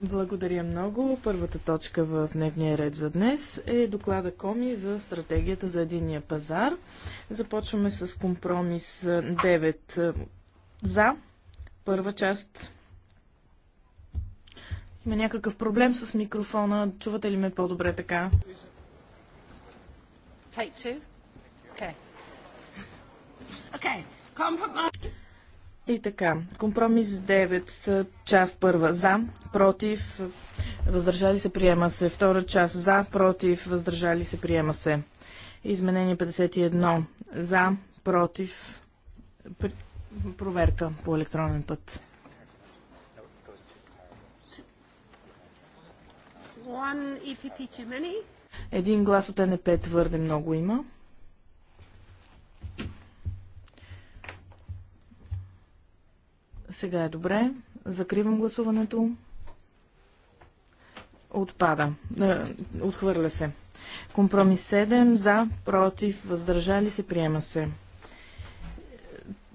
Благодаря много. Първата точка в дневния ред за днес е доклада Коми за стратегията за единния пазар. Започваме с компромис 9 за първа част. Има някакъв проблем с микрофона. Чувате ли ме по-добре така? Okay. Okay. И така, компромис 9, е, част първа за, против, въздържали се, приема се. Втора част за, против, въздържали се, приема се. Изменение 51 за, против, проверка по електронен път. E Един глас от НП твърде много има. Сега е добре. Закривам гласуването. Отпада. Е, отхвърля се. Компромис 7. За, против, въздържали се, приема се.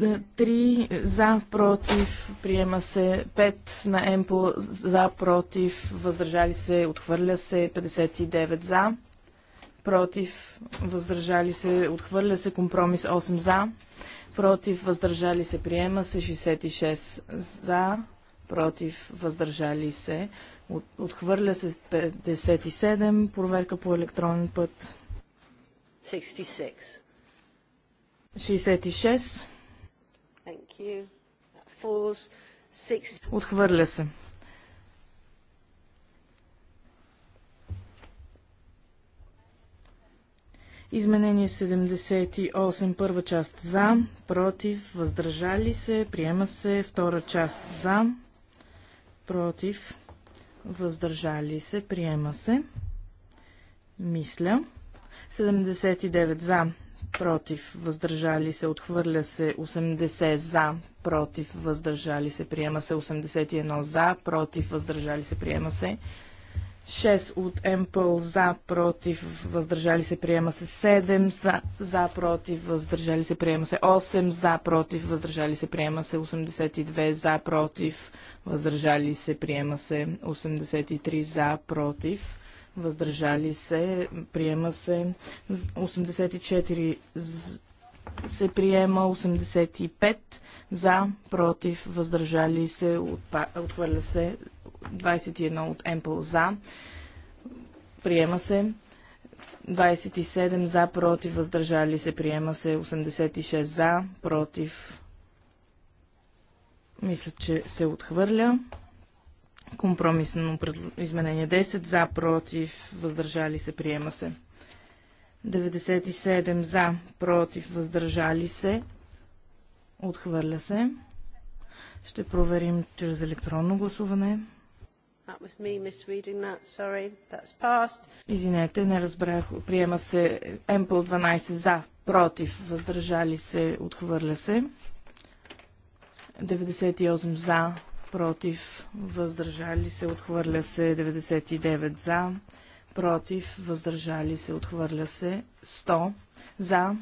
3 е, за, против, приема се 5 на МПО за, против, въздържали се, отхвърля се 59 за, против, въздържали се, отхвърля се компромис 8 за, против, въздържали се, приема се 66 за, против, въздържали се, отхвърля се 57, проверка по електронен път. 66. 66. Отхвърля се. Изменение 78, първа част за, против, въздържали се, приема се, втора част за, против, въздържали се, приема се. Мисля. 79 за, против, въздържали се, отхвърля се 80 за, против, въздържали се, приема се 81 за, против, въздържали се, приема се 6 от МПЛ за, против, въздържали се, приема се 7 за, за, против, въздържали се, приема се 8 за, против, въздържали се, приема се 82 за, против, въздържали се, приема се 83 за, против, въздържали се, приема се 84 се приема 85 за, против, въздържали се, отхвърля се 21 от Емпъл за, приема се 27 за, против, въздържали се, приема се 86 за, против, мисля, че се отхвърля. Компромисно изменение 10 за, против, въздържали се, приема се. 97 за, против, въздържали се, Отхвърля се. Ще проверим чрез електронно гласуване. Извинете, не разбрах. Приема се МПЛ 12 за, против, въздържали се, отхвърля се. 98 за, против, въздържали се, отхвърля се. 99 за, против, въздържали се, отхвърля се. 100 за,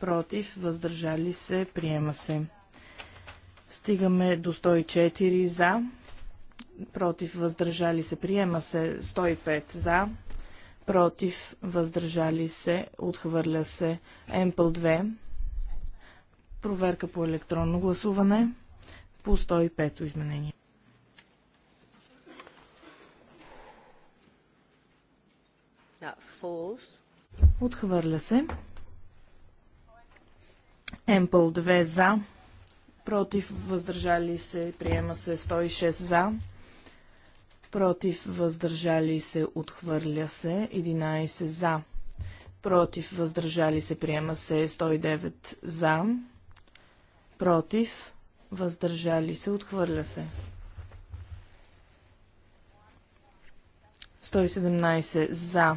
против, въздържали се, приема се. Стигаме до 104 за, против, въздържали се, приема се 105 за, против, въздържали се, отхвърля се МПЛ 2. Проверка по електронно гласуване по 105 изменение. Отхвърля се. Емпъл 2 за, против, въздържали се, приема се 106 за, против, въздържали се, отхвърля се, 11 за, против, въздържали се, приема се 109 за, против, въздържали се, отхвърля се. 117 за,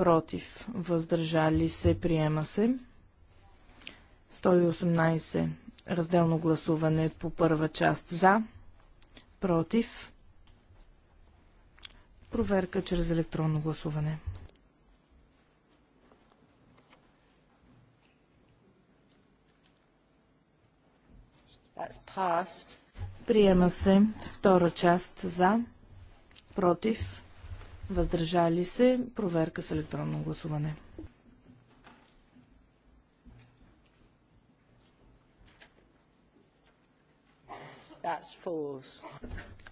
против, въздържали се, приема се. 118. Разделно гласуване по първа част за, против. Проверка чрез електронно гласуване. Приема се втора част за, против въздържали се, проверка с електронно гласуване.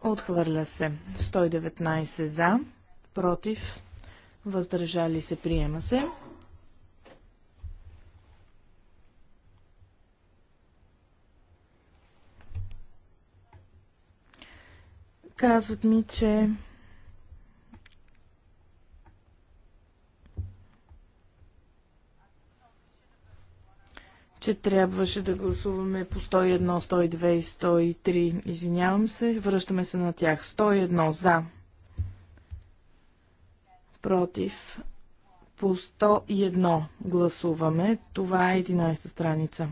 Отхвърля се. 119 за, против, въздържали се, приема се. Казват ми, че че трябваше да гласуваме по 101, 102 и 103. Извинявам се, връщаме се на тях. 101 за. Против. По 101 гласуваме. Това е 11-та страница.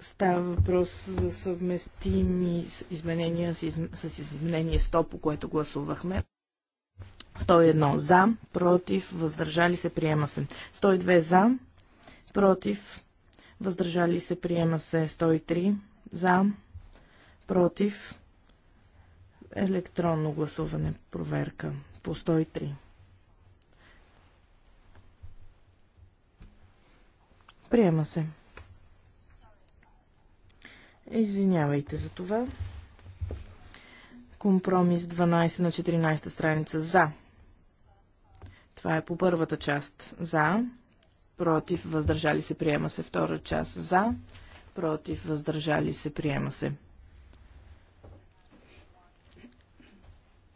Става въпрос за съвместими изменения с изменение 100, по което гласувахме. 101 за, против, въздържали се, приема се. 102 за, против, въздържали се, приема се. 103 за, против, електронно гласуване, проверка по 103. Приема се. Извинявайте за това. Компромис 12 на 14 страница за. Това е по първата част. За. Против. Въздържали се. Приема се. Втора част. За. Против. Въздържали се. Приема се.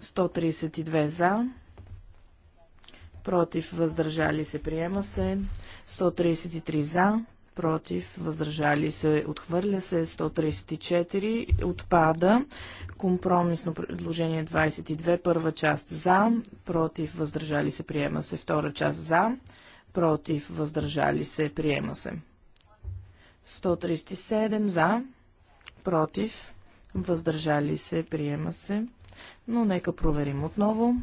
132 за. Против. Въздържали се. Приема се. 133 за против, въздържали се, отхвърля се 134, отпада. Компромисно предложение 22, първа част за, против, въздържали се, приема се, втора част за, против, въздържали се, приема се. 137 за, против, въздържали се, приема се. Но нека проверим отново.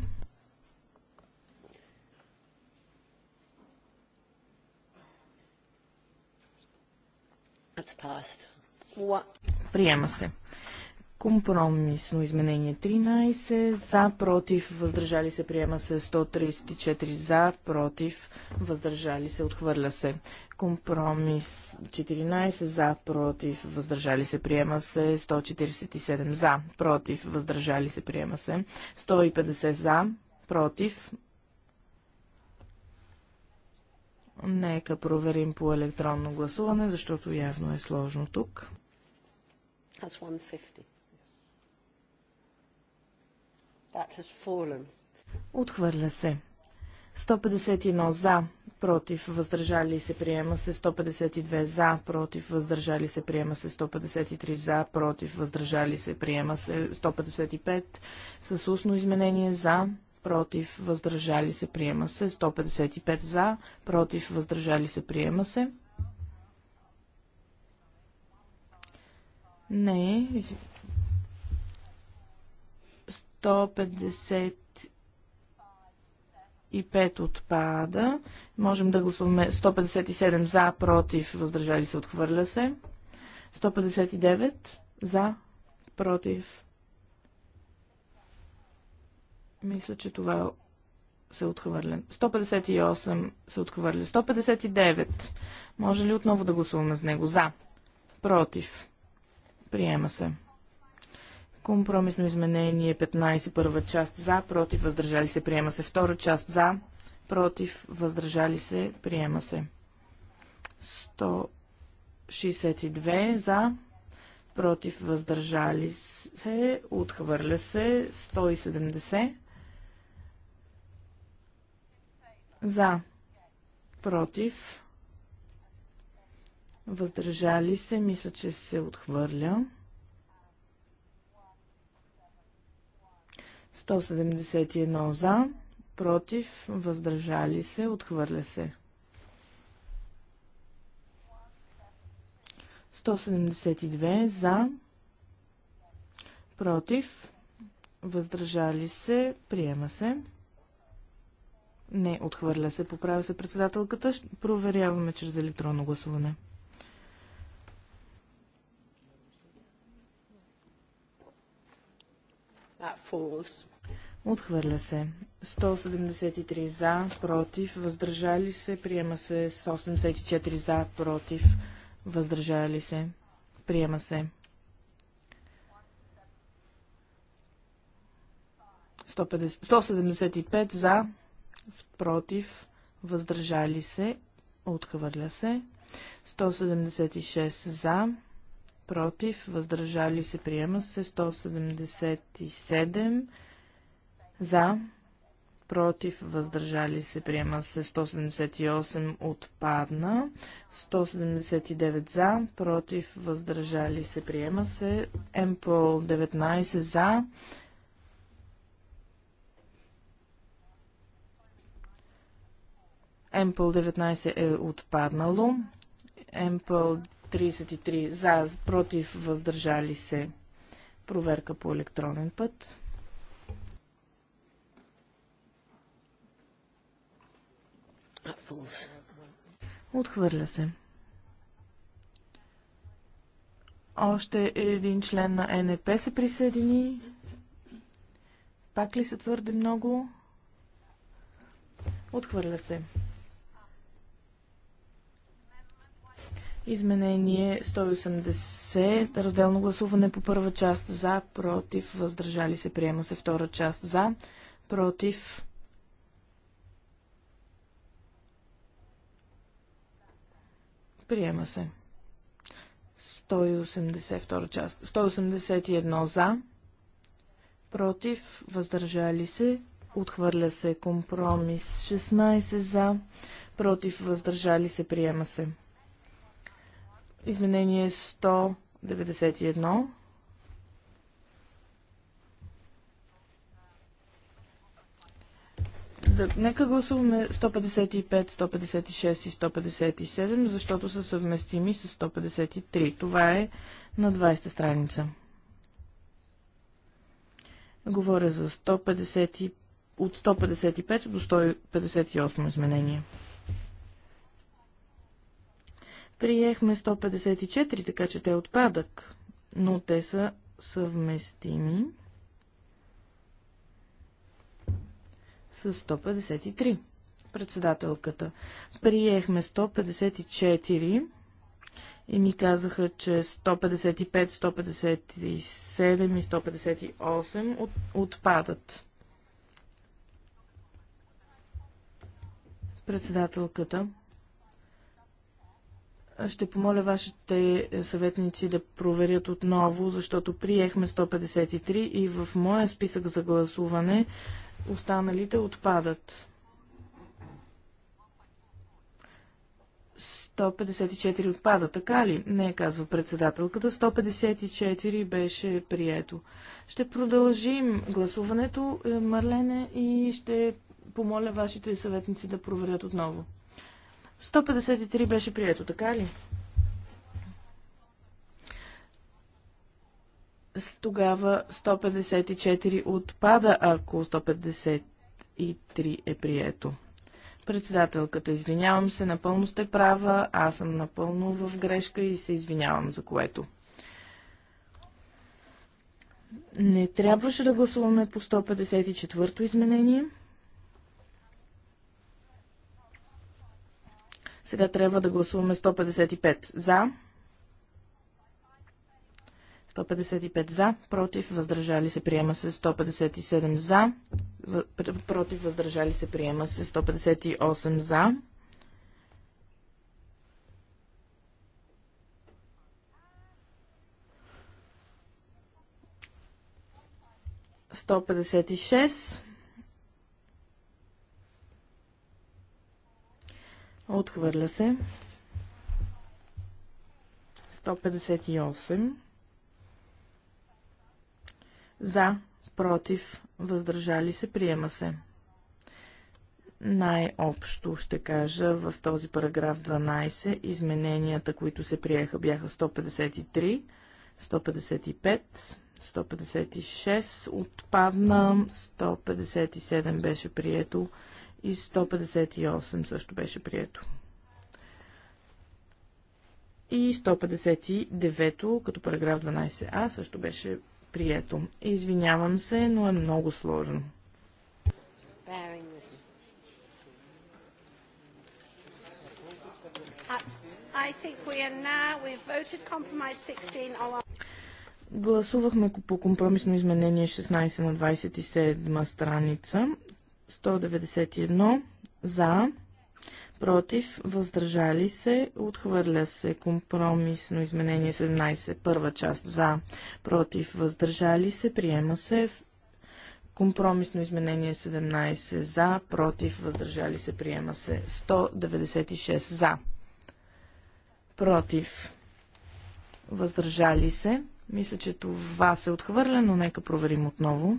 Приема се. Компромисно изменение 13. За, против, въздържали се. Приема се 134 за, против, въздържали се. Отхвърля се. Компромис 14 за, против, въздържали се. Приема се 147 за, против, въздържали се. Приема се 150 за, против, Нека проверим по електронно гласуване, защото явно е сложно тук. That's 150. That has fallen. Отхвърля се. 151 за, против, въздържали се, приема се 152 за, против, въздържали се, приема се 153 за, против, въздържали се, приема се 155 с устно изменение за, против, въздържали се, приема се. 155 за, против, въздържали се, приема се. Не. 155 отпада. Можем да гласуваме 157 за, против, въздържали се, отхвърля се. 159 за, против, мисля, че това се отхвърля. 158 се отхвърля. 159. Може ли отново да гласуваме с него? За. Против. Приема се. Компромисно изменение 15, първа част за, против, въздържали се, приема се. Втора част за, против, въздържали се, приема се. 162 за, против, въздържали се, отхвърля се, 170 За. Против. Въздържали се. Мисля, че се отхвърля. 171 за. Против. Въздържали се. Отхвърля се. 172 за. Против. Въздържали се. Приема се. Не, отхвърля се. Поправя се председателката. Ще проверяваме чрез електронно гласуване. Отхвърля се. 173 за, против, въздържали се. Приема се 184 за, против, въздържали се. Приема се. 175 за, против, въздържали се, отхвърля се. 176 за, против, въздържали се, приема се. 177 за, против, въздържали се, приема се 178, отпадна, 179 за, против, въздържали се, приема се, МПЛ 19 за, МПЛ 19 е отпаднало. МПЛ 33 за, против, въздържали се. Проверка по електронен път. Отхвърля се. Още един член на НП се присъедини. Пак ли са твърде много? Отхвърля се. Изменение 180, разделно гласуване по първа част за, против, въздържали се, приема се втора част за, против. Приема се. 180 втора част. 181 за, против, въздържали се, отхвърля се компромис. 16 за, против, въздържали се, приема се. Изменение 191. Да, нека гласуваме 155, 156 и 157, защото са съвместими с 153. Това е на 20-та страница. Говоря за 150, от 155 до 158 изменения. Приехме 154, така че те отпадък, но те са съвместими с 153. Председателката. Приехме 154 и ми казаха, че 155, 157 и 158 отпадат. Председателката. Ще помоля вашите съветници да проверят отново, защото приехме 153 и в моя списък за гласуване останалите отпадат. 154 отпада, така ли? Не, казва председателката. 154 беше прието. Ще продължим гласуването, е, Марлене, и ще помоля вашите съветници да проверят отново. 153 беше прието, така ли? Тогава 154 отпада, ако 153 е прието. Председателката, извинявам се, напълно сте права, аз съм напълно в грешка и се извинявам за което. Не трябваше да гласуваме по 154-то изменение. Сега трябва да гласуваме 155 за. 155 за, против, въздържали се, приема се 157 за, против, въздържали се, приема се 158 за. Сто пятьдесят шесть. Отхвърля се. 158. За, против, въздържали се, приема се. Най-общо ще кажа в този параграф 12 измененията, които се приеха бяха 153, 155, 156 отпадна, 157 беше прието, и 158 също беше прието. И 159 като параграф 12а също беше прието. Извинявам се, но е много сложно. Гласувахме по компромисно изменение 16 на 27 страница. 191 за, против, въздържали се, отхвърля се компромисно изменение 17, първа част за, против, въздържали се, приема се, компромисно изменение 17 за, против, въздържали се, приема се, 196 за, против, въздържали се, мисля, че това се отхвърля, но нека проверим отново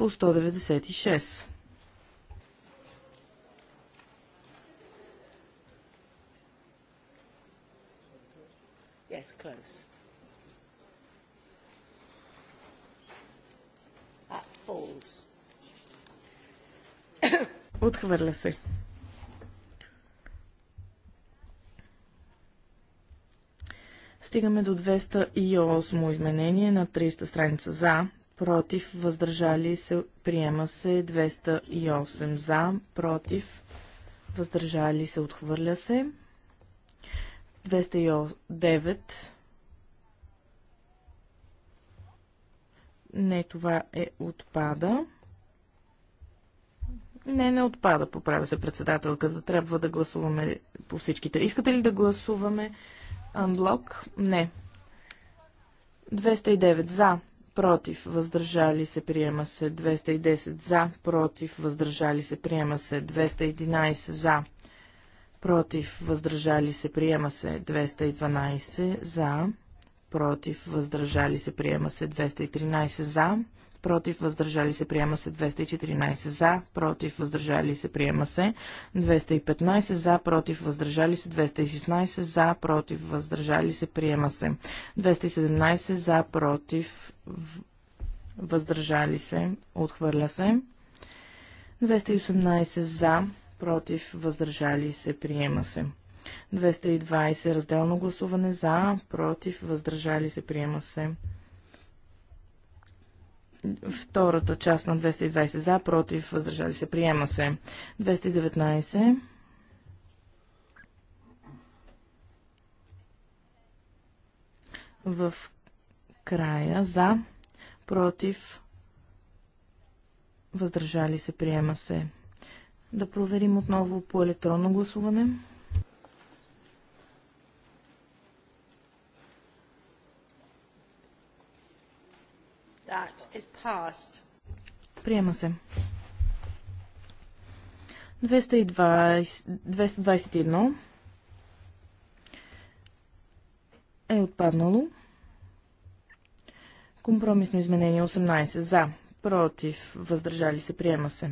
по 196. Yes, close. That falls. Отхвърля се. Стигаме до 208 изменение на 300 страница за, против, въздържали се, приема се 208 за, против, въздържали се, отхвърля се 209. Не, това е отпада. Не, не отпада, поправя се председателката. Трябва да гласуваме по всичките. Искате ли да гласуваме Unlock? Не. 209 за, против, въздържали се, приема се 210 за, против, въздържали се, приема се 211 за, против, въздържали се, приема се 212 за, против, въздържали се, приема се 213 за, против, въздържали се, приема се 214 за, против, въздържали се, приема се 215 за, против, въздържали се 216 за, против, въздържали се, приема се 217 за, против, въздържали се, отхвърля се 218 за, против, въздържали се, приема се 220 разделно гласуване за, против, въздържали се, приема се Втората част на 220 за, против, въздържали се, приема се. 219. В края за, против, въздържали се, приема се. Да проверим отново по електронно гласуване. Приема се. 221 е отпаднало. Компромисно изменение 18. За. Против. Въздържали се. Приема се.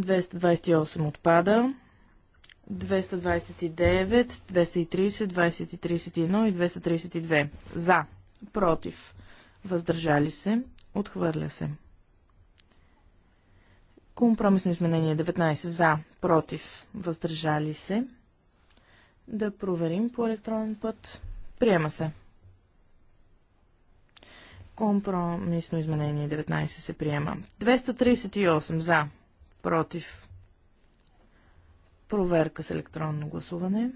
228 отпада. 229, 230, 231 и 232. За против, въздържали се, отхвърля се. Компромисно изменение 19 за, против, въздържали се. Да проверим по електронен път. Приема се. Компромисно изменение 19 се приема. 238 за, против. Проверка с електронно гласуване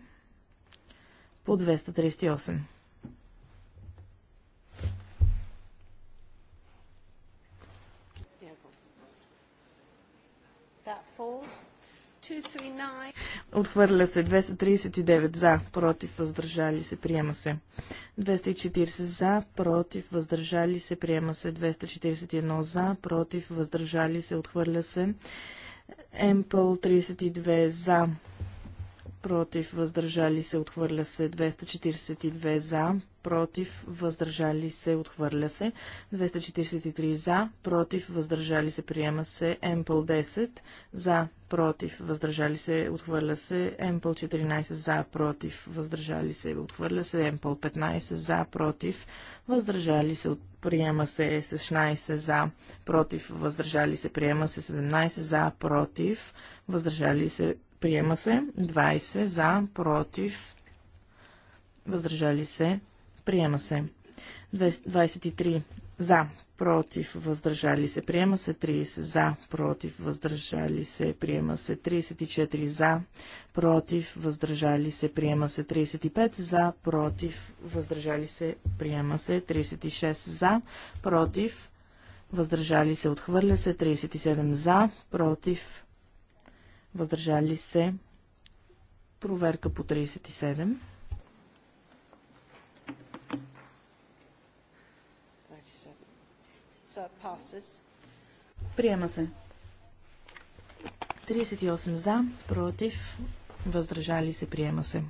по 238. Отхвърля се 239 за, против, въздържали се, приема се. 240 за, против, въздържали се, приема се. 241 за, против, въздържали се, отхвърля се. МПЛ 32 за, против, въздържали се, отхвърля се. 242 за, против, въздържали се, отхвърля се. 243 за, против, въздържали се, приема се. МПЛ 10 за, против, въздържали се, отхвърля се. МПЛ 14 за, против, въздържали се, отхвърля се. МПЛ 15 за, против, въздържали се, приема се. 16 за, против, въздържали се, приема се. 17 за, против, въздържали се, приема се. 20 за, против, въздържали се, Приема се. 23 за, против, въздържали се, приема се 30 за, против, въздържали се, приема се 34 за, против, въздържали се, приема се 35 за, против, въздържали се, приема се 36 за, против, въздържали се, отхвърля се 37 за, против, въздържали се, проверка по 37. Приема се. 38 за, против, въздържали се, приема се.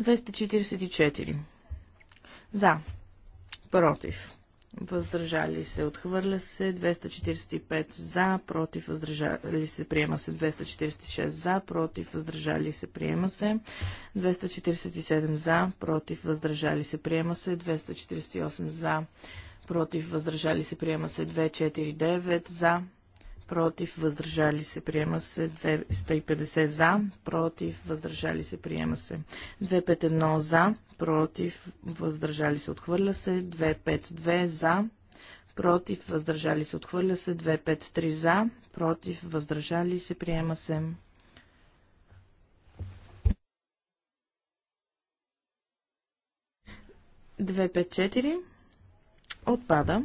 244 за, против, въздържали се, отхвърля се, 245 за, против, въздържали се, приема се, 246 за, против, въздържали се, приема се, 247 за, против, въздържали се, приема се, 248 за, против, въздържали се, приема се, 249 за, против, въздържали се, приема се, 250 за, против, въздържали се, приема се, 251 за, против, въздържали се, отхвърля се, 252 за, против, въздържали се, отхвърля се, 253 за, против, въздържали се, приема се. Две, пет, четири. Отпада.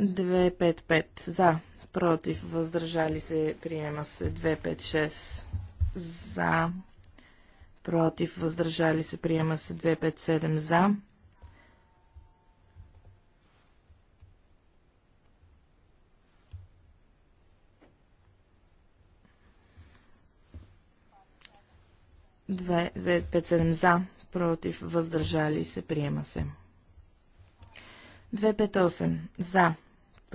255 за, против, въздържали се, приема се 256 за, против, въздържали се, приема се 257 за. Две, 257 за, против, въздържали се, приема се. 258 за,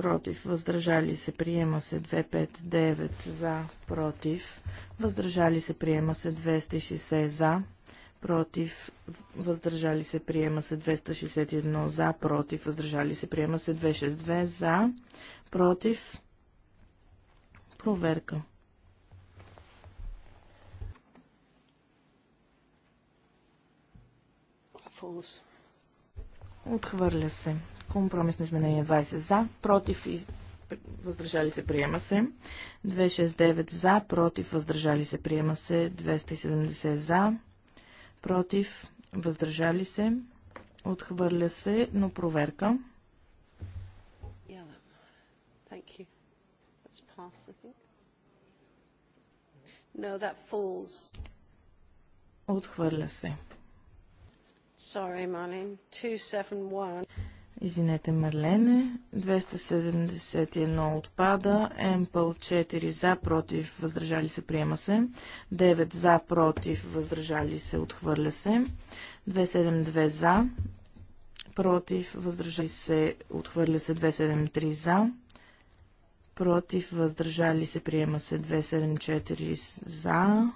против, въздържали се, приема се 259 за, против, въздържали се, приема се 260 за, против, въздържали се, приема се 261 за, против, въздържали се, приема се 262 за, против, проверка. Отхвърля се. Компромисно изменение 20 за, против и въздържали се, приема се. 269 за, против, въздържали се, приема се. 270 за, против, въздържали се, отхвърля се, но проверка. Отхвърля се. Sorry, Marlene. 271. Извинете, Марлене. 271 отпада. МПЛ 4 за, против, въздържали се, приема се. 9 за, против, въздържали се, отхвърля се. 272 за, против, въздържали се, отхвърля се. 273 за, против, въздържали се, приема се. 274 за,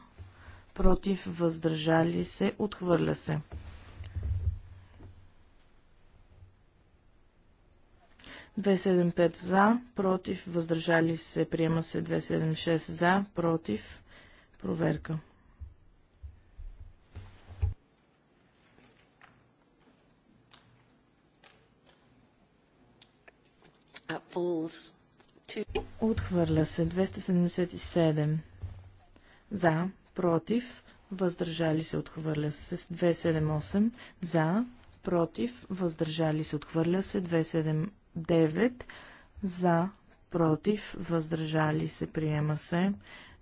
против, въздържали се, отхвърля се. 275 за, против, въздържали се, приема се 276 за, против, проверка. Отхвърля се 277 за, против, въздържали се, отхвърля се 278 за, против, въздържали се, отхвърля се 278 9 за, против, въздържали се, приема се.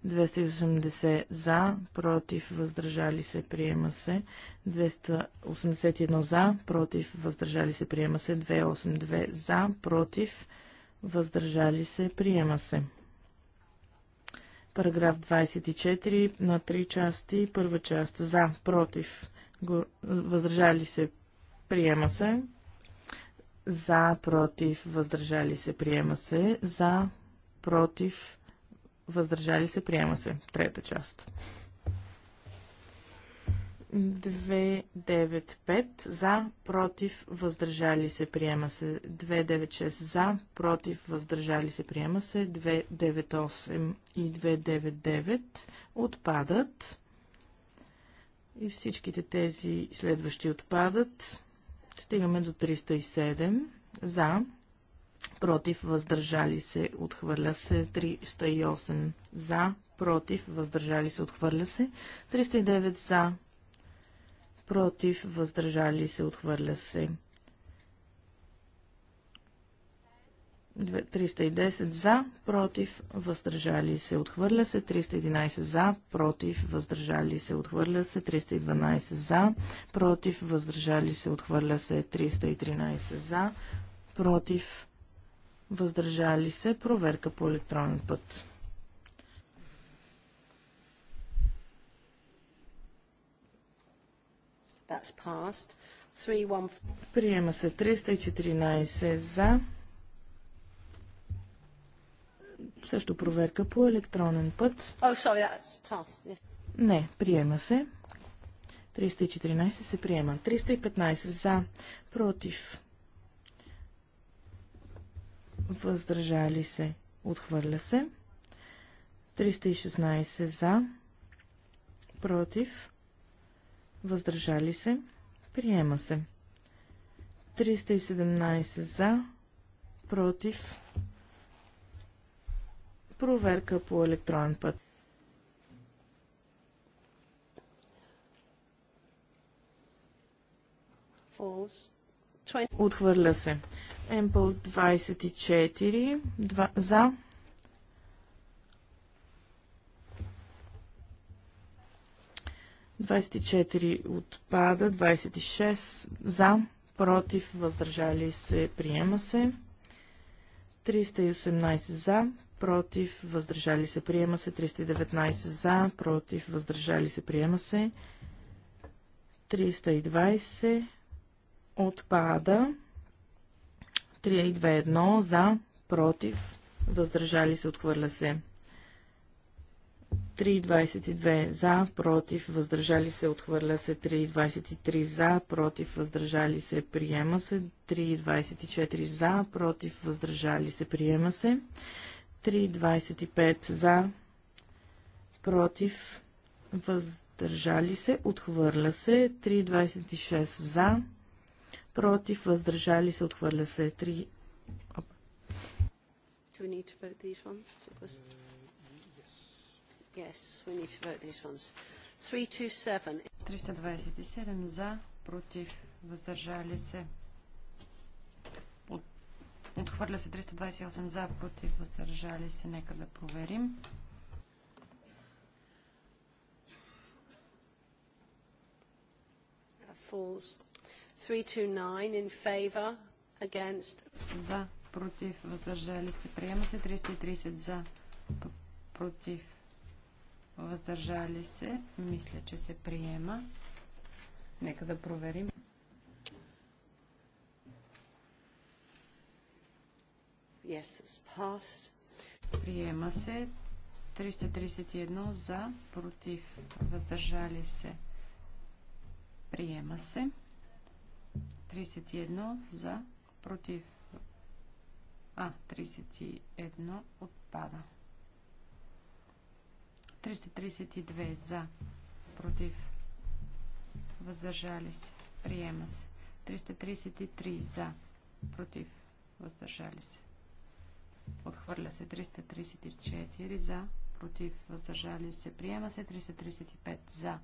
280 за, против, въздържали се, приема се. 281 за, против, въздържали се, приема се. 282 за, против, въздържали се, приема се. Параграф 24 на 3 части. Първа част за, против, въздържали се, приема се. За, против, въздържали се, приема се. За, против, въздържали се, приема се. Трета част. 295 за, против, въздържали се, приема се. 296 за, против, въздържали се, приема се. 298 и 299 отпадат. И всичките тези следващи отпадат. Стигаме до 307. За. Против. Въздържали се. Отхвърля се. 308. За. Против. Въздържали се. Отхвърля се. 309. За. Против. Въздържали се. Отхвърля се. 310 за, против, въздържали се, отхвърля се, 311 за, против, въздържали се, отхвърля се, 312 за, против, въздържали се, отхвърля се, 313 за, против, въздържали се, проверка по електронен път. Приема се 314 за, също проверка по електронен път. Oh, sorry, that's Не, приема се. 314 се приема. 315 за, против, въздържали се, отхвърля се. 316 за, против, въздържали се, приема се. 317 за, против, проверка по електронен път. Отхвърля се. Емпл 24 за. Двадесет четири отпада, 26 за, против, въздържали се, приема се, 318 за, против, въздържали се, приема се. 319 за, против, въздържали се, приема се. 320 отпада. 321 за, против, въздържали се, отхвърля се. 3,22 за, против, въздържали се, отхвърля се 3,23 за, против, въздържали се, приема се 3,24 за, против, въздържали се, приема се 3.25 за, против, въздържали се, отхвърля се. 3.26 за, против, въздържали се, отхвърля се. 3... we need to vote these ones? Yes, we need to vote these ones. 327. 327 за, против, въздържали се, Отхвърля се 328 за, против, въздържали се. Нека да проверим. falls. 329 in favor, against. За, против, въздържали се. Приема се 330 за, против, въздържали се. Мисля, че се приема. Нека да проверим. Yes, it's passed. Приема се 331 за, против, въздържали се. Приема се 31 за, против. А, 31 отпада. 332 за, против, въздържали се. Приема се. 333 за, против, въздържали се. Отхвърля се 334 за, против, въздържали се, приема се 335 за,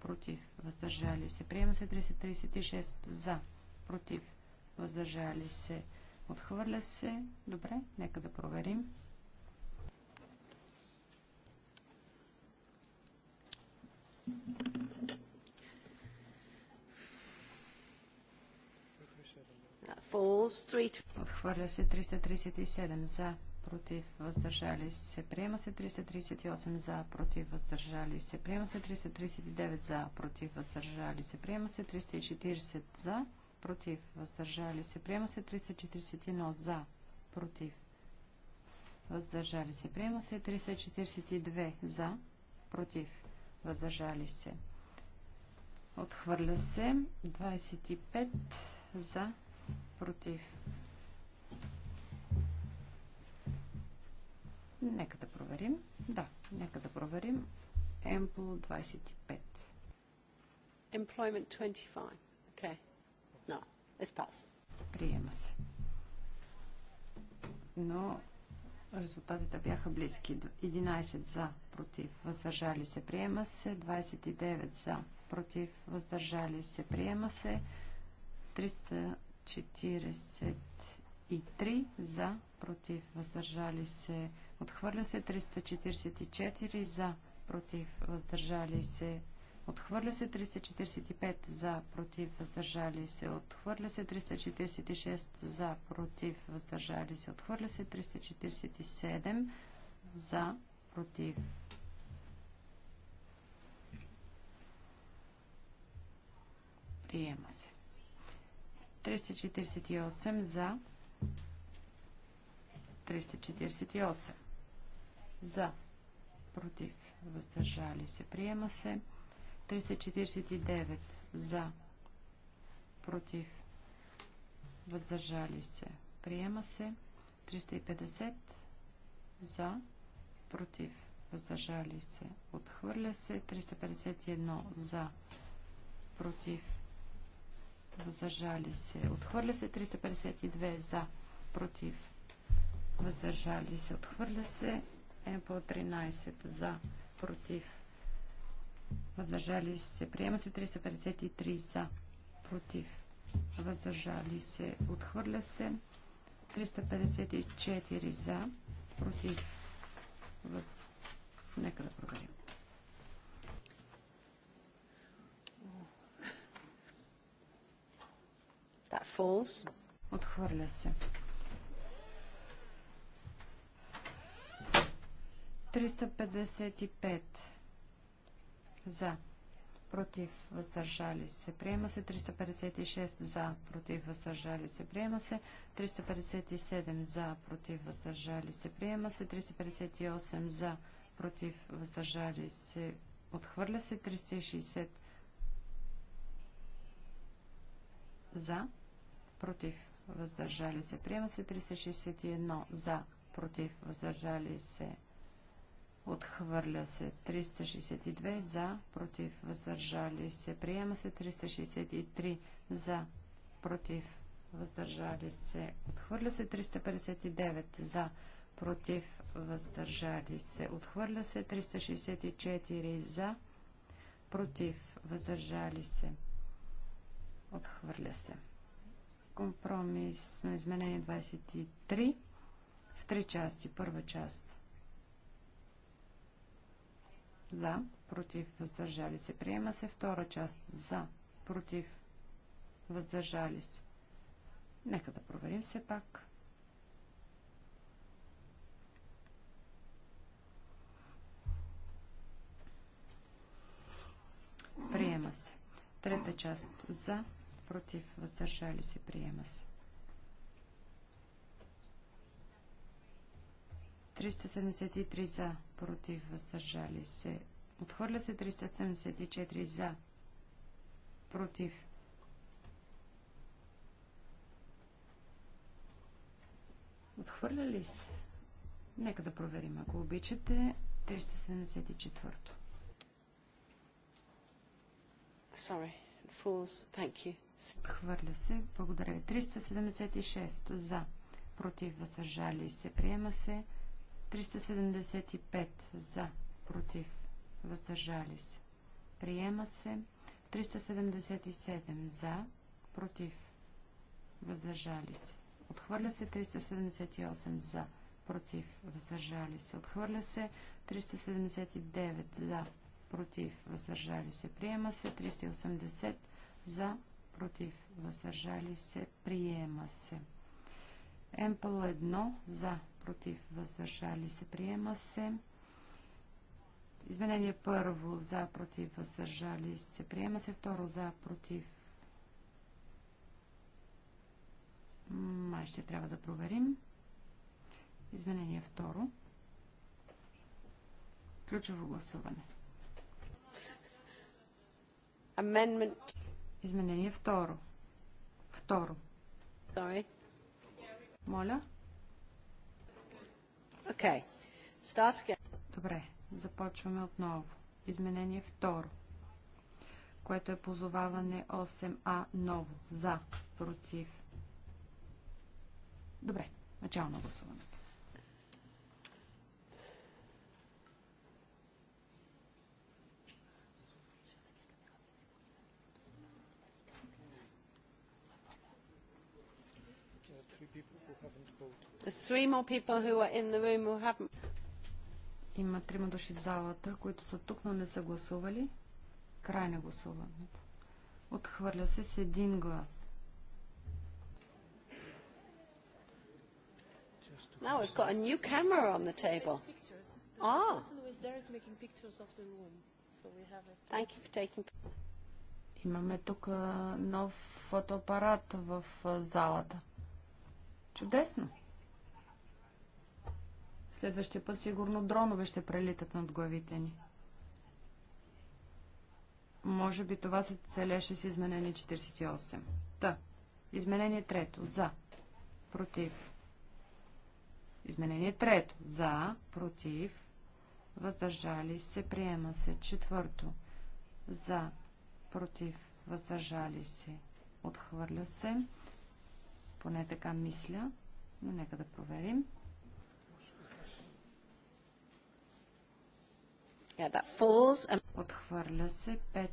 против, въздържали се, приема се 336 за, против, въздържали се, отхвърля се. Добре, нека да проверим. Отхвърля се 337 за, против, въздържали се, приема се 338 за, против, въздържали се, приема се 339 за, против, въздържали се, приема се 340 за, против, въздържали се, приема се 341 за, против, въздържали се, приема се 342 за, против, въздържали се. Отхвърля се 25 за, против. Нека да проверим. Да, нека да проверим. Емпл 25. Employment 25. Okay. No, it's passed. Приема се. Но резултатите бяха близки. 11 за, против, въздържали се, приема се. 29 за, против, въздържали се, приема се. 300 343 за, против, въздържали се, отхвърля се 344 за, против, въздържали се, отхвърля се 345 за, против, въздържали се, отхвърля се 346 за, против, въздържали се, отхвърля се 347 за, против, приема се. 348 за. 348 за. Против. Въздържали се. Приема се. 349 за. Против. Въздържали се. Приема се. 350 за. Против. Въздържали се. Отхвърля се. 351 за. Против въздържали се, отхвърля се, 352 за, против, въздържали се, отхвърля се, МПО 13 за, против, въздържали се, приема се 353 за, против, въздържали се, отхвърля се, 354 за, против, въз... нека да проверим. That falls. Отхвърля се. 355 за, против, въздържали се, приема се 356 за, против, въздържали се, приема се 357 за, против, въздържали се, приема се 358 за, против, въздържали се, отхвърля се 360 за, против, въздържали се. Приема се 361 за, против, въздържали се. Отхвърля се 362 за, против, въздържали се. Приема се 363 за, против, въздържали се. Отхвърля се 359 за, против, въздържали се. Отхвърля се 364 за, против, въздържали се. Отхвърля се. Компромис на изменение 23 в три части. Първа част. За. Против. Въздържали се. Приема се. Втора част. За. Против. Въздържали се. Нека да проверим все пак. Приема се. Трета част за, против, въздържали се, приема се. 373 за, против, въздържали се. Отхвърля се 374 за, против. Отхвърля ли се? Нека да проверим, ако обичате. 374. Sorry, it Thank you. Хвърля се. Благодаря ви. 376 за. Против. Въздържали се. Приема се. 375 за. Против. Въздържали се. Приема се. 377 за. Против. Въздържали се. Отхвърля се 378 за. Против. Въздържали се. Отхвърля се 379 за. Против. Въздържали се. Приема се 380 за против, въздържали се, приема се. МПЛ 1 за, против, въздържали се, приема се. Изменение първо за, против, въздържали се, приема се. Второ за, против. Май ще трябва да проверим. Изменение второ. Ключово гласуване. Amendment Изменение второ. Второ. Sorry. Моля. Okay. Start again. Добре, започваме отново. Изменение второ, което е позоваване 8А ново. За, против. Добре, начало на гласуване. three more people who are in the room who haven't. Има трима души в залата, които са тук, но не са гласували. Край на гласуването. Отхвърля се с един глас. Now we've got a new camera on the table. Ah. Thank you for taking Имаме тук нов фотоапарат в залата. Чудесно! Следващия път сигурно дронове ще прелитат над главите ни. Може би това се целеше с изменение 48. Та. Изменение трето. За. Против. Изменение трето. За. Против. Въздържали се. Приема се. Четвърто. За. Против. Въздържали се. Отхвърля се. Поне така мисля. Но нека да проверим. Um, отхвърля се 5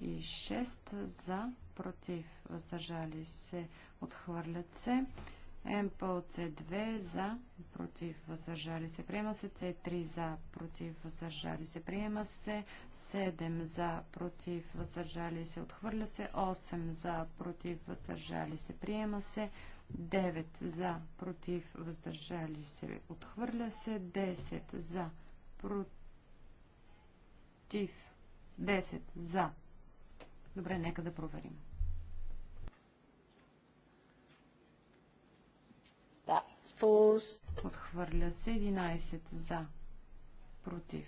и 6 за, против, въздържали се, отхвърлят се. МПЛ С2 за, против, въздържали се, приема се. С3 за, против, въздържали се, приема се. 7 за, против, въздържали се, отхвърля се. 8 за, против, въздържали се, приема се. 9 за, против, въздържали се, отхвърля се. 10 за, против, против, 10 за. Добре, нека да проверим. Отхвърля се 11 за, против,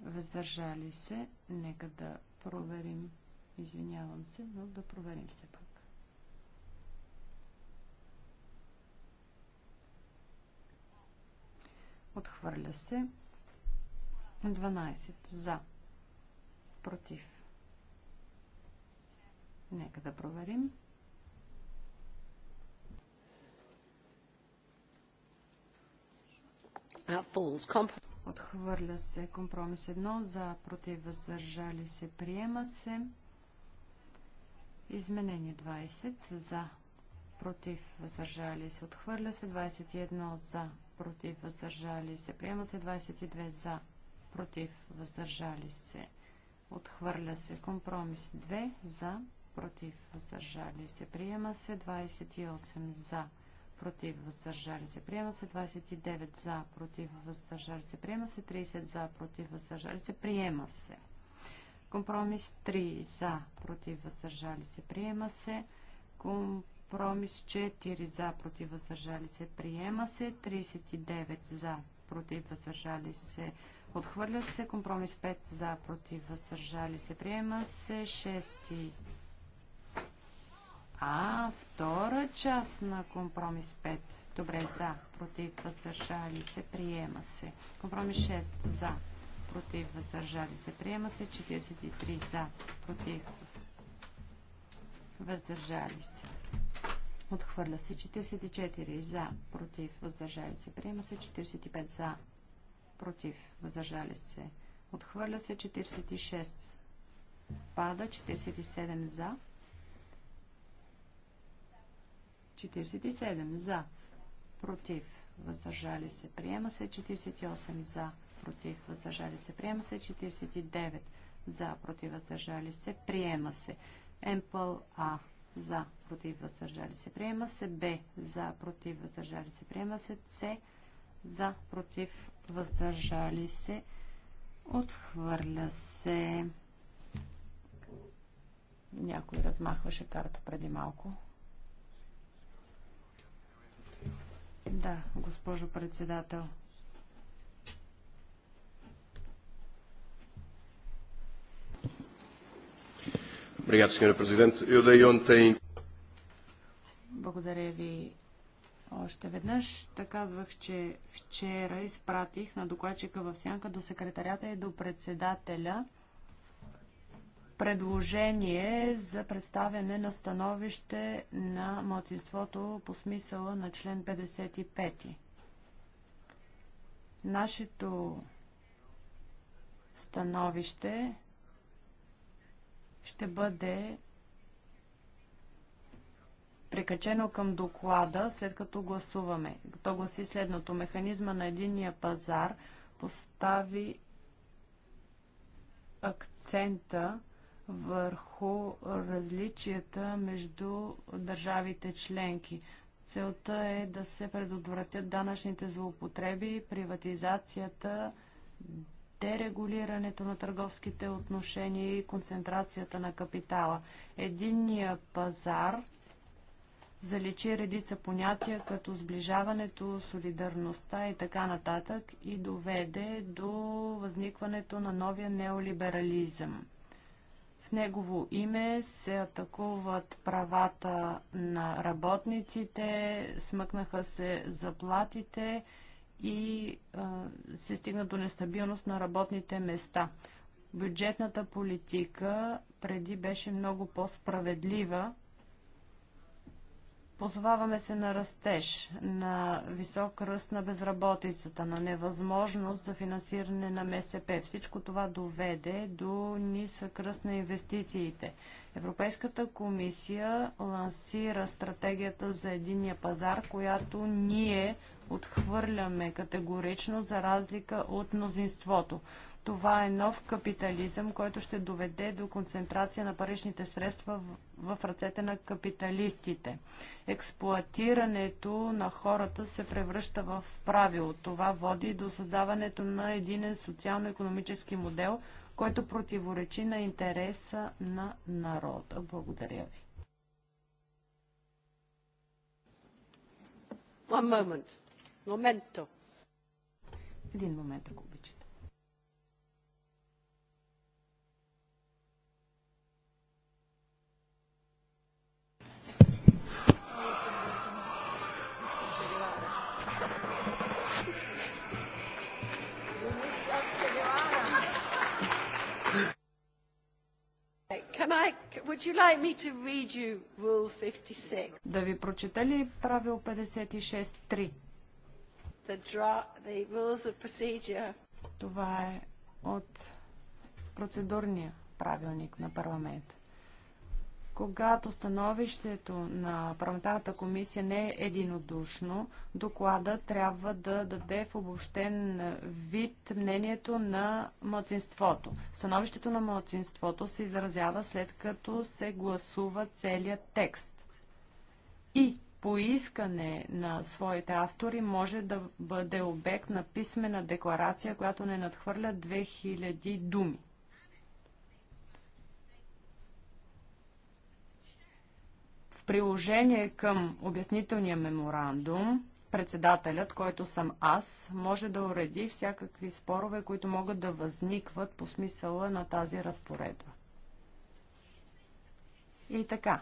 въздържали се. Нека да проверим. Извинявам се, но да проверим все пак. Отхвърля се 12 за. Против. Нека да проверим. Отхвърля се компромис 1 за против въздържали се приема се. Изменение 20 за против въздържали се отхвърля се 21 за против въздържали се приема се 22 за против, въздържали се, отхвърля се. Компромис 2 за, против, въздържали се, приема се. 28 за, против, въздържали се, приема се. 29 за, против, въздържали се, приема се. 30 за, против, въздържали се, приема се. Компромис 3 за, против, въздържали се, приема се. Компромис 4 за, против, въздържали се, приема се. 39 за, против, въздържали се. Отхвърля се. Компромис 5 за, против, въздържали се. Приема се. 6. А, втора част на компромис 5. Добре, за, против, въздържали се, приема се. Компромис 6 за, против, въздържали се, приема се. 43 за, против, въздържали се. Отхвърля се 44 за, против, въздържали се. Приема се 45 за, против, въздържали се. Отхвърля се 46. Пада 47 за. 47 за, против, въздържали се. Приема се 48 за, против, въздържали се. Приема се 49 за, против, въздържали се. Приема се. Емпъл А за, против, въздържали се, приема се. Б, за, против, въздържали се, приема се. С, за, против, въздържали се, отхвърля се. Някой размахваше карта преди малко. Да, госпожо председател. Obrigado, Sra. Presidente. Eu dei ontem... Благодаря ви още веднъж. Та казвах, че вчера изпратих на докладчика в сянка до секретарята и до председателя предложение за представяне на становище на младсинството по смисъла на член 55. Нашето становище ще бъде прикачено към доклада, след като гласуваме. То гласи следното. Механизма на единния пазар постави акцента върху различията между държавите членки. Целта е да се предотвратят данъчните злоупотреби, приватизацията, дерегулирането на търговските отношения и концентрацията на капитала. Единния пазар заличи редица понятия като сближаването, солидарността и така нататък и доведе до възникването на новия неолиберализъм. В негово име се атакуват правата на работниците, смъкнаха се заплатите и а, се стигна до нестабилност на работните места. Бюджетната политика преди беше много по-справедлива. Позоваваме се на растеж, на висок ръст на безработицата, на невъзможност за финансиране на МСП. Всичко това доведе до нисък ръст на инвестициите. Европейската комисия лансира стратегията за единния пазар, която ние отхвърляме категорично за разлика от мнозинството. Това е нов капитализъм, който ще доведе до концентрация на паричните средства в, в ръцете на капиталистите. Експлоатирането на хората се превръща в правило. Това води до създаването на един социално-економически модел, който противоречи на интереса на народа. Благодаря ви. One moment. Моменто. Един момент, ако обичате. Like да ви прочета ли правил 56.3? the the rules of procedure. Това е от процедурния правилник на парламента. Когато становището на парламентарната комисия не е единодушно, доклада трябва да даде в обобщен вид мнението на младсинството. Становището на младсинството се изразява след като се гласува целият текст. И по искане на своите автори може да бъде обект на писмена декларация, която не надхвърля 2000 думи. В приложение към обяснителния меморандум, председателят, който съм аз, може да уреди всякакви спорове, които могат да възникват по смисъла на тази разпоредба. И така,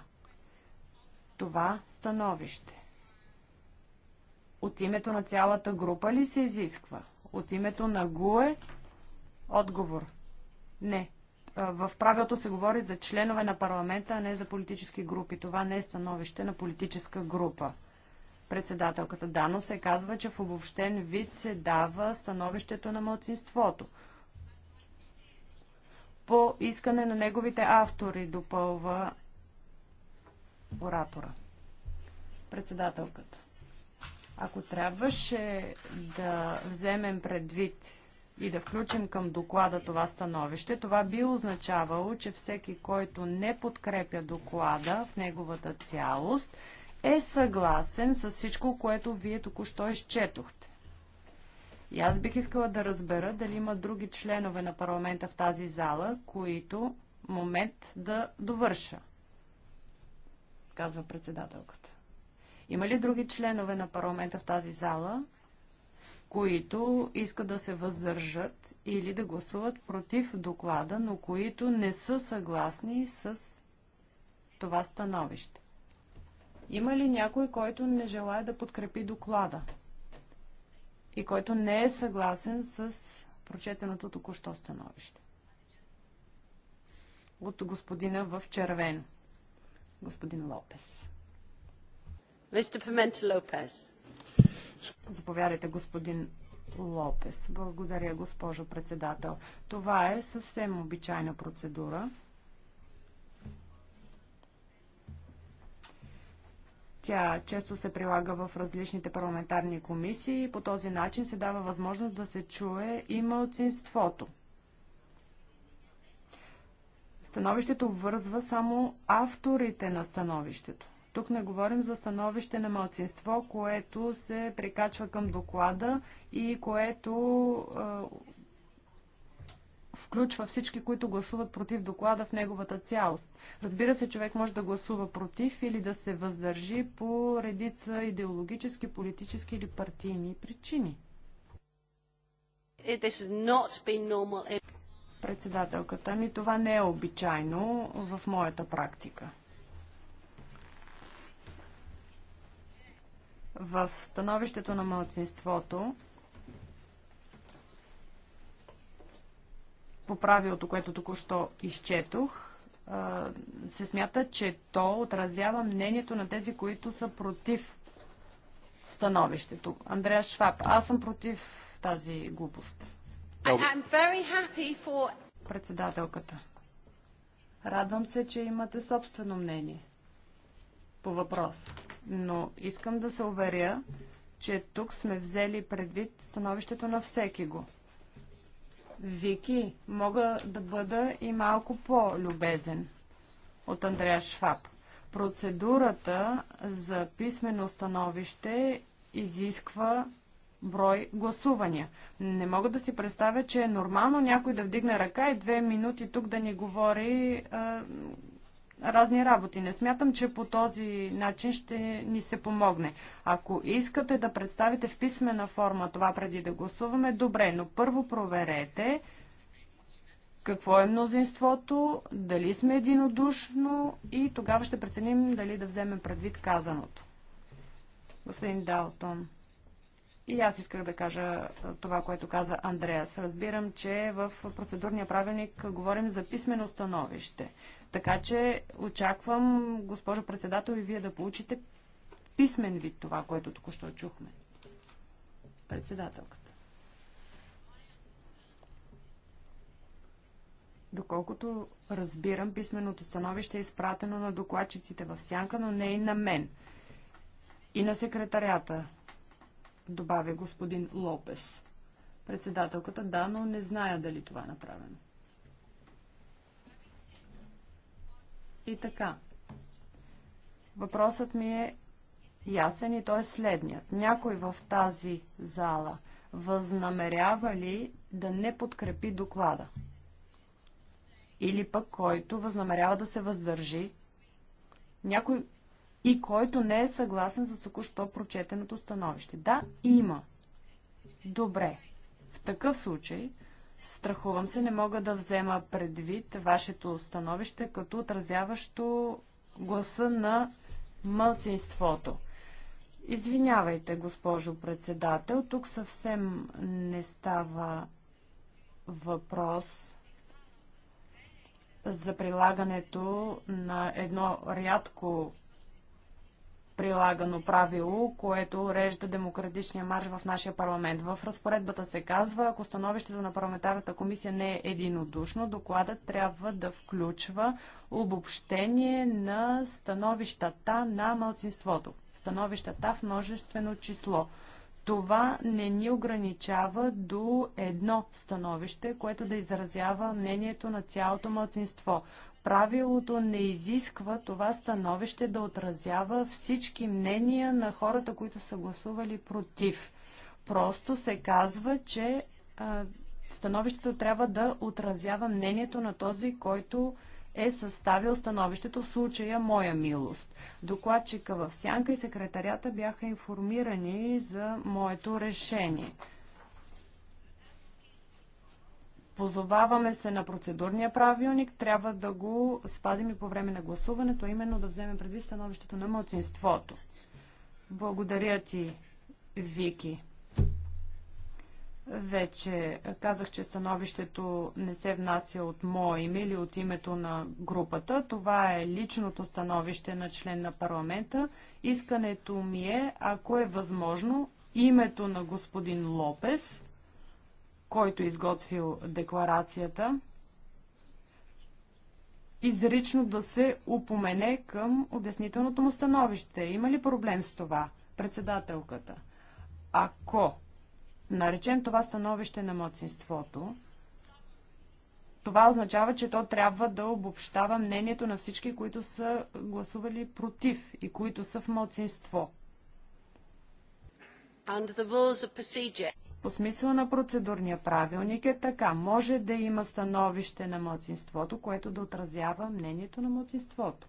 това становище? От името на цялата група ли се изисква? От името на ГУЕ? Отговор. Не. В правилото се говори за членове на парламента, а не за политически групи. Това не е становище на политическа група. Председателката Дано се казва, че в обобщен вид се дава становището на младсинството. По искане на неговите автори допълва оратора. Председателката. Ако трябваше да вземем предвид и да включим към доклада това становище, това би означавало, че всеки, който не подкрепя доклада в неговата цялост, е съгласен с всичко, което вие току-що изчетохте. И аз бих искала да разбера дали има други членове на парламента в тази зала, които момент да довърша казва председателката. Има ли други членове на парламента в тази зала, които искат да се въздържат или да гласуват против доклада, но които не са съгласни с това становище? Има ли някой, който не желая да подкрепи доклада и който не е съгласен с прочетеното току-що становище? От господина в червено господин Лопес. Мистер Пименто Лопес. Заповядайте, господин Лопес. Благодаря, госпожо председател. Това е съвсем обичайна процедура. Тя често се прилага в различните парламентарни комисии и по този начин се дава възможност да се чуе и мълцинството. Становището вързва само авторите на становището. Тук не говорим за становище на малцинство, което се прикачва към доклада и което е, включва всички, които гласуват против доклада в неговата цялост. Разбира се, човек може да гласува против или да се въздържи по редица идеологически, политически или партийни причини. Председателката ми, това не е обичайно в моята практика. В становището на младсинството по правилото, което току-що изчетох, се смята, че то отразява мнението на тези, които са против становището. Андрея Шваб, аз съм против тази глупост. Председателката. Радвам се, че имате собствено мнение по въпрос. Но искам да се уверя, че тук сме взели предвид становището на всеки го. Вики, мога да бъда и малко по-любезен от Андрея Шваб. Процедурата за писмено становище изисква брой гласувания. Не мога да си представя, че е нормално някой да вдигне ръка и две минути тук да ни говори а, разни работи. Не смятам, че по този начин ще ни се помогне. Ако искате да представите в писмена форма това преди да гласуваме, добре, но първо проверете какво е мнозинството, дали сме единодушно и тогава ще преценим дали да вземем предвид казаното. Господин Далтон. И аз исках да кажа това, което каза Андреас. Разбирам, че в процедурния правилник говорим за писмено становище. Така че очаквам, госпожо председател, и вие да получите писмен вид това, което току-що чухме. Председателката. Доколкото разбирам, писменото становище е изпратено на докладчиците в сянка, но не и на мен. И на секретарята добави господин Лопес. Председателката да, но не зная дали това е направено. И така. Въпросът ми е ясен и той е следният. Някой в тази зала възнамерява ли да не подкрепи доклада? Или пък който възнамерява да се въздържи? Някой и който не е съгласен за току-що прочетеното становище. Да, има. Добре. В такъв случай, страхувам се, не мога да взема предвид вашето становище като отразяващо гласа на мълцинството. Извинявайте, госпожо председател, тук съвсем не става въпрос за прилагането на едно рядко прилагано правило, което урежда демократичния марш в нашия парламент. В разпоредбата се казва, ако становището на парламентарната комисия не е единодушно, докладът трябва да включва обобщение на становищата на малцинството. Становищата в множествено число. Това не ни ограничава до едно становище, което да изразява мнението на цялото мълцинство правилото не изисква това становище да отразява всички мнения на хората, които са гласували против. Просто се казва, че а, становището трябва да отразява мнението на този, който е съставил становището в случая Моя милост. Докладчика в Сянка и секретарята бяха информирани за моето решение. Позоваваме се на процедурния правилник, трябва да го спазим и по време на гласуването, именно да вземем предвид становището на мълцинството. Благодаря ти, Вики. Вече казах, че становището не се внася от мое име или от името на групата. Това е личното становище на член на парламента. Искането ми е, ако е възможно, името на господин Лопес който е изготвил декларацията, изрично да се упомене към обяснителното му становище. Има ли проблем с това, председателката? Ако наречем това становище на младсинството, това означава, че то трябва да обобщава мнението на всички, които са гласували против и които са в младсинство по смисъла на процедурния правилник е така. Може да има становище на младсинството, което да отразява мнението на младсинството.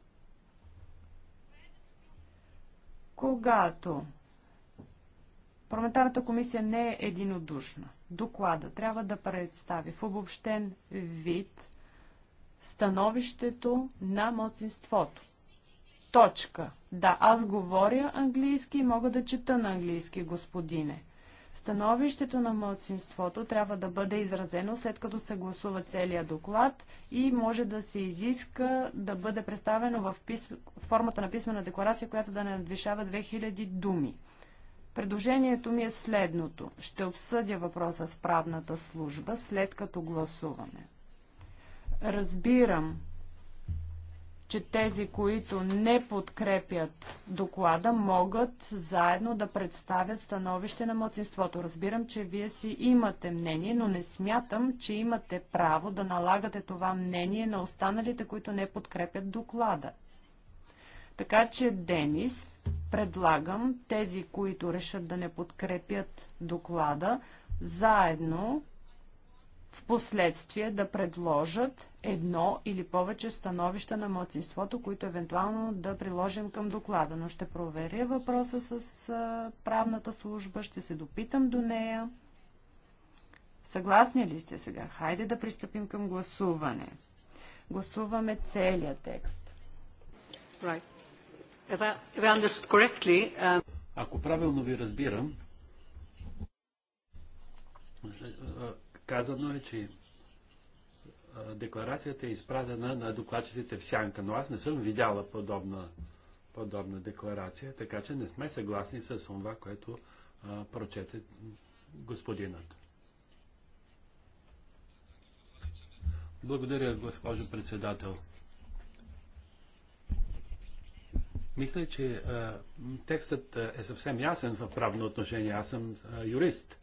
Когато парламентарната комисия не е единодушна, доклада трябва да представи в обобщен вид становището на младсинството. Точка. Да, аз говоря английски и мога да чета на английски, господине. Становището на младсинството трябва да бъде изразено след като се гласува целият доклад и може да се изиска да бъде представено в пис... формата на писмена декларация, която да не надвишава 2000 думи. Предложението ми е следното. Ще обсъдя въпроса с правната служба, след като гласуваме. Разбирам че тези, които не подкрепят доклада, могат заедно да представят становище на младсинството. Разбирам, че вие си имате мнение, но не смятам, че имате право да налагате това мнение на останалите, които не подкрепят доклада. Така че, Денис, предлагам тези, които решат да не подкрепят доклада, заедно в последствие да предложат едно или повече становища на младсинството, които евентуално да приложим към доклада. Но ще проверя въпроса с правната служба, ще се допитам до нея. Съгласни ли сте сега? Хайде да пристъпим към гласуване. Гласуваме целият текст. Right. If I, if I correctly, um... Ако правилно ви разбирам, казано е, че декларацията е изпратена на докладчиците в сянка, но аз не съм видяла подобна, подобна декларация, така че не сме съгласни с това, което а, прочете господинът. Благодаря, госпожо председател. Мисля, че а, текстът е съвсем ясен в правно отношение. Аз съм а, юрист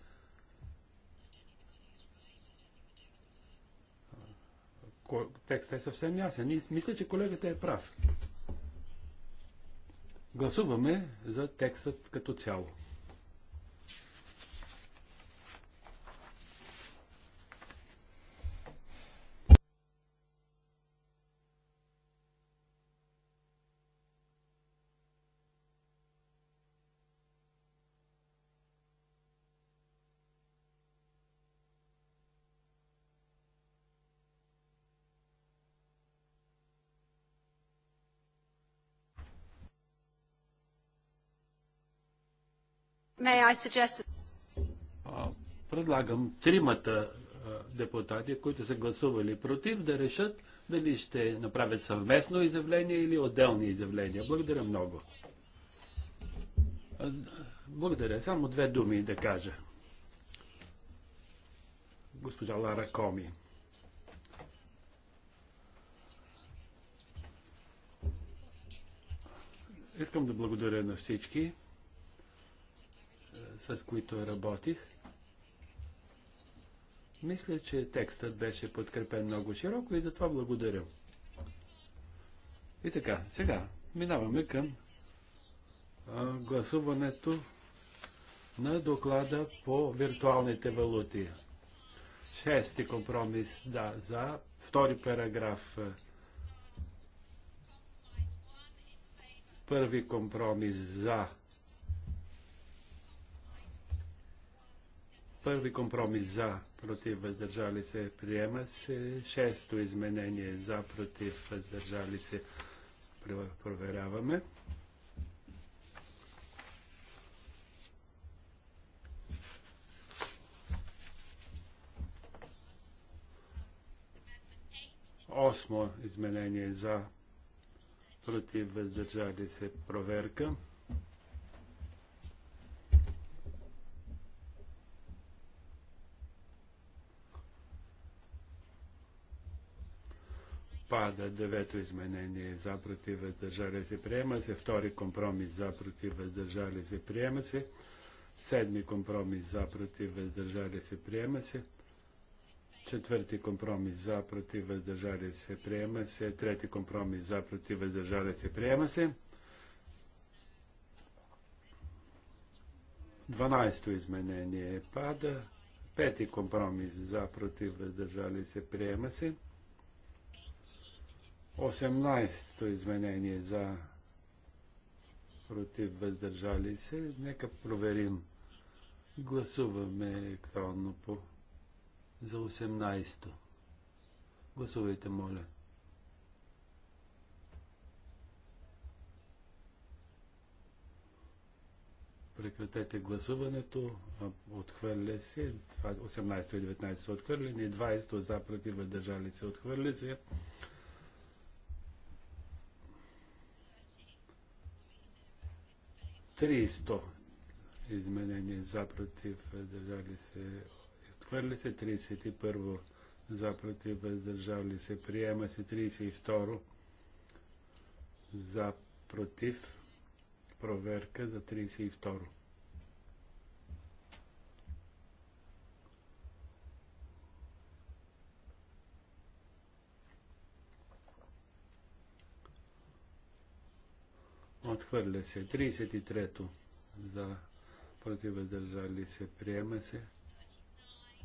текста е съвсем ясен. И мисля, че колегата е прав. Гласуваме за текстът като цяло. Suggest... Предлагам тримата депутати, които са гласували против, да решат дали ще направят съвместно изявление или отделни изявления. Благодаря много. Благодаря. Само две думи да кажа. Госпожа Лара Коми. Искам да благодаря на всички с които работих. Мисля, че текстът беше подкрепен много широко и затова благодаря. И така, сега минаваме към а, гласуването на доклада по виртуалните валути. Шести компромис, да, за. Втори параграф. Първи компромис за Първи компромис за, против, въздържали се, приема се. Шесто изменение за, против, въздържали се, проверяваме. Осмо изменение за, против, въздържали се, проверка. Отпада девето изменение за против въздържали се приема се. Втори компромис за против въздържали се приема се. Седми компромис за против въздържали се приема се. Четвърти компромис за против въздържали се приема се. Трети компромис за против въздържали се приема се. 12-то изменение пада. Пети компромис за против въздържали се приема се. 18-то изменение за против въздържали се. Нека проверим. Гласуваме електронно по за 18-то. Гласувайте, моля. Прекратете гласуването. Отхвърля се. 18 и 19 са отхвърлени. 20 за против въздържали се. Отхвърля се. 300 изменения за против въздържали се отхвърли се 31 за против въздържали се приема се 32 за против проверка за 32 Отхвърля се. 33-то за против въздържали се. Приема се.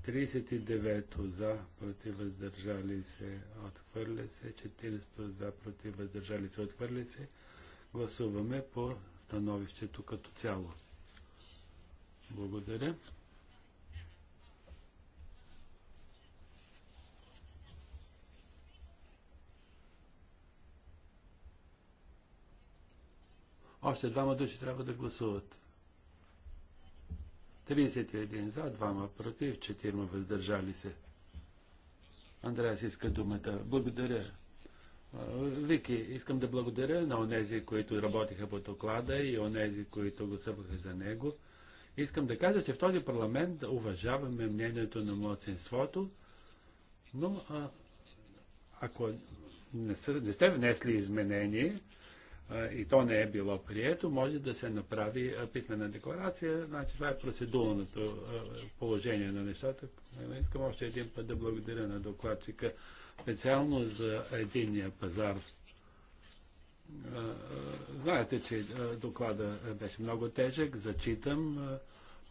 39-то за против въздържали се. Отхвърля се. 40-то за против въздържали се. Отхвърля се. Гласуваме по становището като цяло. Благодаря. Още двама души трябва да гласуват. 31 за, двама против, 4 въздържали се. Андреас иска думата. Благодаря. Вики, искам да благодаря на онези, които работиха по доклада и онези, които гласуваха за него. Искам да кажа, че в този парламент уважаваме мнението на младсинството, но а, ако не, са, не сте внесли изменение, и то не е било прието, може да се направи писмена декларация. Значи това е процедурното положение на нещата. Искам още един път да благодаря на докладчика специално за единния пазар. Знаете, че доклада беше много тежък. Зачитам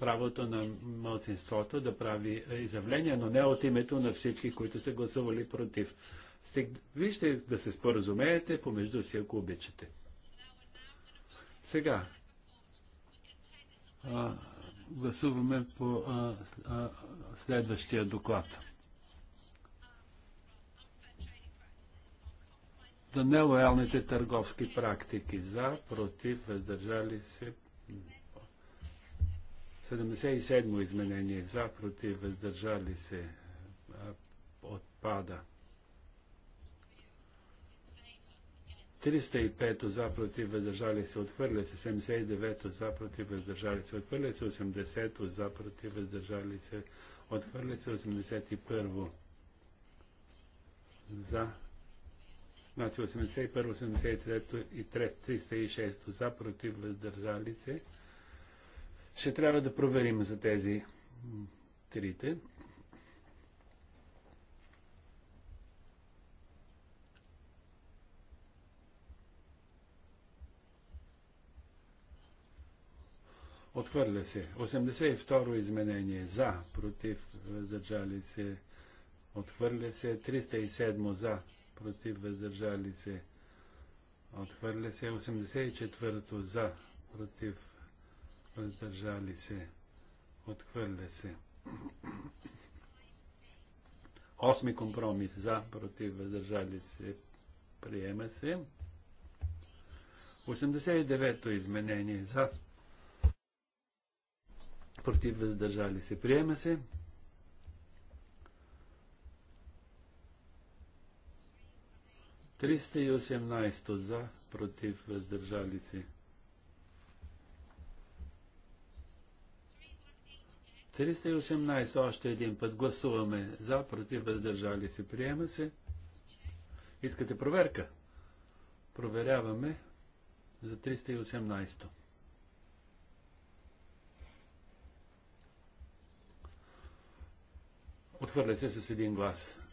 правото на мълцинството да прави изявления, но не от името на всички, които са гласували против. Вижте да се споразумеете помежду си, ако обичате. Сега а, гласуваме по а, а, следващия доклад. За нелоялните търговски практики. За, против, въздържали се. 77 изменение. За, против, въздържали се. Отпада. 305 за против въздържали се отхвърля се, 79 за против въздържали се отхвърля се, 80 за против въздържали се отхвърля се, 81 за значи 81, 83 и 306 за против въздържали се. Ще трябва да проверим за тези трите. Отхвърля се. 82 изменение. За. Против. Въздържали се. Отхвърля се. 307 за. Против. Въздържали се. Отхвърля се. 84 за. Против. Въздържали се. Отхвърля се. Осми компромис. За. Против. Въздържали се. Приема се. 89-то изменение. За против въздържали се. Приема се. Триста и осемнайсто за, против въздържали се. 318 още един път гласуваме за, против, въздържали се, приема се. Искате проверка? Проверяваме за 318. Отхвърля се с един глас.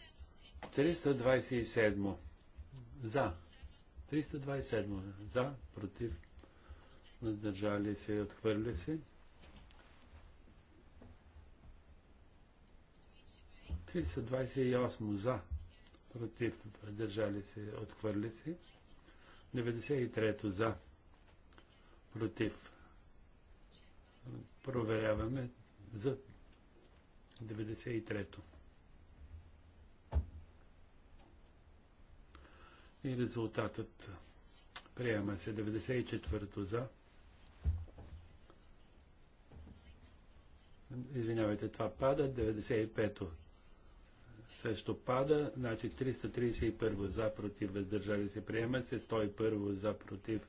327. За. 327. За. Против. Въздържали се. Отхвърля се. 328. За. Против. Въздържали се. Отхвърля се. 93. За. Против. Проверяваме за 93-то. И резултатът приема се 94-то за. Извинявайте, това пада, 95-то също пада, значи 331 за против въздържали се приема се, 101 за против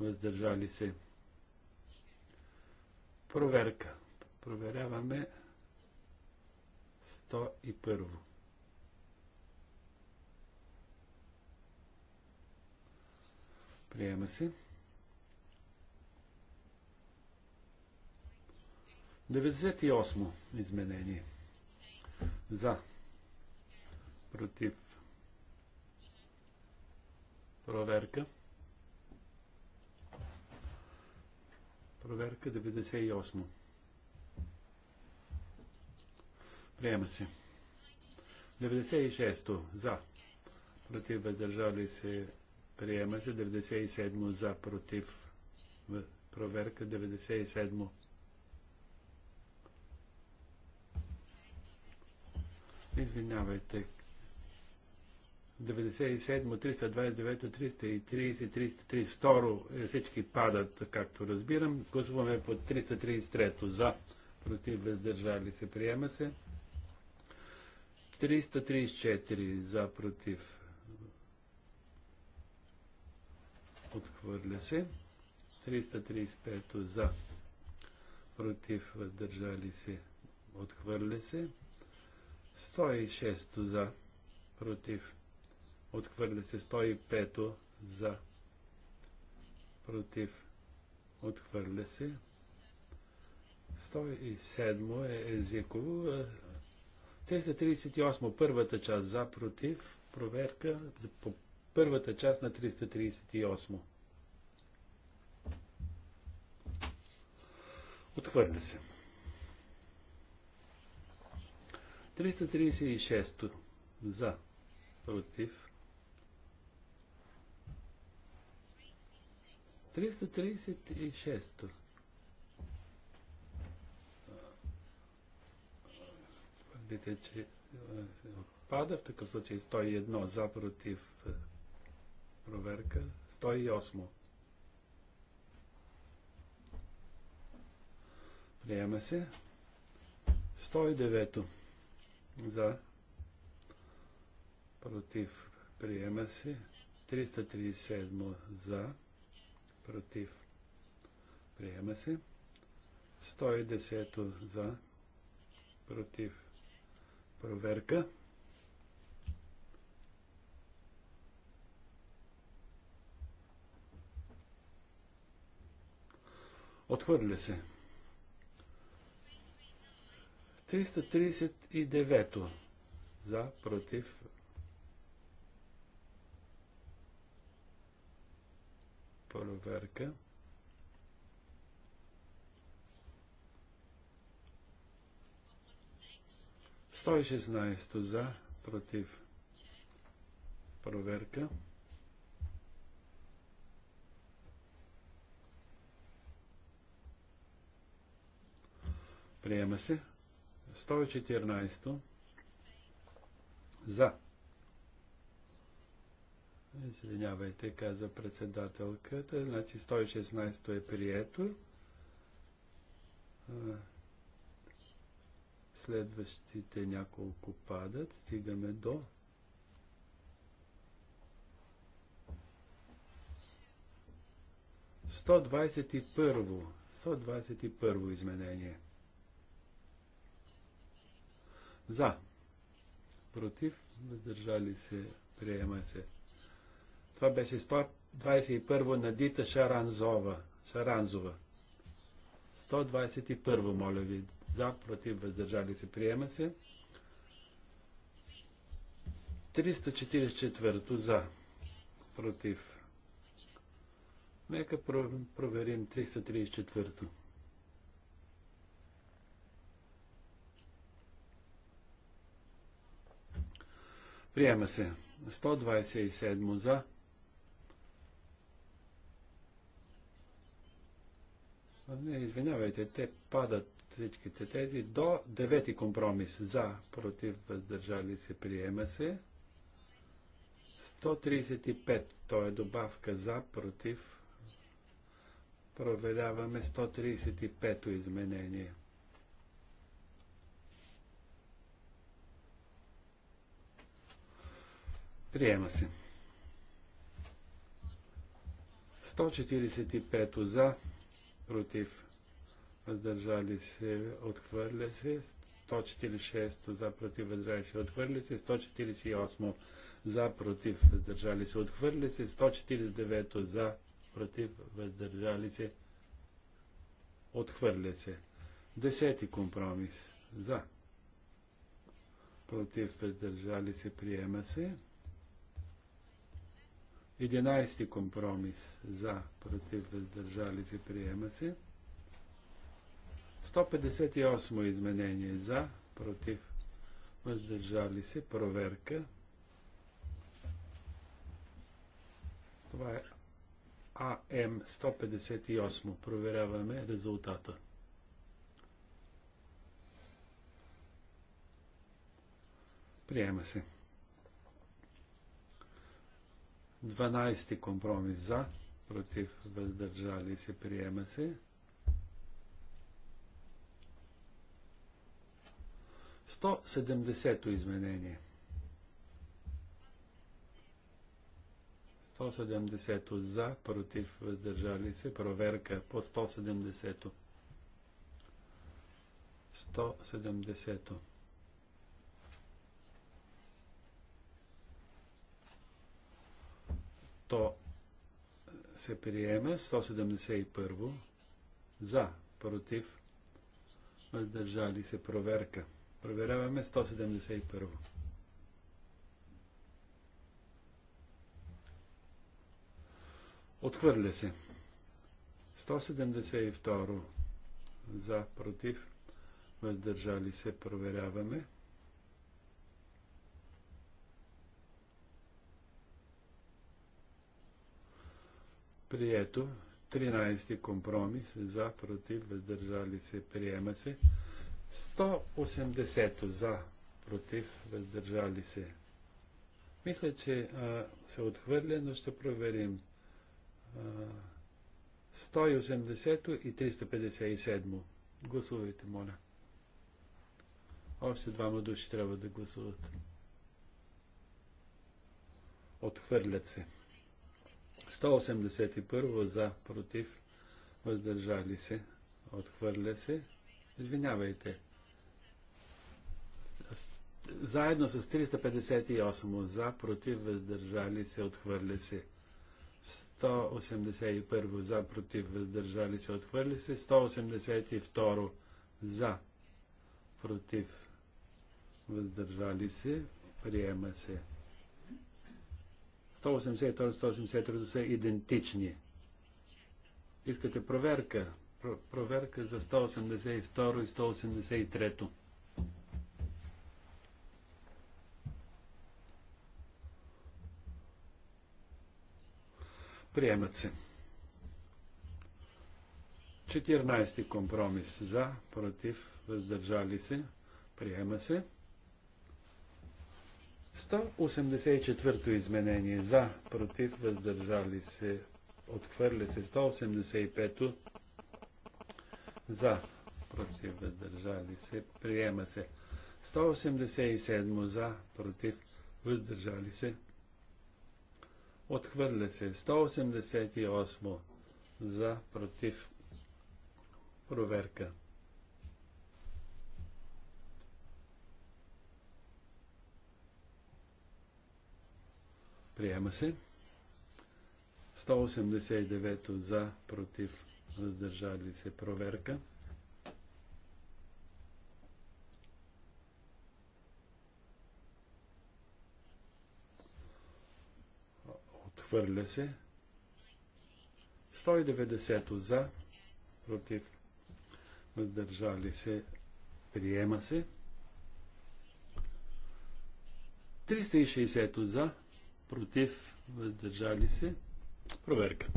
въздържали се. Проверка. Проверяваме 101. Приема се. 98 изменение. За. Против. Проверка. Проверка 98. Приема се. 96-то за. Против въздържали се. Приема се. 97-то за. Против. Проверка 97-то. Извинявайте. 97, 329, 330, 330, второ е, всички падат, както разбирам. Гласуваме по 333 за, против въздържали се, приема се. 334 за против. Отхвърля се. 335 за против. Въздържали се. Отхвърля се. 106 за против. Отхвърля се. 105 за против. Отхвърля се. 107 е езиково. 338. Първата част за, против. Проверка за, по първата част на 338. Отхвърля се. 336. За. Против. 336. Виждате, че е, отпада. В такъв случай 101 за против е, проверка. 108. Приема се. 109 за против приема се. 337 за против приема се. 110 за против Проверка. Отхвърля се. 339 за, против. Проверка. 116 за, против. Проверка. Приема се. 114 за. Извинявайте, каза председателката. Значи 116 е прието. Следващите няколко падат. Стигаме до сто двадесет и първо. изменение. За. Против. задържали се. Приема се. Това беше 121 на Дита Шаранзова. Шаранзова. 121, моля ви, за, против, въздържали се, приема се. 344 за, против. Нека проверим 334. Приема се. 127 за, Не, извинявайте, те падат всичките тези до девети компромис. За, против, въздържали се, приема се. 135, то е добавка за, против. Проверяваме 135-то изменение. Приема се. 145 за, против, въздържали се, отхвърля се. 146 за против, въздържали се, отхвърля се. 148 за против, въздържали се, отхвърля се. 149 за против, въздържали се, отхвърля се. Десети компромис за против, въздържали се, приема се. 11 компромис за, против, въздържали се, приема се. 158 изменение за, против, въздържали се, проверка. Това е АМ 158. Проверяваме резултата. Приема се. 12 компромис за, против, въздържали се, приема се. 170 седемдесето изменение. 170 седемдесето за, против, въздържали се, проверка по 170 седемдесето. 170 седемдесето. 100 се приеме 171 за, против, въздържали се проверка. Проверяваме 171. Отхвърля се. 172 за, против, въздържали се, проверяваме. Прието. 13 компромис. За, против, въздържали се, приема се. 180 за, против, въздържали се. Мисля, че а, се отхвърля, но ще проверим. А, 180 и 357. Гласувайте, моля. Още двама души трябва да гласуват. Отхвърлят се. 181 за, против, въздържали се, отхвърля се. Извинявайте. Заедно с 358 за, против, въздържали се, отхвърля се. 181 за, против, въздържали се, отхвърли се. 182 за, против, въздържали се, приема се. 182 и 183 са идентични. Искате проверка? Про проверка за 182 и 183. Приемат се. 14 компромис за, против, въздържали се, приема се. 184-то изменение за, против, въздържали се, отхвърля се. 185-то за, против, въздържали се, приема се. 187 за, против, въздържали се, отхвърля се. 188 за, против, проверка. Приема се. 189 за, против, въздържали се. Проверка. Отхвърля се. 190 за, против, въздържали се. Приема се. 360 за, против, въздържали се. Проверка.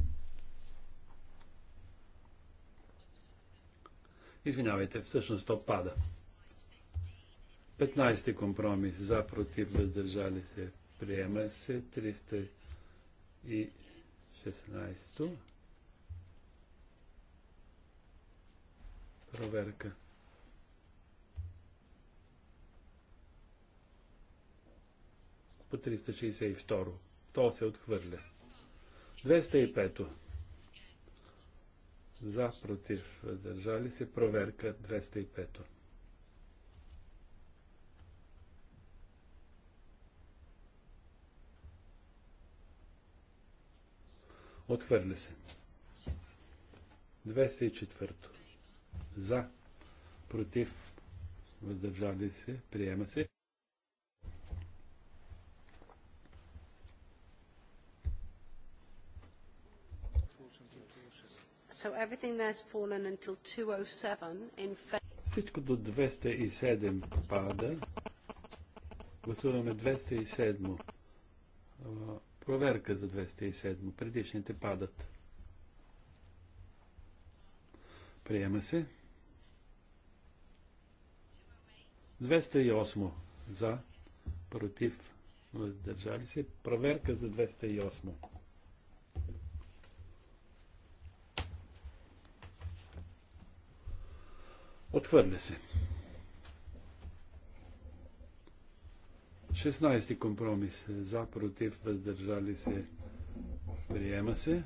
Извинявайте, всъщност то пада. 15 компромис за, против, въздържали се. Приема се 316. Проверка. по 362. То се отхвърля. 205. За, против, държали се. Проверка 205. Отхвърля се. 204. За, против, въздържали се, приема се. So everything there's fallen until 207 in Всичко до 207 пада. Гласуваме 207. Проверка за 207. Предишните падат. Приема се. 208 за, против, въздържали се. Проверка за 208. Отхвърля се. 16 компромис. За, против, въздържали се. Приема се.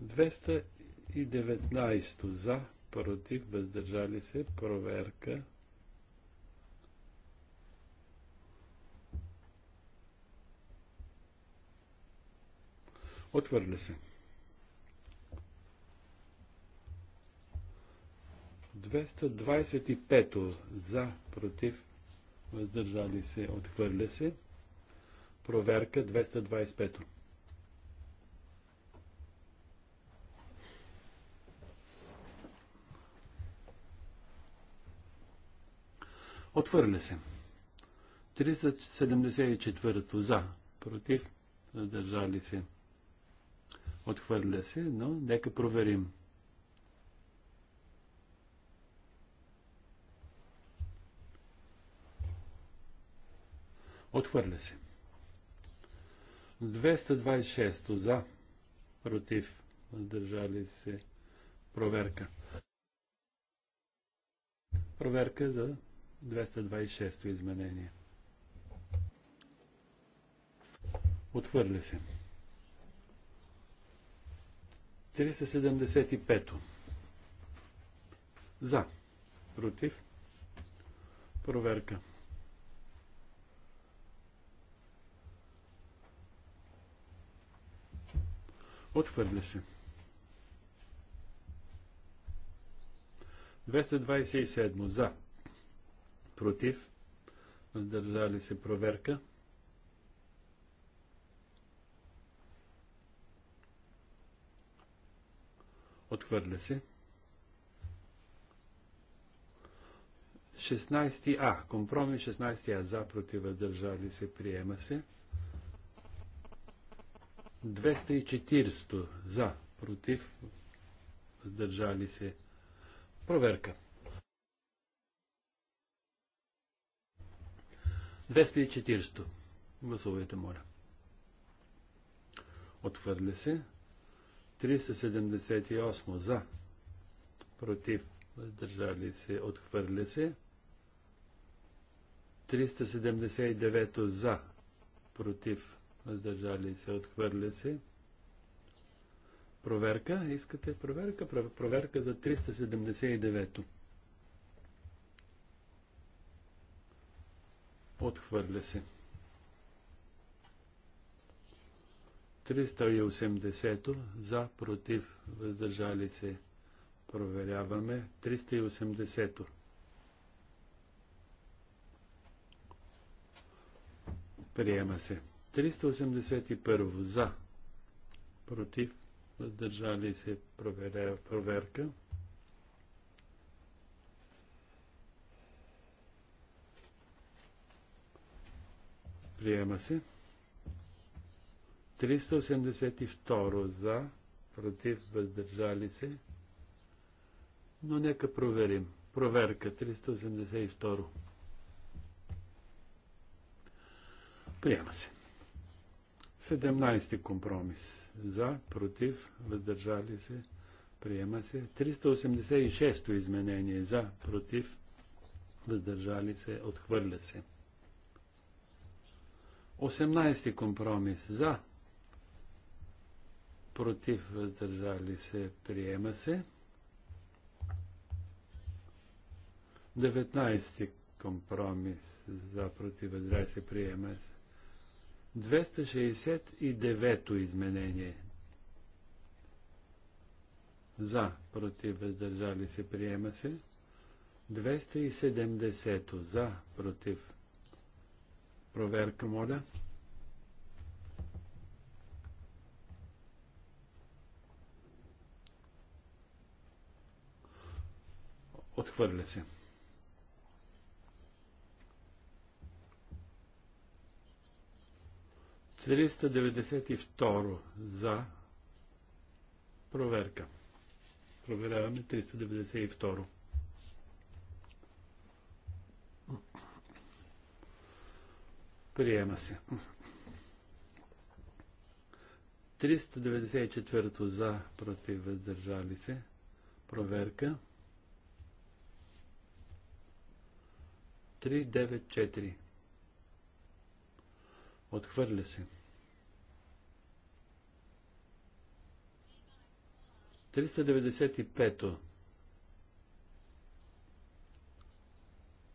Двеста и деветнайсто за, против, въздържали се, проверка. Отвърли се. 225 за, против, въздържали се, отхвърля се. Проверка 225. то Отвърля се. 374 то за, против, въздържали се, Отхвърля се, но нека проверим. Отхвърля се. 226 за, против, държали се. Проверка. Проверка за 226 изменение. Отхвърля се. 375-то. За. Против. Проверка. Отхвърля се. 227 за. Против. Въздържали се проверка. Отхвърля се. 16А. Компромис 16А. За, против, държали се, приема се. 240 за, против, държали се. Проверка. 240. Гласовете моля. Отвърля се. 378 за, против, въздържали се, отхвърля се. 379 за, против, въздържали се, отхвърля се. Проверка, искате проверка? Проверка за 379-то. Отхвърля се. 380 за, против, въздържали се. Проверяваме. 380 Приема се. 381 за, против, въздържали се. Проверя, проверка. Приема се. 382 382 за, против, въздържали се. Но нека проверим. Проверка 382. Приема се. 17 компромис. За, против, въздържали се. Приема се. 386 изменение. За, против, въздържали се. Отхвърля се. 18 компромис. За, против, въздържали се, приема се. 19 компромис за против, въздържали се, приема се. 269 то изменение. За, против, въздържали се, приема се. 270 за, против. Проверка, моля. Отхвърля се. Триста за проверка. Проверяваме 392. Приема се. 394 за против въздържали се. Проверка. 394. Отхвърля се. 395.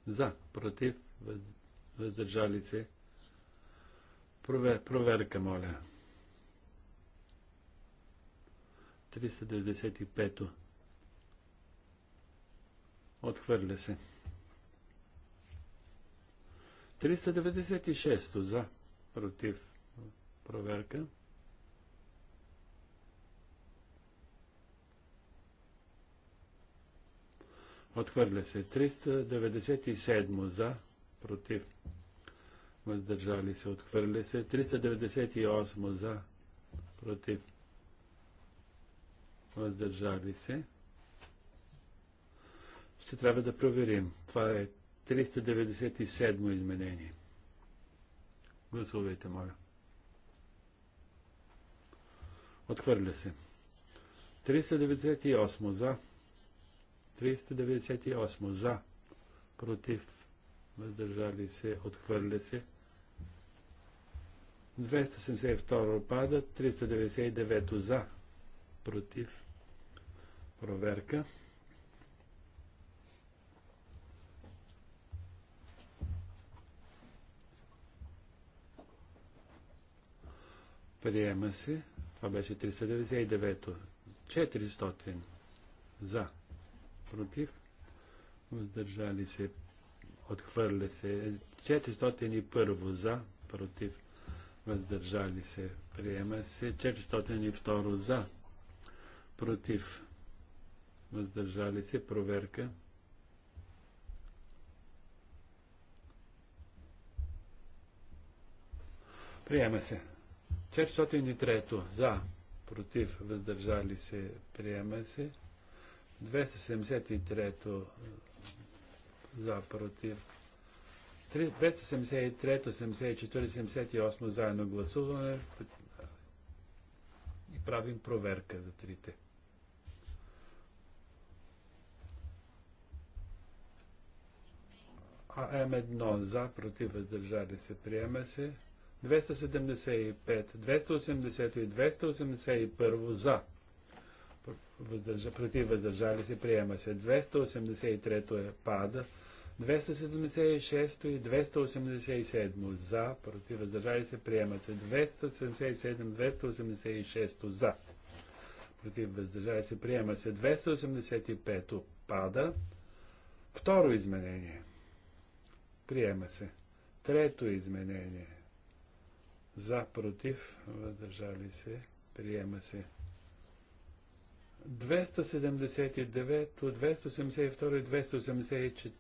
За, против, въздържали се. Провер, проверка, моля. 395. Отхвърля се. 396. 396 за, против, проверка. Отхвърля се 397 за, против, въздържали се, отхвърля се 398 за, против, въздържали се. Ще трябва да проверим. Това е 397 изменение. Гласувайте, моля. Отхвърля се. 398 за. 398 за. Против. Въздържали се. Отхвърля се. 272 пада. 399 за. Против. Проверка. Приема се. Това беше 399-то. 400 за. Против. Въздържали се. Отхвърля се. 401 за. Против. Въздържали се. Приема се. 402 за. Против. Въздържали се. Проверка. Приема се. 403 за, против, въздържали се, приема се. 273 за, против. 273, 74, 78 заедно гласуваме и правим проверка за трите. АМ1 за, против, въздържали се, приема се. 275, 280 и 281 за. Въздържа, против въздържали се, приема се. 283 е пада. 276 и 287 за, против въздържали се, приема се. 277, 286 за, против въздържали се, приема се. 285 пада. Второ изменение. Приема се. Трето изменение за, против, въздържали се, приема се. 279, 282 и 284.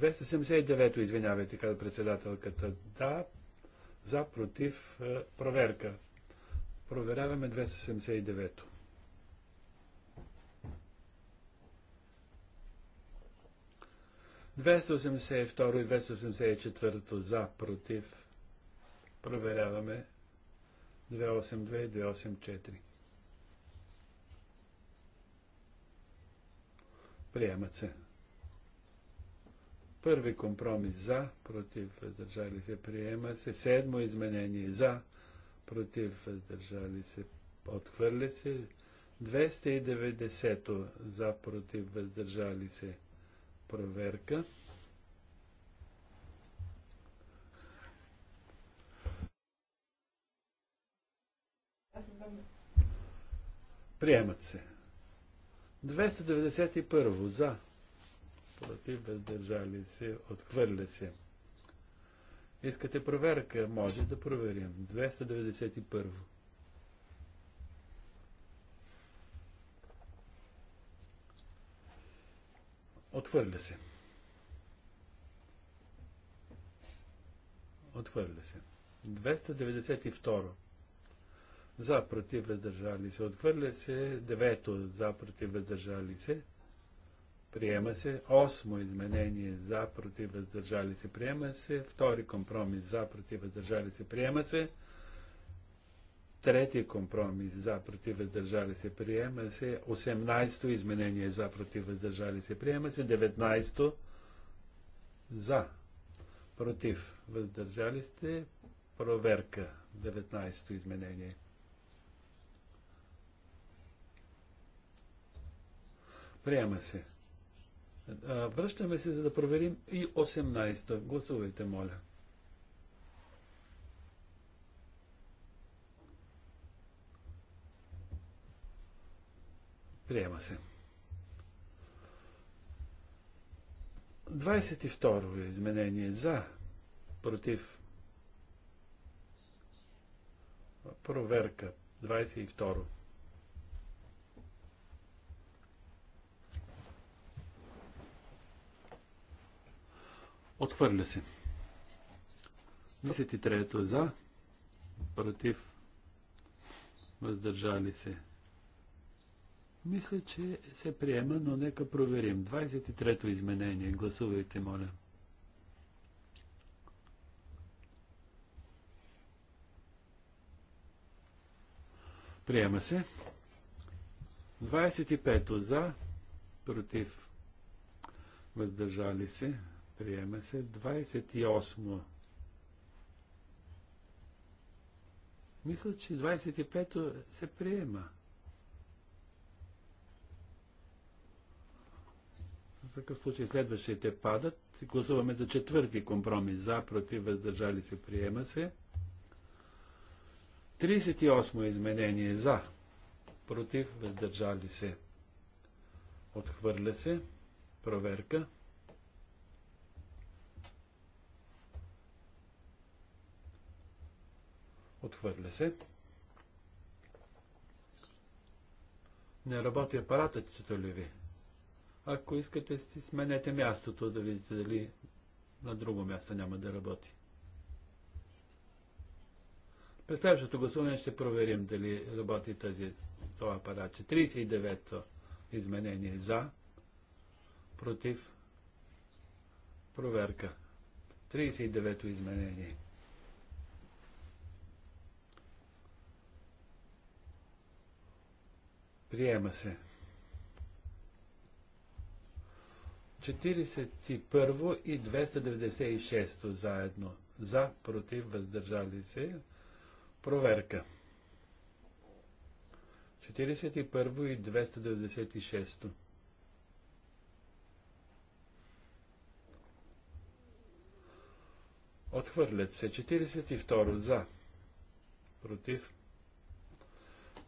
279, извинявайте, каза председателката. Да, за, против, е, проверка. Проверяваме 279. Двеста и 284 за, против, Проверяваме 282 и 284. Приемат се. Първи компромис за, против въздържали се, приема се. Седмо изменение за, против въздържали се, отхвърля се. 290 за, против въздържали се, проверка. Приемат се. 291 за. Против, въздържали се, отхвърля се. Искате проверка? Може да проверим. 291. Отхвърля се. Отхвърля се. 292 за против въздържали се, отхвърля се, девето за против въздържали се, приема се, осмо изменение за против въздържали се, приема се, втори компромис за против въздържали се, приема се, трети компромис за против въздържали се, приема се, 18-то изменение за против въздържали се, приема се, 19-то за против въздържали се, проверка, 19-то изменение. Приема се. Връщаме се, за да проверим и 18-та. Гласувайте, моля. Приема се. 22-ро изменение за, против, проверка. 22-ро. Отхвърля се. 23-то е за, против, въздържали се. Мисля, че се приема, но нека проверим. 23-то изменение. Гласувайте, моля. Приема се. 25-то за, против, въздържали се. Приема се 28. Мисля, че 25-то се приема. В такъв случай следващите падат. Гласуваме за четвърти компромис. За, против, въздържали се, приема се. 38 изменение за, против, въздържали се. Отхвърля се. Проверка. Отхвърля се. Не работи апаратът, чето ли ви? Ако искате, си сменете мястото, да видите дали на друго място няма да работи. През следващото гласуване ще проверим дали работи тази, това апарат. 39-то изменение за, против, проверка. 39-то изменение. Приема се. 41 и 296 заедно. За, против, въздържали се. Проверка. 41 и 296. Отхвърлят се 42 за, против,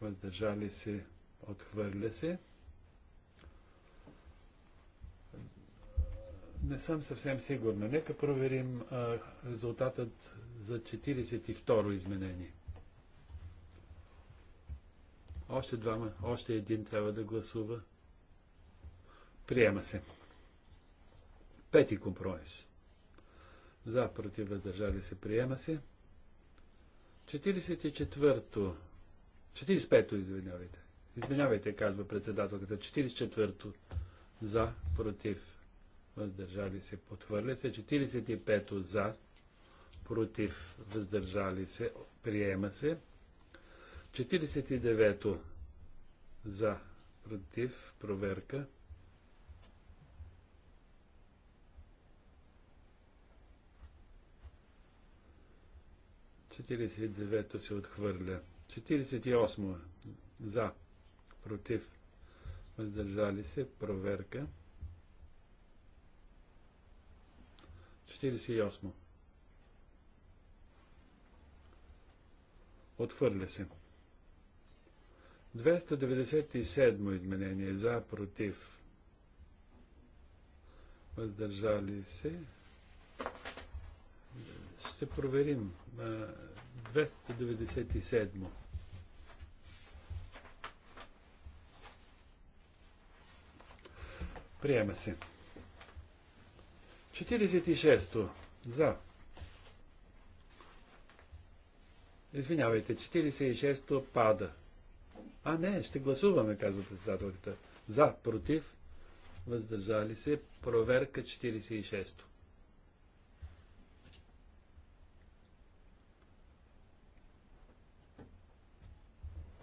въздържали се Отхвърля се. Не съм съвсем сигурна. Нека проверим а, резултатът за 42-ро изменение. Още двама, още един трябва да гласува. Приема се. Пети компромис. За, против, въздържали се, приема се. 44-то, 45-то, извинявайте. Извинявайте, казва председателката. 44-то за, против, въздържали се, подхвърля се. 45-то за, против, въздържали се, приема се. 49-то за, против, проверка. Четиридесет девето се отхвърля. Четиридесет и осмо за против, въздържали се, проверка. 48. Отхвърля се. 297 изменение за, против, въздържали се. Ще проверим. 297. Приема се. 46-то. За. Извинявайте, 46-то пада. А, не, ще гласуваме, казва председателката. За, против, въздържали се. Проверка 46-то.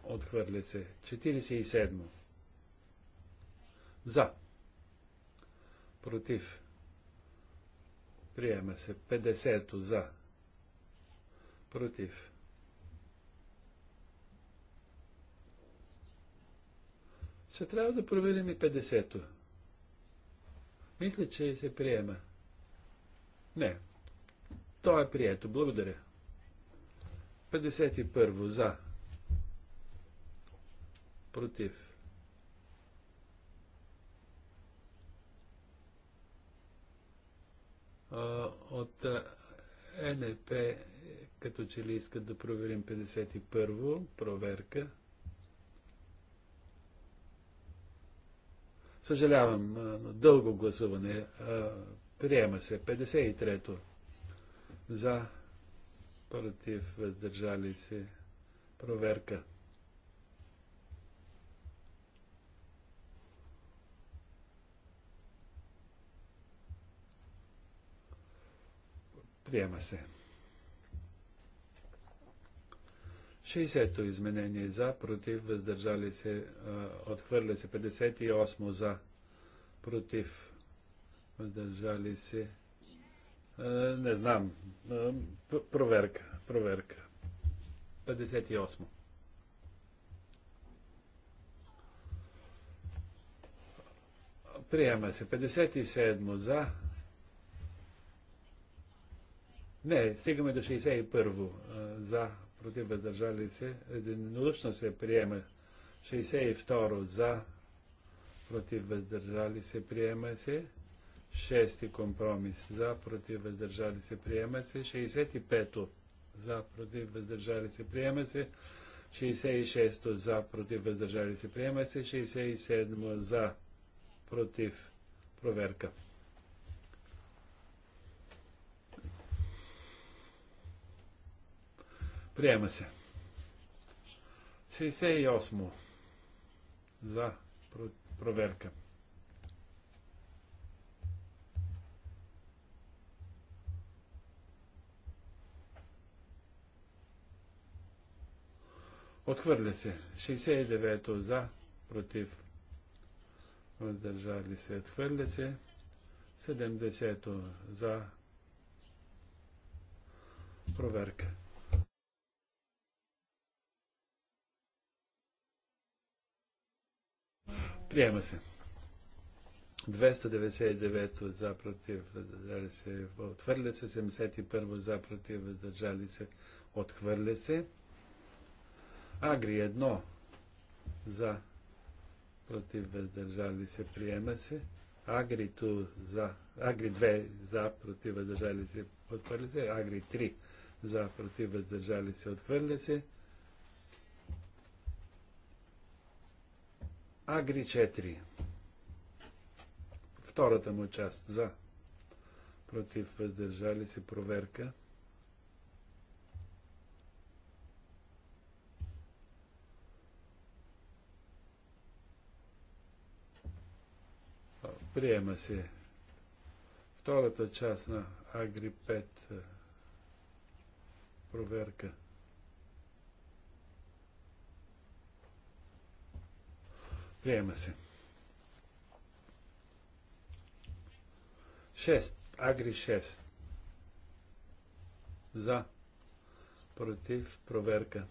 Отхвърля се. 47. За против, приема се 50 за, против. Ще трябва да проверим и 50-то. Мисля, че се приема. Не. То е прието. Благодаря. 51 за. Против. от НП като че ли искат да проверим 51-во, проверка. Съжалявам, дълго гласуване. Приема се 53-то. За, против, въздържали се, проверка. Приема се. 60-то изменение за, против, въздържали се, отхвърля се 58 за, против, въздържали се. Не знам. Проверка, проверка. 58. Приема се 57 за, не, стигаме до 61-во. За, против, въздържали се. Единодушно се приема. 62 за, против, въздържали се, приема се. Шести компромис. За, против, въздържали се, приема се. 65 за, против, въздържали се, приема се. 66 за, против, въздържали се, приема се. 67 за, против, проверка. Приема се. 68 за проверка. Отхвърля се. 69 за, против, въздържали се. Отхвърля се. 70 за проверка. Приема се. 299 за против, въздържали се, отхвърля се, 71 за против, въздържали се, отхвърля се. Агри 1 за против, въздържали се, приема се. Агри 2 за, Агри 2 за против, въздържали се, отхвърля се. Агри 3 за против, въздържали се, отхвърля се. Агри 4. Втората му част. За. Против. Въздържали се. Проверка. Приема се втората част на Агри 5 проверка. Приема се. 6. Агри 6. За. Против. Проверка.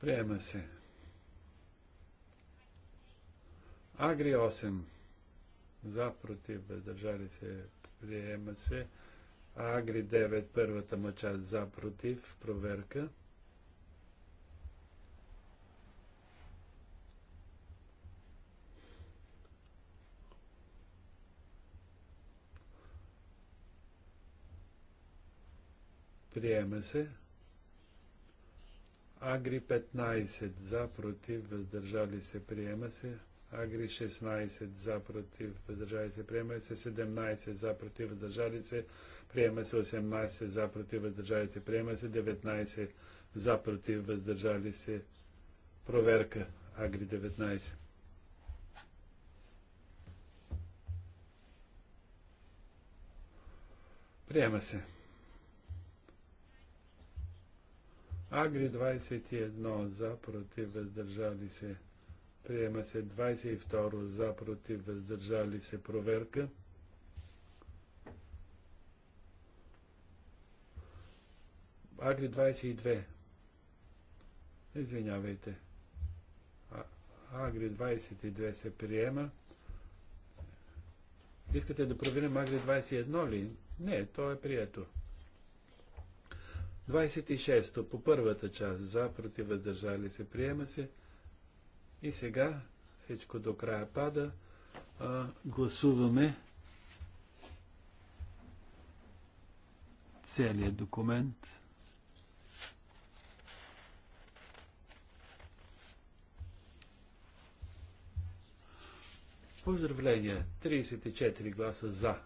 Приема се. Агри 8. За, против, въздържали се, приема се. Агри 9, първата му част за, против, проверка. Приема се. Агри 15 за, против, въздържали се, приема се. Агри 16 за против, въздържали се, приема се 17 за против, въздържали се, приема се 18 за против, въздържали се, приема се 19 за против, въздържали се, проверка Агри 19. Приема се. Агри 21 за против, въздържали се, Приема се 22 за, против, въздържали се, проверка. Агри 22. Извинявайте. Агри 22 се приема. Искате да проверим Агри 21 ли? Не, то е прието. 26. По първата част за, против, въздържали се, приема се. И сега всичко до края пада. А, гласуваме целият документ. Поздравления! 34 гласа за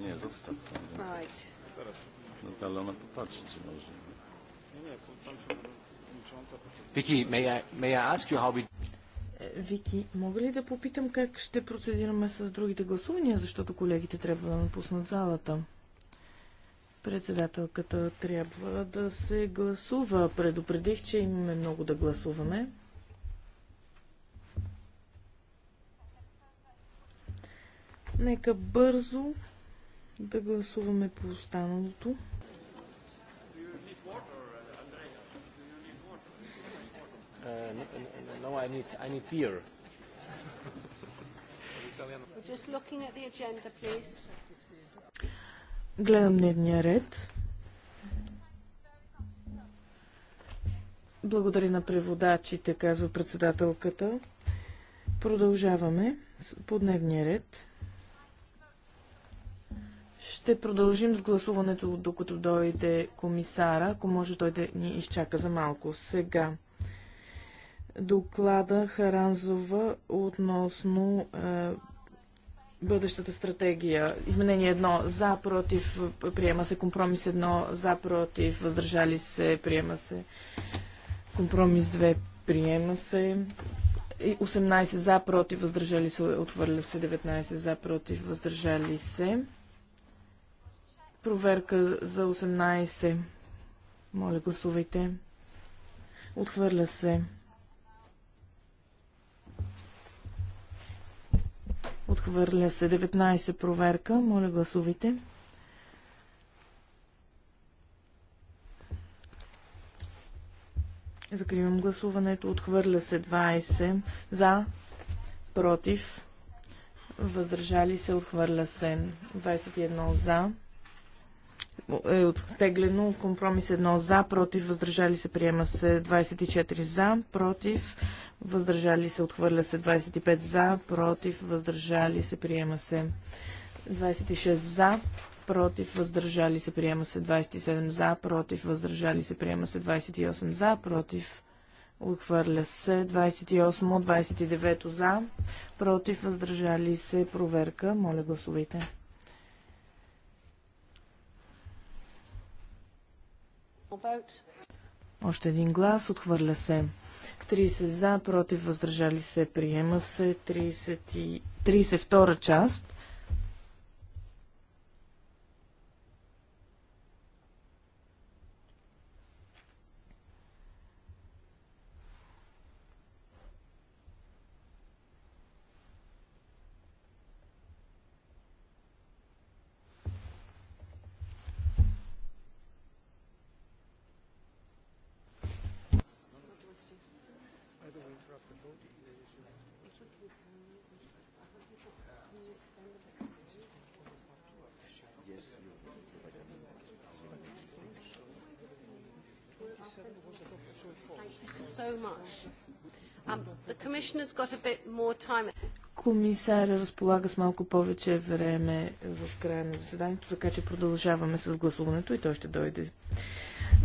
Nie, zostaw to. No, ale ona popatrzy, czy może. Вики, may I, may I ask you how we... Вики, e, мога ли да попитам как ще процедираме с другите гласувания, защото колегите трябва да напуснат залата? Председателката трябва да се гласува. Предупредих, че имаме много да гласуваме. Нека бързо да гласуваме по останалото. Гледам дневния ред. Благодаря на преводачите, казва председателката. Продължаваме по дневния ред. Ще продължим с гласуването, докато дойде комисара, ако може той да ни изчака за малко. Сега доклада Харанзова относно е, бъдещата стратегия. Изменение едно за, против, приема се компромис 1, за, против, въздържали се, приема се компромис 2, приема се. 18 за, против, въздържали се, отвърля се, 19 за, против, въздържали се. Проверка за 18. Моля, гласувайте. Отхвърля се. Отхвърля се 19 проверка. Моля, гласувайте. Закривам гласуването. Отхвърля се 20. За. Против. Въздържали се. Отхвърля се 21 за е оттеглено. Компромис 1 за, против, въздържали се, приема се 24 за, против, въздържали се, отхвърля се 25 за, против, въздържали се, приема се 26 за, против, въздържали се, приема се 27 за, против, въздържали се, приема се 28 за, против, отхвърля се 28, 29 за, против, въздържали се, проверка. Моля, гласувайте. Още един глас. Отхвърля се. 30 за, против, въздържали се, приема се. 30, 32 част. Комисаря разполага с малко повече време в края на заседанието, така че продължаваме с гласуването и той ще дойде.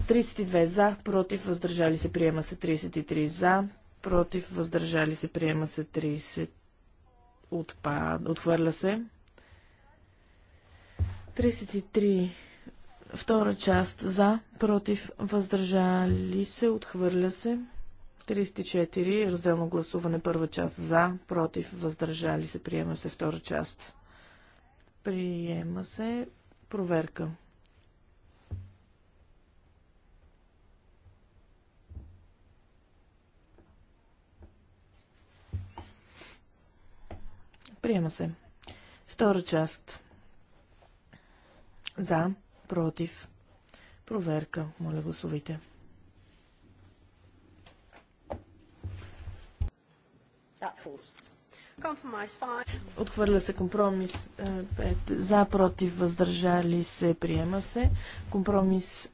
32 за, против, въздържали се, приема се 33 за, против, въздържали се, приема се 30, отпад, отхвърля се. 33 втора част за, против, въздържали се, отхвърля се. 34. Разделно гласуване. Първа част за, против, въздържали се. Приема се втора част. Приема се. Проверка. Приема се. Втора част. За, против. Проверка. Моля, гласувайте. That falls. Отхвърля се компромис 5. Е, За, против, въздържали се, приема се. Компромис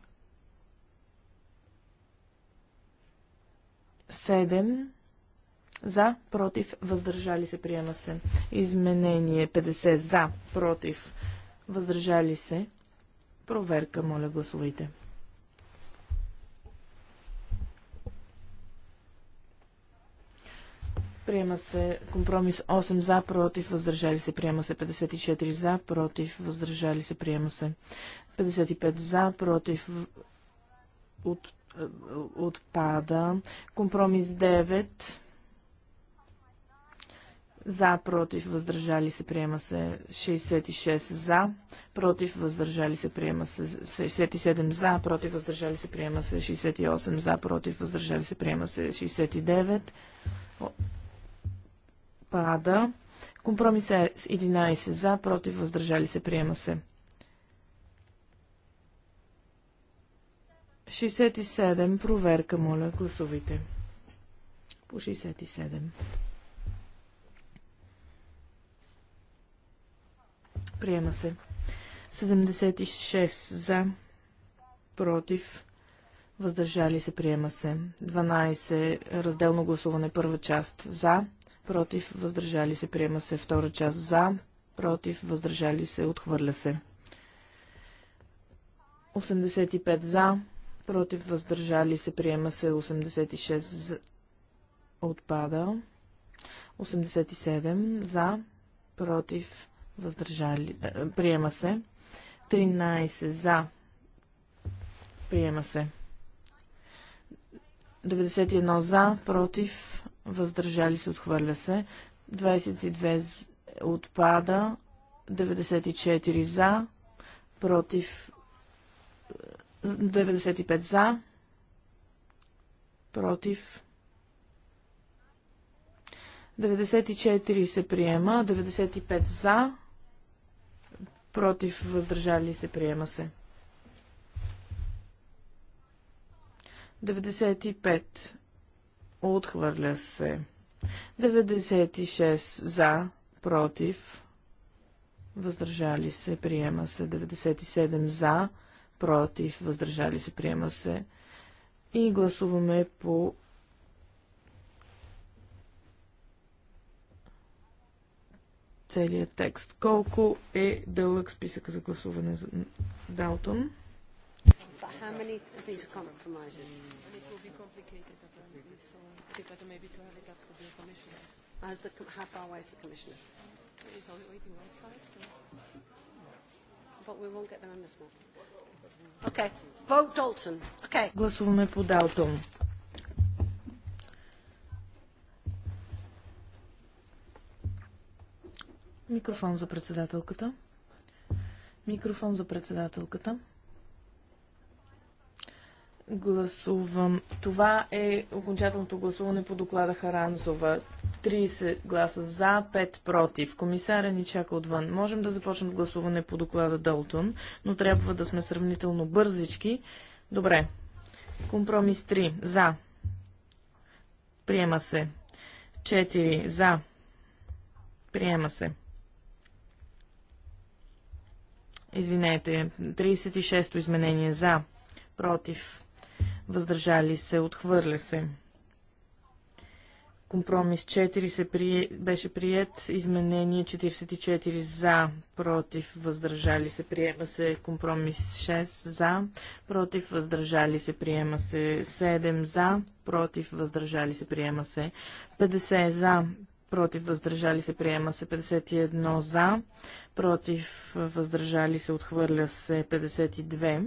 7. За, против, въздържали се, приема се. Изменение 50. За, против, въздържали се. Проверка, моля, гласувайте. Приема се компромис 8 за, против, въздържали се, приема се 54 за, против, въздържали се, приема се 55 за, против, от, е, отпада. Компромис 9 за, против, въздържали се, приема се 66 за, против, въздържали се, приема се 67 за, против, въздържали се, приема се 68 за, против, въздържали се, приема се 69 пада. Компромис е с 11 за, против, въздържали се, приема се. 67. Проверка, моля, гласувайте. По 67. Приема се. 76 за, против, въздържали се, приема се. 12. Разделно гласуване, първа част за, против, въздържали се, приема се. Втора част за, против, въздържали се, отхвърля се. 85 за, против, въздържали се, приема се. 86 за, отпада. 87 за, против, въздържали, е, приема се. 13 за, приема се. 91 за, против, въздържали се, отхвърля се. 22 отпада, 94 за, против 95 е, за, против 94 се приема, 95 за, против въздържали се приема се. 95 Отхвърля се. 96 за, против, въздържали се, приема се. 97 за, против, въздържали се, приема се. И гласуваме по целият текст. Колко е дълъг списък за гласуване за Далтон? how many of these are compromises? And it will be complicated order maybe to have it after the commissioner. As the, com how far away is the commissioner? He's only waiting outside. So. But we won't get them in this one. Okay. Vote Dalton. Okay. Гласуваме по Далтон. Микрофон за председателката. Микрофон за председателката гласувам. Това е окончателното гласуване по доклада Харанзова. 30 гласа за, 5 против. Комисаря ни чака отвън. Можем да започнем гласуване по доклада Дълтон, но трябва да сме сравнително бързички. Добре. Компромис 3. За. Приема се. 4. За. Приема се. Извинете. 36-то изменение. За. Против въздържали се, отхвърля се. Компромис 4 се при... беше прият, изменение 44 за, против, въздържали се, приема се. Компромис 6 за, против, въздържали се, приема се. 7 за, против, въздържали се, приема се. 50 за, против, въздържали се, приема се. 51 за, против, въздържали се, отхвърля се. 52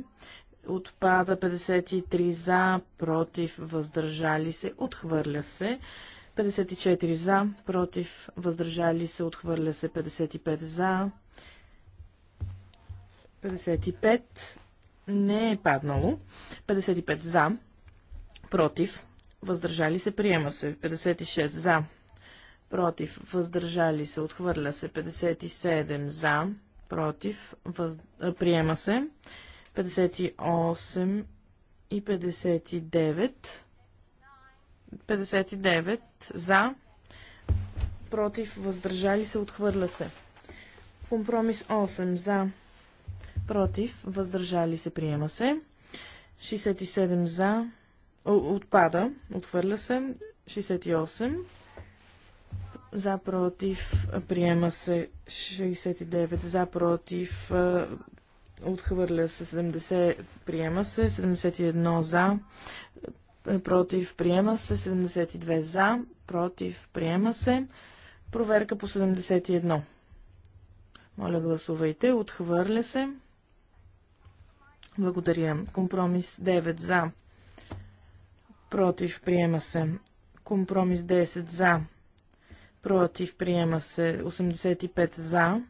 отпада 53 за, против, въздържали се, отхвърля се. 54 за, против, въздържали се, отхвърля се 55 за. 55 не е паднало. 55 за, против, въздържали се, приема се. 56 за, против, въздържали се, отхвърля се. 57 за, против, въз... приема се. 58 и 59. 59 за, против, въздържали се, отхвърля се. Компромис 8 за, против, въздържали се, приема се. 67 за, отпада, отхвърля се. 68 за, против, приема се. 69 за, против, Отхвърля се 70, приема се 71 за, е, против, приема се 72 за, против, приема се. Проверка по 71. Моля, гласувайте. Отхвърля се. Благодаря. Компромис 9 за. Против приема се. Компромис 10 за. Против приема се. 85 за.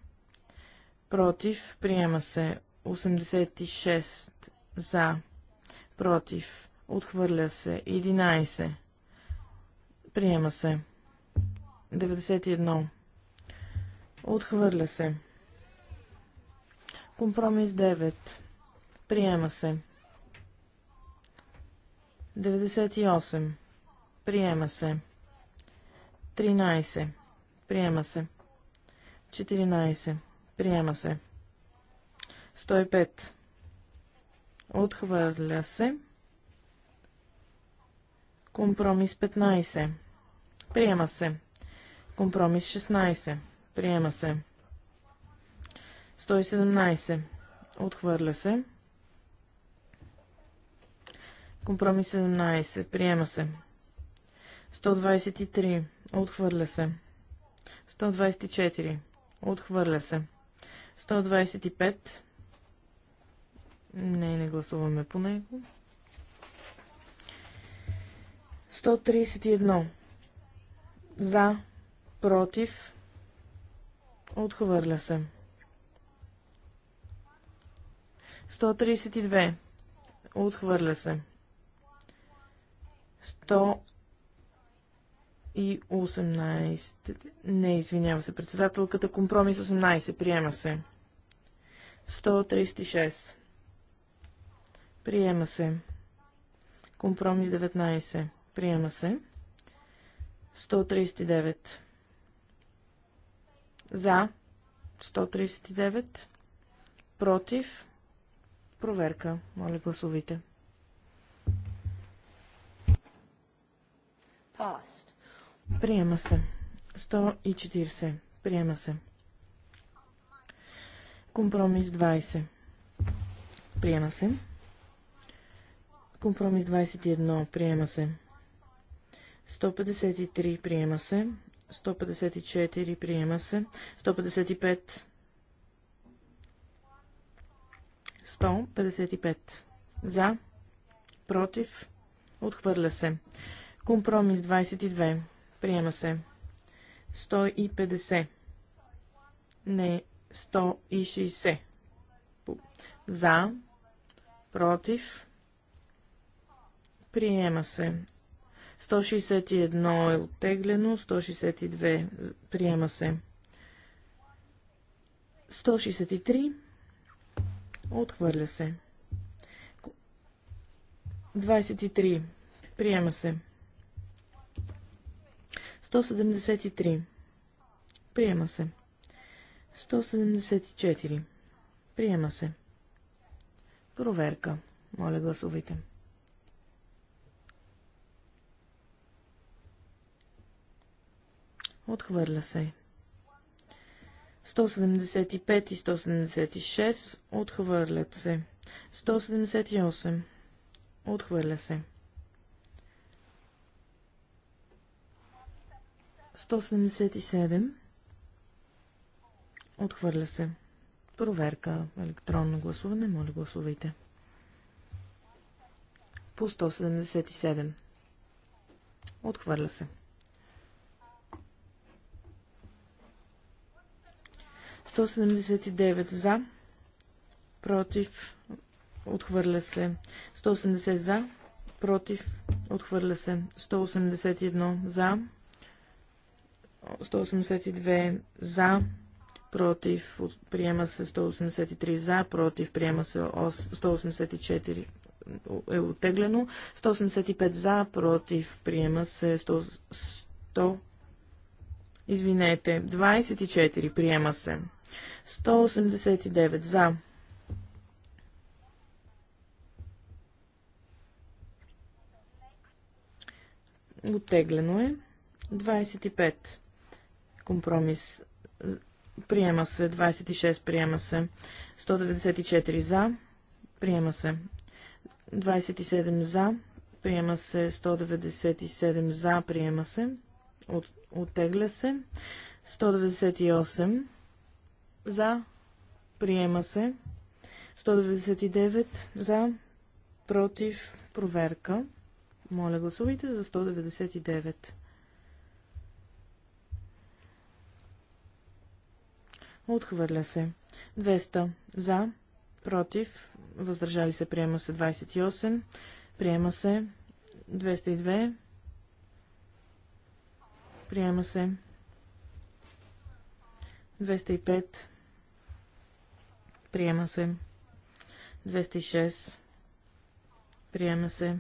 Против приема се. 86 за, против, отхвърля се, 11, приема се, 91, отхвърля се, компромис 9, приема се, 98, приема се, 13, приема се, 14, приема се. 105. Отхвърля се. Компромис 15. Приема се. Компромис 16. Приема се. 117. Отхвърля се. Компромис 17. Приема се. 123. Отхвърля се. 124. Отхвърля се. 125. Не, не гласуваме по него. 131. За, против, отхвърля се. 132. Отхвърля се. 118. Не, извинява се, председателката. Компромис 18. Приема се. 136. Приема се. Компромис 19. Приема се. 139. За. 139. Против. Проверка. Моля гласовите. Past. Приема се. 140. Приема се. Компромис 20. Приема се. Компромис 21. Приема се. 153. Приема се. 154. Приема се. 155. 155. За. Против. Отхвърля се. Компромис 22. Приема се. 150. Не. 160. За. Против. Приема се. 161 е оттеглено, 162 приема се. 163 отхвърля се. 23 приема се. 173 приема се. 174 приема се. Проверка. Моля гласувайте. Отхвърля се. 175 и 176 отхвърлят се. 178 отхвърля се. 177 отхвърля се. Проверка електронно гласуване. Моля, гласувайте. По 177. Отхвърля се. 179 за, против, отхвърля се. 180 за, против, отхвърля се. 181 за, 182 за, против, приема се 183 е за, против, приема се 184 е оттеглено, 185 за, против, приема се 100, 100 извинете, 24 приема се. 189 за. Оттеглено е. 25. Компромис. Приема се. 26. Приема се. 194 за. Приема се. 27 за. Приема се. 197 за. Приема се. От, оттегля се. 198 за, приема се. 199 за, против, проверка. Моля, гласувайте за 199. Отхвърля се. 200 за, против, въздържали се, приема се 28, приема се 202, приема се 205 Приема се. 206. Приема се.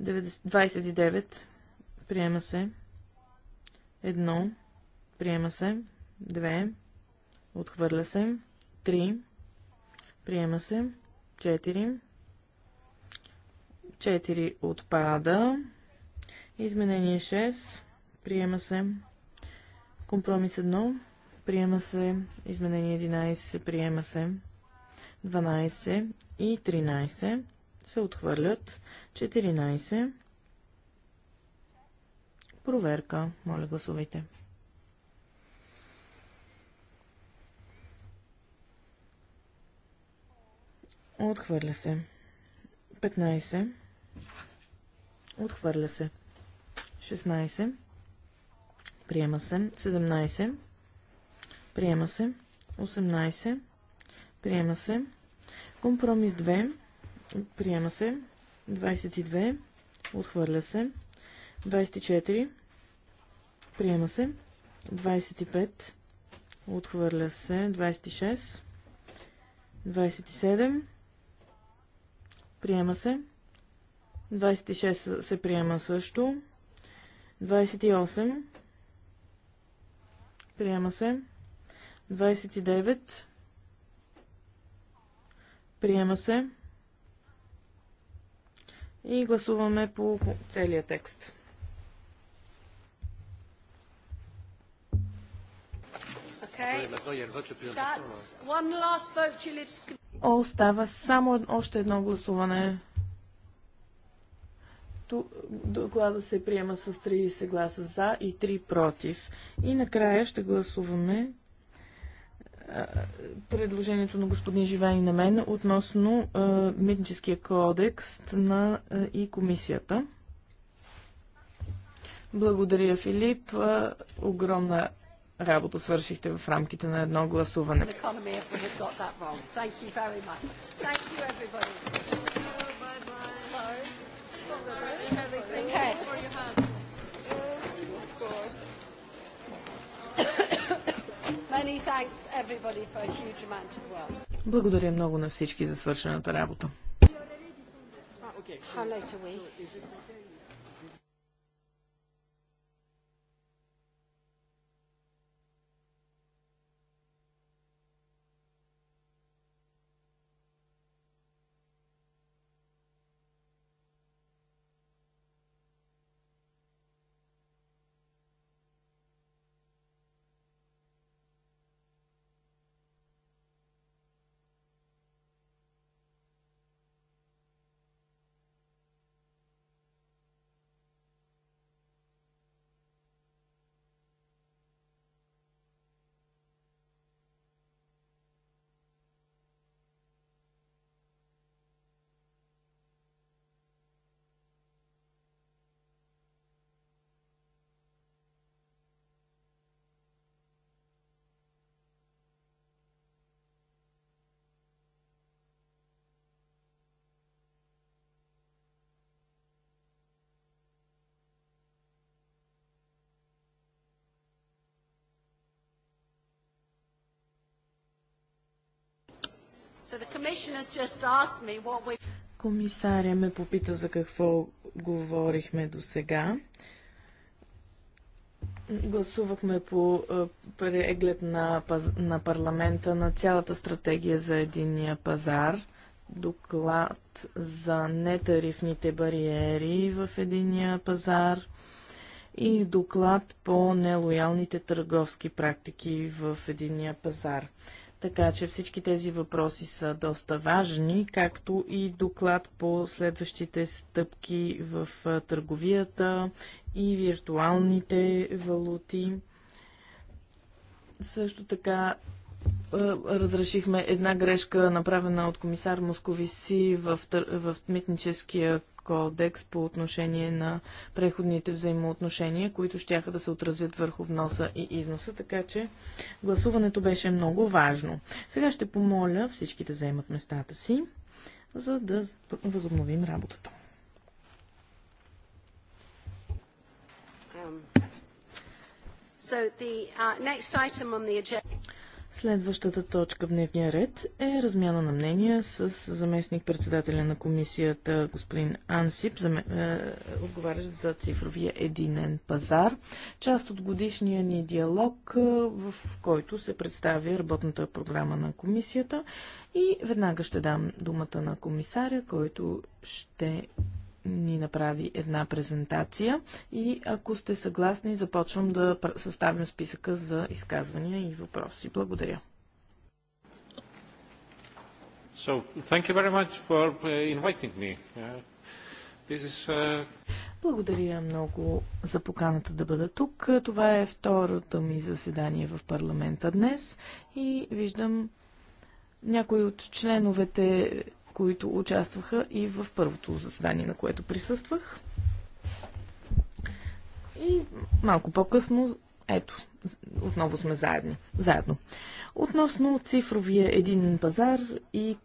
29. Приема се. 1. Приема се. 2. Отхвърля се. 3. Приема се. 4. 4 отпада. Изменение 6. Приема се. Компромис 1. Приема се. Изменение 11. Приема се. 12 и 13 се отхвърлят. 14. Проверка. Моля, гласувайте. Отхвърля се. 15. Отхвърля се. 16. Приема се. 17. Приема се. 18. Приема се. Компромис 2. Приема се. 22. Отхвърля се. 24. Приема се. 25. Отхвърля се. 26. 27. Приема се. 26 се приема също. 28. Приема се. 29. Приема се. И гласуваме по целия текст. Остава само още едно гласуване. Доклада се приема с 30 гласа за и 3 против. И накрая ще гласуваме предложението на господин Живани на мен относно а, митническия кодекс на а, и комисията. Благодаря, Филип. А, огромна работа свършихте в рамките на едно гласуване. Thank you, Благодаря много на всички за свършената работа. Комисаря ме попита за какво говорихме до сега. Гласувахме по преглед на, на парламента на цялата стратегия за единния пазар, доклад за нетарифните бариери в единния пазар и доклад по нелоялните търговски практики в единия пазар. Така че всички тези въпроси са доста важни, както и доклад по следващите стъпки в търговията и виртуалните валути. Също така разрешихме една грешка, направена от комисар Московиси в, в митническия кодекс по отношение на преходните взаимоотношения, които ще да се отразят върху вноса и износа, така че гласуването беше много важно. Сега ще помоля всички да заемат местата си, за да възобновим работата. Um, so the, uh, next item on the agenda... Следващата точка в дневния ред е размяна на мнения с заместник председателя на комисията господин Ансип, е, отговарящ за цифровия единен пазар, част от годишния ни диалог, е, в който се представя работната програма на комисията. И веднага ще дам думата на комисаря, който ще ни направи една презентация и ако сте съгласни, започвам да съставим списъка за изказвания и въпроси. Благодаря. So, thank you very much for uh, inviting me. Uh, this is, uh... Благодаря много за поканата да бъда тук. Това е второто ми заседание в парламента днес и виждам някои от членовете които участваха и в първото заседание, на което присъствах. И малко по-късно, ето, отново сме заедно. заедно. Относно цифровия единен пазар и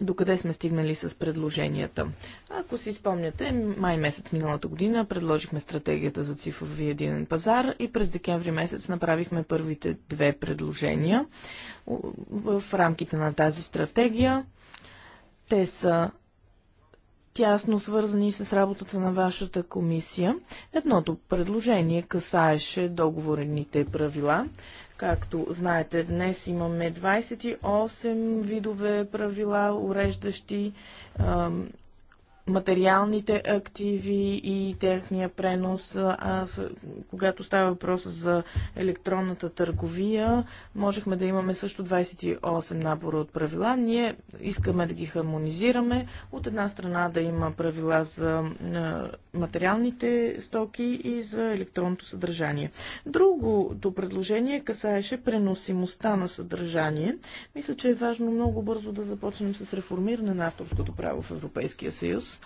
докъде сме стигнали с предложенията. Ако си спомняте, май месец миналата година предложихме стратегията за цифрови единен пазар и през декември месец направихме първите две предложения в рамките на тази стратегия. Те са тясно свързани с работата на вашата комисия. Едното предложение касаеше договорените правила. Както знаете, днес имаме 28 видове правила, уреждащи материалните активи и техния пренос. А когато става въпрос за електронната търговия, можехме да имаме също 28 набора от правила. Ние искаме да ги хармонизираме. От една страна да има правила за материалните стоки и за електронното съдържание. Другото предложение касаеше преносимостта на съдържание. Мисля, че е важно много бързо да започнем с реформиране на авторското право в Европейския съюз.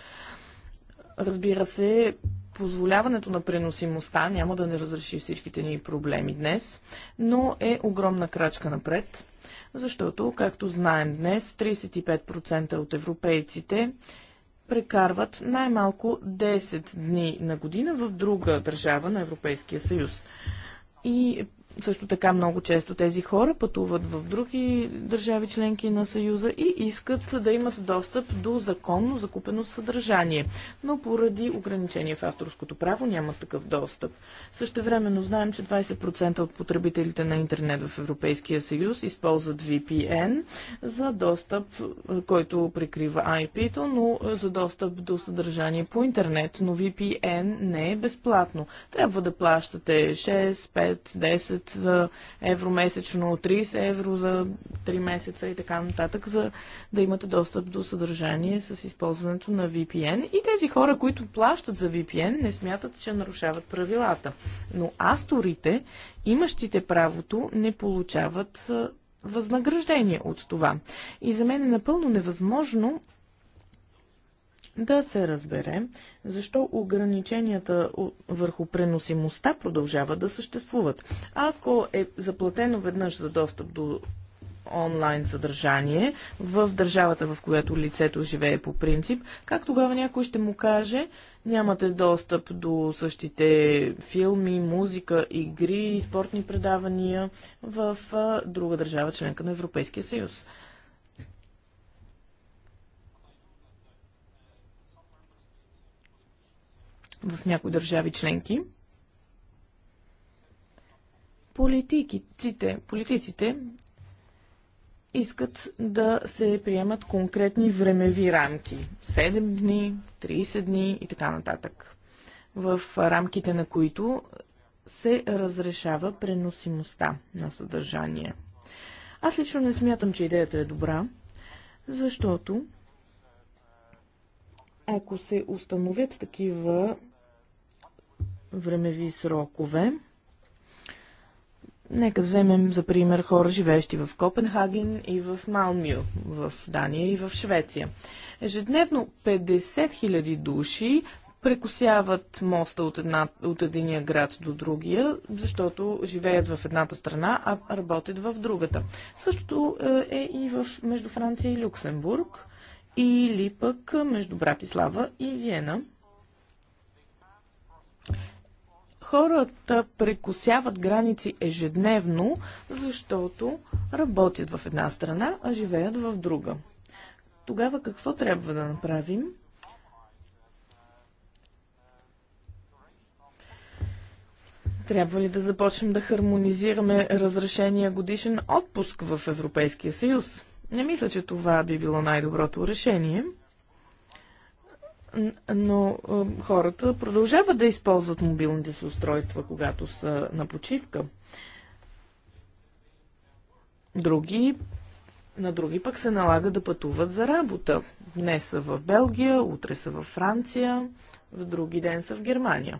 Разбира се, позволяването на преносимостта няма да не разреши всичките ни проблеми днес, но е огромна крачка напред, защото, както знаем днес, 35% от европейците прекарват най-малко 10 дни на година в друга държава на Европейския съюз. И също така много често тези хора пътуват в други държави членки на Съюза и искат да имат достъп до законно закупено съдържание, но поради ограничение в авторското право нямат такъв достъп. Същевременно знаем, че 20% от потребителите на интернет в Европейския съюз използват VPN за достъп, който прикрива IP-то, но за достъп до съдържание по интернет, но VPN не е безплатно. Трябва да плащате 6, 5, 10 10 евро месечно, 30 евро за 3 месеца и така нататък, за да имате достъп до съдържание с използването на VPN. И тези хора, които плащат за VPN, не смятат, че нарушават правилата. Но авторите, имащите правото, не получават възнаграждение от това. И за мен е напълно невъзможно да се разбере защо ограниченията върху преносимостта продължават да съществуват. Ако е заплатено веднъж за достъп до онлайн съдържание в държавата, в която лицето живее по принцип, как тогава някой ще му каже, нямате достъп до същите филми, музика, игри, спортни предавания в друга държава, членка на Европейския съюз. в някои държави членки. Политиките, политиците искат да се приемат конкретни времеви рамки 7 дни, 30 дни и така нататък, в рамките на които се разрешава преносимостта на съдържание. Аз лично не смятам, че идеята е добра, защото ако се установят такива времеви срокове. Нека вземем за пример хора, живеещи в Копенхаген и в Малмио, в Дания и в Швеция. Ежедневно 50 000 души прекусяват моста от, една, от единия град до другия, защото живеят в едната страна, а работят в другата. Същото е, е и в, между Франция и Люксембург, или пък между Братислава и Виена хората прекусяват граници ежедневно, защото работят в една страна, а живеят в друга. Тогава какво трябва да направим? Трябва ли да започнем да хармонизираме разрешения годишен отпуск в Европейския съюз? Не мисля, че това би било най-доброто решение но хората продължават да използват мобилните си устройства, когато са на почивка. Други, на други пък се налага да пътуват за работа. Днес са в Белгия, утре са в Франция, в други ден са в Германия.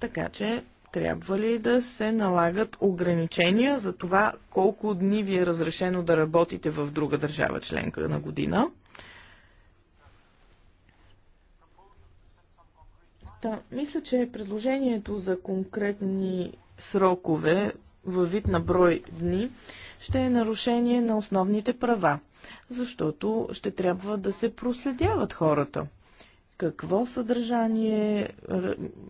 Така че трябва ли да се налагат ограничения за това колко дни ви е разрешено да работите в друга държава членка на година? Та, мисля, че предложението за конкретни срокове във вид на брой дни ще е нарушение на основните права, защото ще трябва да се проследяват хората. Какво съдържание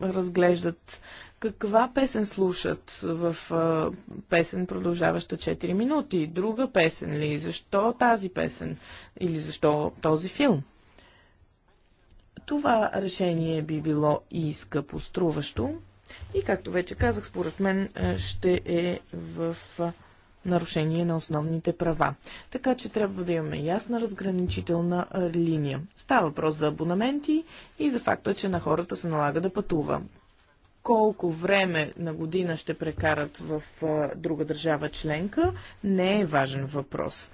разглеждат, каква песен слушат в песен, продължаваща 4 минути, друга песен ли, защо тази песен или защо този филм. Това решение би било и скъпо струващо и, както вече казах, според мен е, ще е в е, нарушение на основните права. Така че трябва да имаме ясна разграничителна е, линия. Става въпрос за абонаменти и за факта, че на хората се налага да пътува. Колко време на година ще прекарат в друга държава членка, не е важен въпрос.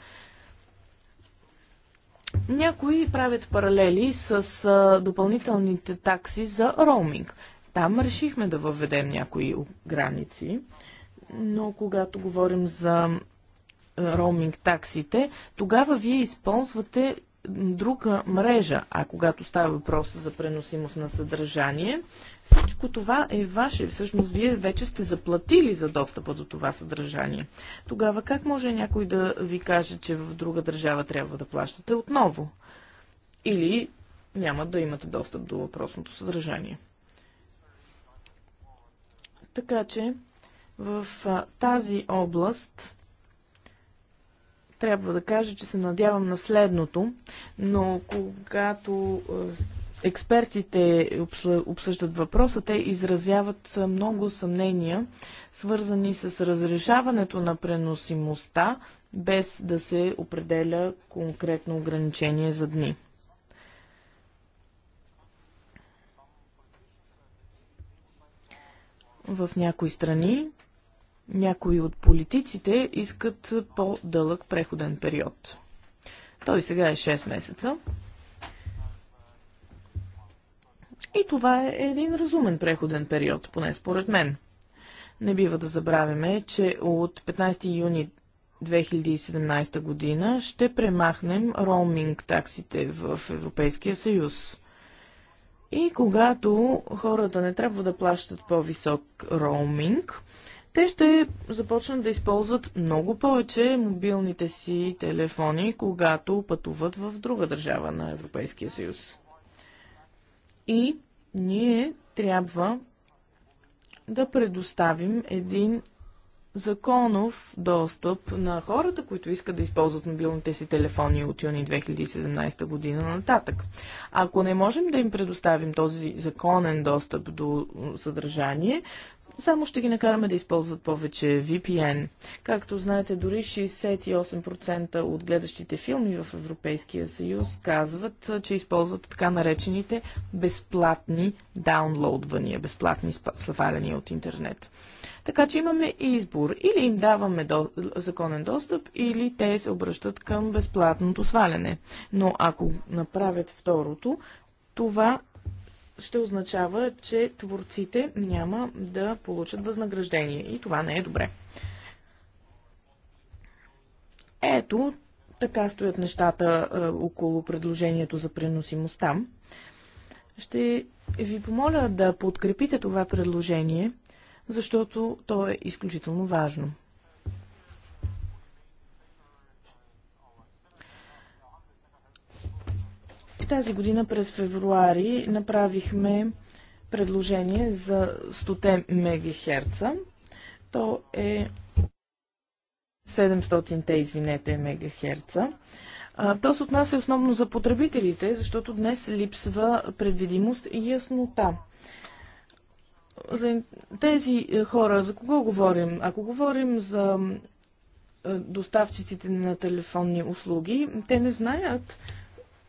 Някои правят паралели с а, допълнителните такси за роуминг. Там решихме да въведем някои граници, но когато говорим за роуминг таксите, тогава вие използвате друга мрежа, а когато става въпрос за преносимост на съдържание, всичко това е ваше. Всъщност, вие вече сте заплатили за достъпа до това съдържание. Тогава как може някой да ви каже, че в друга държава трябва да плащате отново? Или няма да имате достъп до въпросното съдържание? Така че, в тази област трябва да кажа, че се надявам на следното, но когато е, експертите обсъждат въпроса, те изразяват е, много съмнения, свързани с разрешаването на преносимостта, без да се определя конкретно ограничение за дни. В някои страни някои от политиците искат по-дълъг преходен период. Той сега е 6 месеца. И това е един разумен преходен период, поне според мен. Не бива да забравяме, че от 15 юни 2017 година ще премахнем роуминг таксите в Европейския съюз. И когато хората не трябва да плащат по-висок роуминг, те ще започнат да използват много повече мобилните си телефони, когато пътуват в друга държава на Европейския съюз. И ние трябва да предоставим един законов достъп на хората, които искат да използват мобилните си телефони от юни 2017 година нататък. Ако не можем да им предоставим този законен достъп до съдържание, само ще ги накараме да използват повече VPN. Както знаете, дори 68% от гледащите филми в Европейския съюз казват, че използват така наречените безплатни даунлоудвания, безплатни сваляния от интернет. Така че имаме и избор. Или им даваме до... законен достъп, или те се обръщат към безплатното сваляне. Но ако направят второто, това ще означава, че творците няма да получат възнаграждение. И това не е добре. Ето, така стоят нещата около предложението за преносимостта. Ще ви помоля да подкрепите това предложение, защото то е изключително важно. Тази година през февруари направихме предложение за 100 МГц. То е 700-те, извинете, МГц. То се отнася основно за потребителите, защото днес липсва предвидимост и яснота. За тези е, хора, за кого говорим? Ако говорим за е, доставчиците на телефонни услуги, те не знаят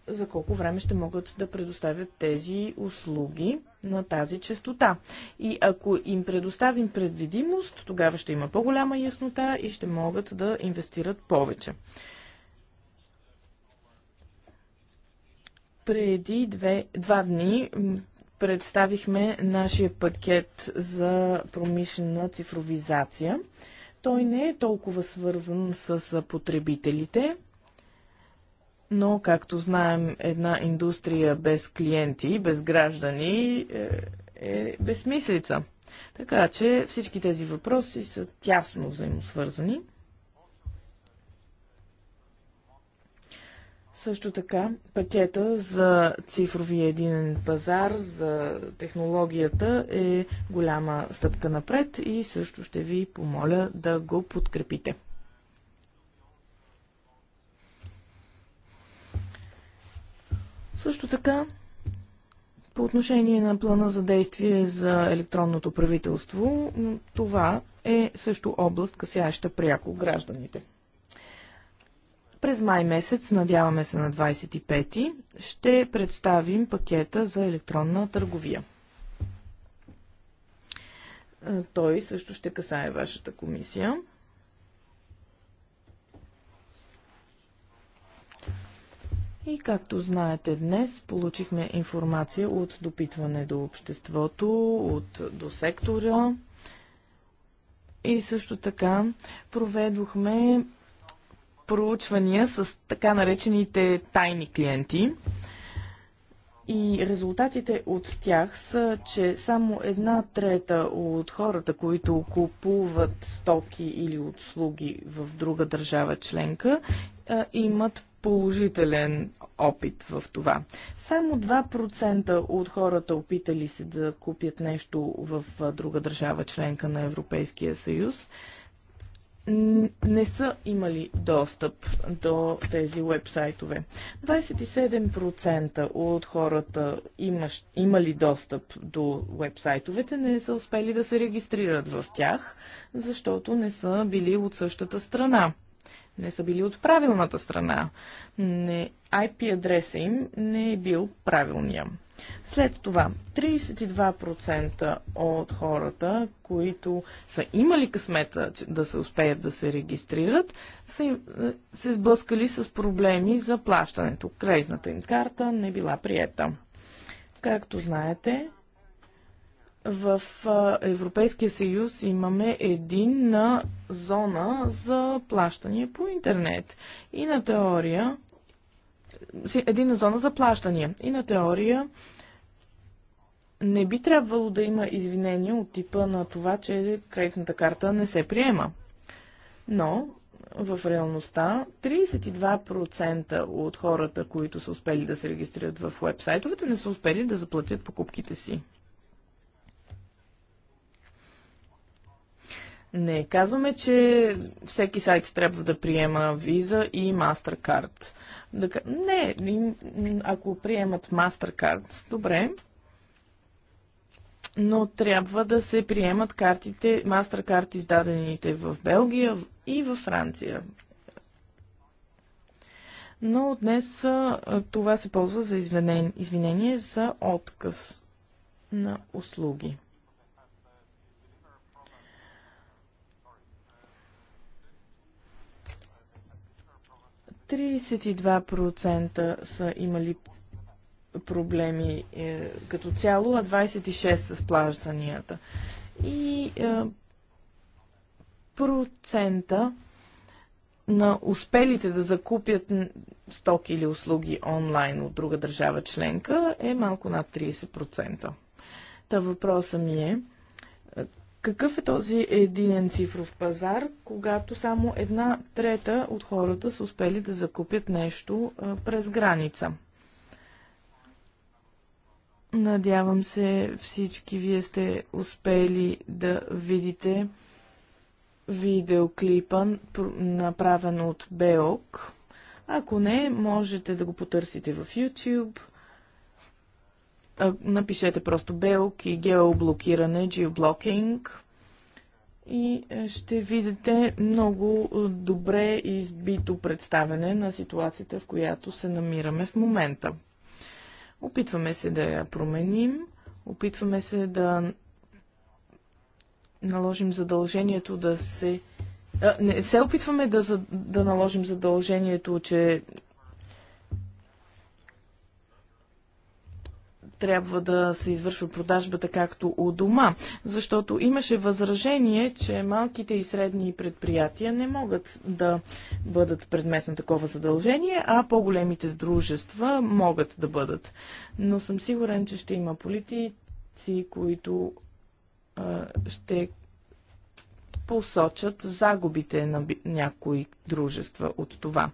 за колко време ще могат да предоставят тези услуги на тази частота. И ако им предоставим предвидимост, тогава ще има по-голяма яснота и ще могат да инвестират повече. Преди две, два дни представихме нашия пакет за промишлена цифровизация. Той не е толкова свързан с потребителите, но, както знаем, една индустрия без клиенти, без граждани е, е безсмислица. Така че всички тези въпроси са тясно взаимосвързани. Също така, пакета за цифровия единен пазар, за технологията е голяма стъпка напред и също ще ви помоля да го подкрепите. Също така, по отношение на плана за действие за електронното правителство, това е също област, касяща пряко гражданите. През май месец, надяваме се на 25-ти, ще представим пакета за електронна търговия. Той също ще касае вашата комисия. И както знаете днес, получихме информация от допитване до обществото, от до сектора. И също така проведохме проучвания с така наречените тайни клиенти. И резултатите от тях са, че само една трета от хората, които купуват стоки или услуги в друга държава членка, имат положителен опит в това. Само 2% от хората опитали се да купят нещо в друга държава членка на Европейския съюз не са имали достъп до тези вебсайтове. 27% от хората имаш, имали достъп до вебсайтовете не са успели да се регистрират в тях, защото не са били от същата страна не са били от правилната страна. Не, IP адреса им не е бил правилния. След това 32% от хората, които са имали късмета да се успеят да се регистрират, са е, се сблъскали с проблеми за плащането. Кредитната им карта не била приета. Както знаете, в Европейския съюз имаме единна зона за плащания по интернет. И на теория единна зона за плащания. И на теория не би трябвало да има извинения от типа на това, че кредитната карта не се приема. Но в реалността 32% от хората, които са успели да се регистрират в вебсайтовете, не са успели да заплатят покупките си. Не казваме, че всеки сайт трябва да приема виза и MasterCard. Не, ако приемат MasterCard, добре, но трябва да се приемат картите, MasterCard издадените в Белгия и във Франция. Но днес това се ползва за извинение за отказ на услуги. 32% са имали проблеми е, като цяло, а 26% с плащанията. И е, процента на успелите да закупят стоки или услуги онлайн от друга държава членка е малко над 30%. Та въпроса ми е, какъв е този единен цифров пазар, когато само една трета от хората са успели да закупят нещо през граница? Надявам се всички вие сте успели да видите видеоклипа, направен от Беок. Ако не, можете да го потърсите в YouTube – напишете просто белк и геоблокиране, geoblocking и е, ще видите много е, добре избито представяне на ситуацията, в която се намираме в момента. Опитваме се да я променим, опитваме се да наложим задължението да се не се опитваме да, да наложим задължението, че трябва да се извършва продажбата както у дома, защото имаше възражение, че малките и средни предприятия не могат да бъдат предмет на такова задължение, а по-големите дружества могат да бъдат. Но съм сигурен, че ще има политици, които а, ще посочат загубите на някои дружества от това.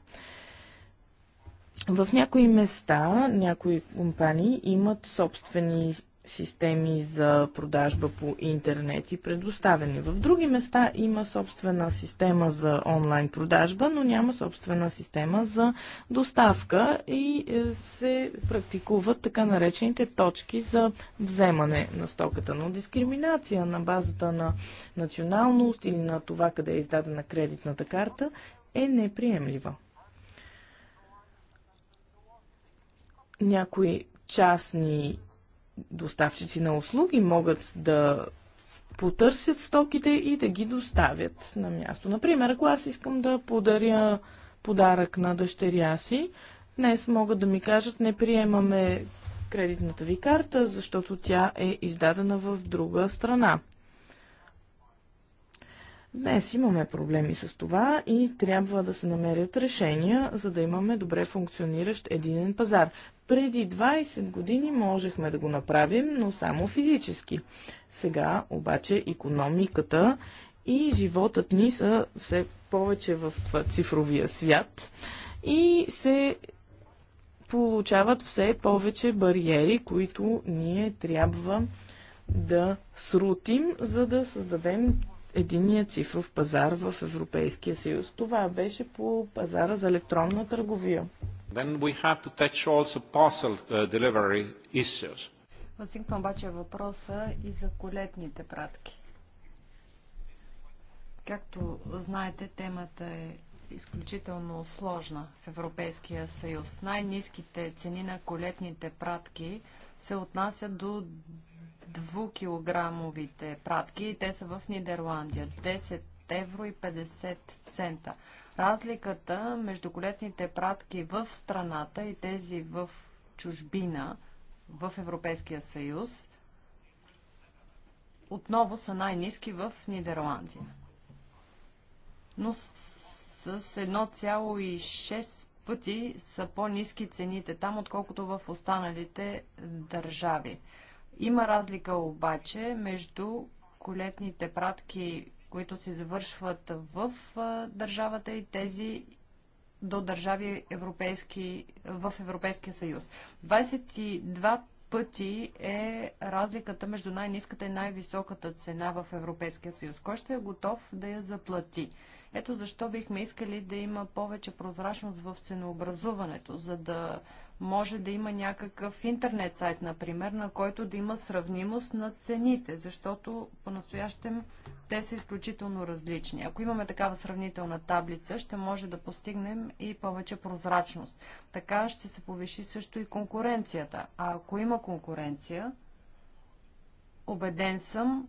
В някои места, някои компании имат собствени системи за продажба по интернет и предоставени. В други места има собствена система за онлайн продажба, но няма собствена система за доставка и е, се практикуват така наречените точки за вземане на стоката. Но дискриминация на базата на националност или на това къде е издадена кредитната карта е неприемлива. Някои частни доставчици на услуги могат да потърсят стоките и да ги доставят на място. Например, ако аз искам да подаря подарък на дъщеря си, днес могат да ми кажат не приемаме кредитната ви карта, защото тя е издадена в друга страна. Днес имаме проблеми с това и трябва да се намерят решения, за да имаме добре функциониращ единен пазар. Преди 20 години можехме да го направим, но само физически. Сега обаче економиката и животът ни са все повече в цифровия свят и се получават все повече бариери, които ние трябва да срутим, за да създадем единия цифров пазар в Европейския съюз. Това беше по пазара за електронна търговия. Then we have to touch also parcel uh, delivery issues. Възникна обаче въпроса и за колетните пратки. Както знаете, темата е изключително сложна в Европейския съюз. Най-низките цени на колетните пратки се отнасят до 2 кг пратки и те са в Нидерландия 10 евро и 50 цента. Разликата между колетните пратки в страната и тези в чужбина в Европейския съюз отново са най-низки в Нидерландия. Но с 1,6 пъти са по-низки цените там, отколкото в останалите държави. Има разлика обаче между колетните пратки които се завършват в държавата и тези до държави европейски, в Европейския съюз. 22 пъти е разликата между най-низката и най-високата цена в Европейския съюз. Кой ще е готов да я заплати? Ето защо бихме искали да има повече прозрачност в ценообразуването, за да може да има някакъв интернет сайт, например, на който да има сравнимост на цените, защото по-настоящем те са изключително различни. Ако имаме такава сравнителна таблица, ще може да постигнем и повече прозрачност. Така ще се повиши също и конкуренцията. А ако има конкуренция, убеден съм,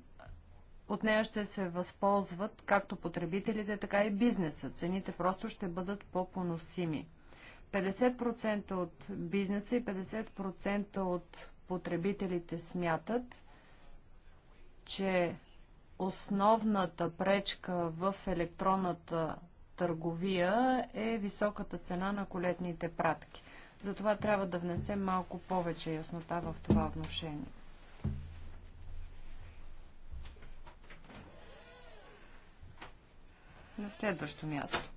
от нея ще се възползват както потребителите, така и бизнеса. Цените просто ще бъдат по-поносими. 50% от бизнеса и 50% от потребителите смятат, че основната пречка в електронната търговия е високата цена на колетните пратки. Затова трябва да внесем малко повече яснота в това отношение. На следващо място.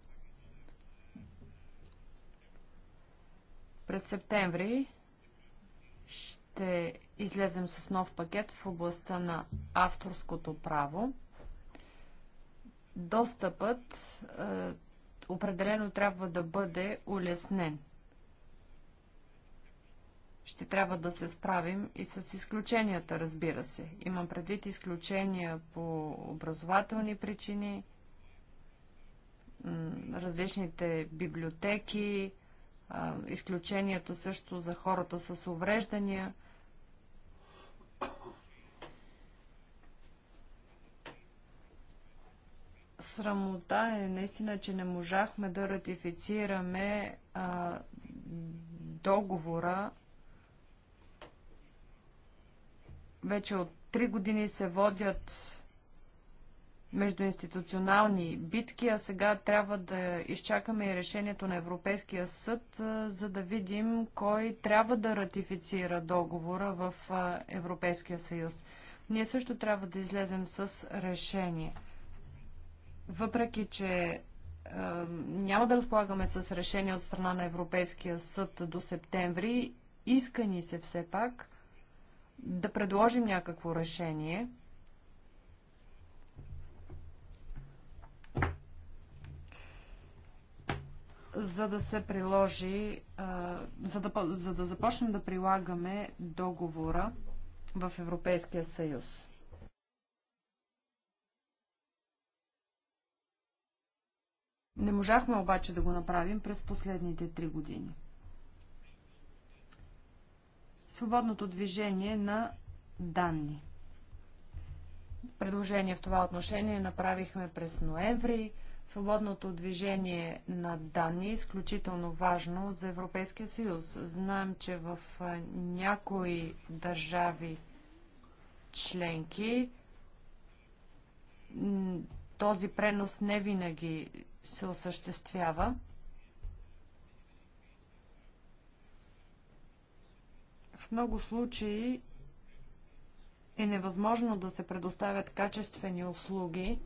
През септември ще излезем с нов пакет в областта на авторското право. Достъпът е, определено трябва да бъде улеснен. Ще трябва да се справим и с изключенията, разбира се. Имам предвид изключения по образователни причини, различните библиотеки, изключението също за хората с увреждания. Срамота е наистина, че не можахме да ратифицираме а, договора. Вече от три години се водят междуинституционални битки, а сега трябва да изчакаме и решението на Европейския съд, за да видим кой трябва да ратифицира договора в Европейския съюз. Ние също трябва да излезем с решение. Въпреки, че няма да разполагаме с решение от страна на Европейския съд до септември. Иска ни се все пак да предложим някакво решение. за да се приложи, за да, за да започнем да прилагаме договора в Европейския съюз. Не можахме обаче да го направим през последните три години. Свободното движение на данни. Предложение в това отношение направихме през ноември. Свободното движение на данни е изключително важно за Европейския съюз. Знаем, че в някои държави членки този пренос не винаги се осъществява. В много случаи е невъзможно да се предоставят качествени услуги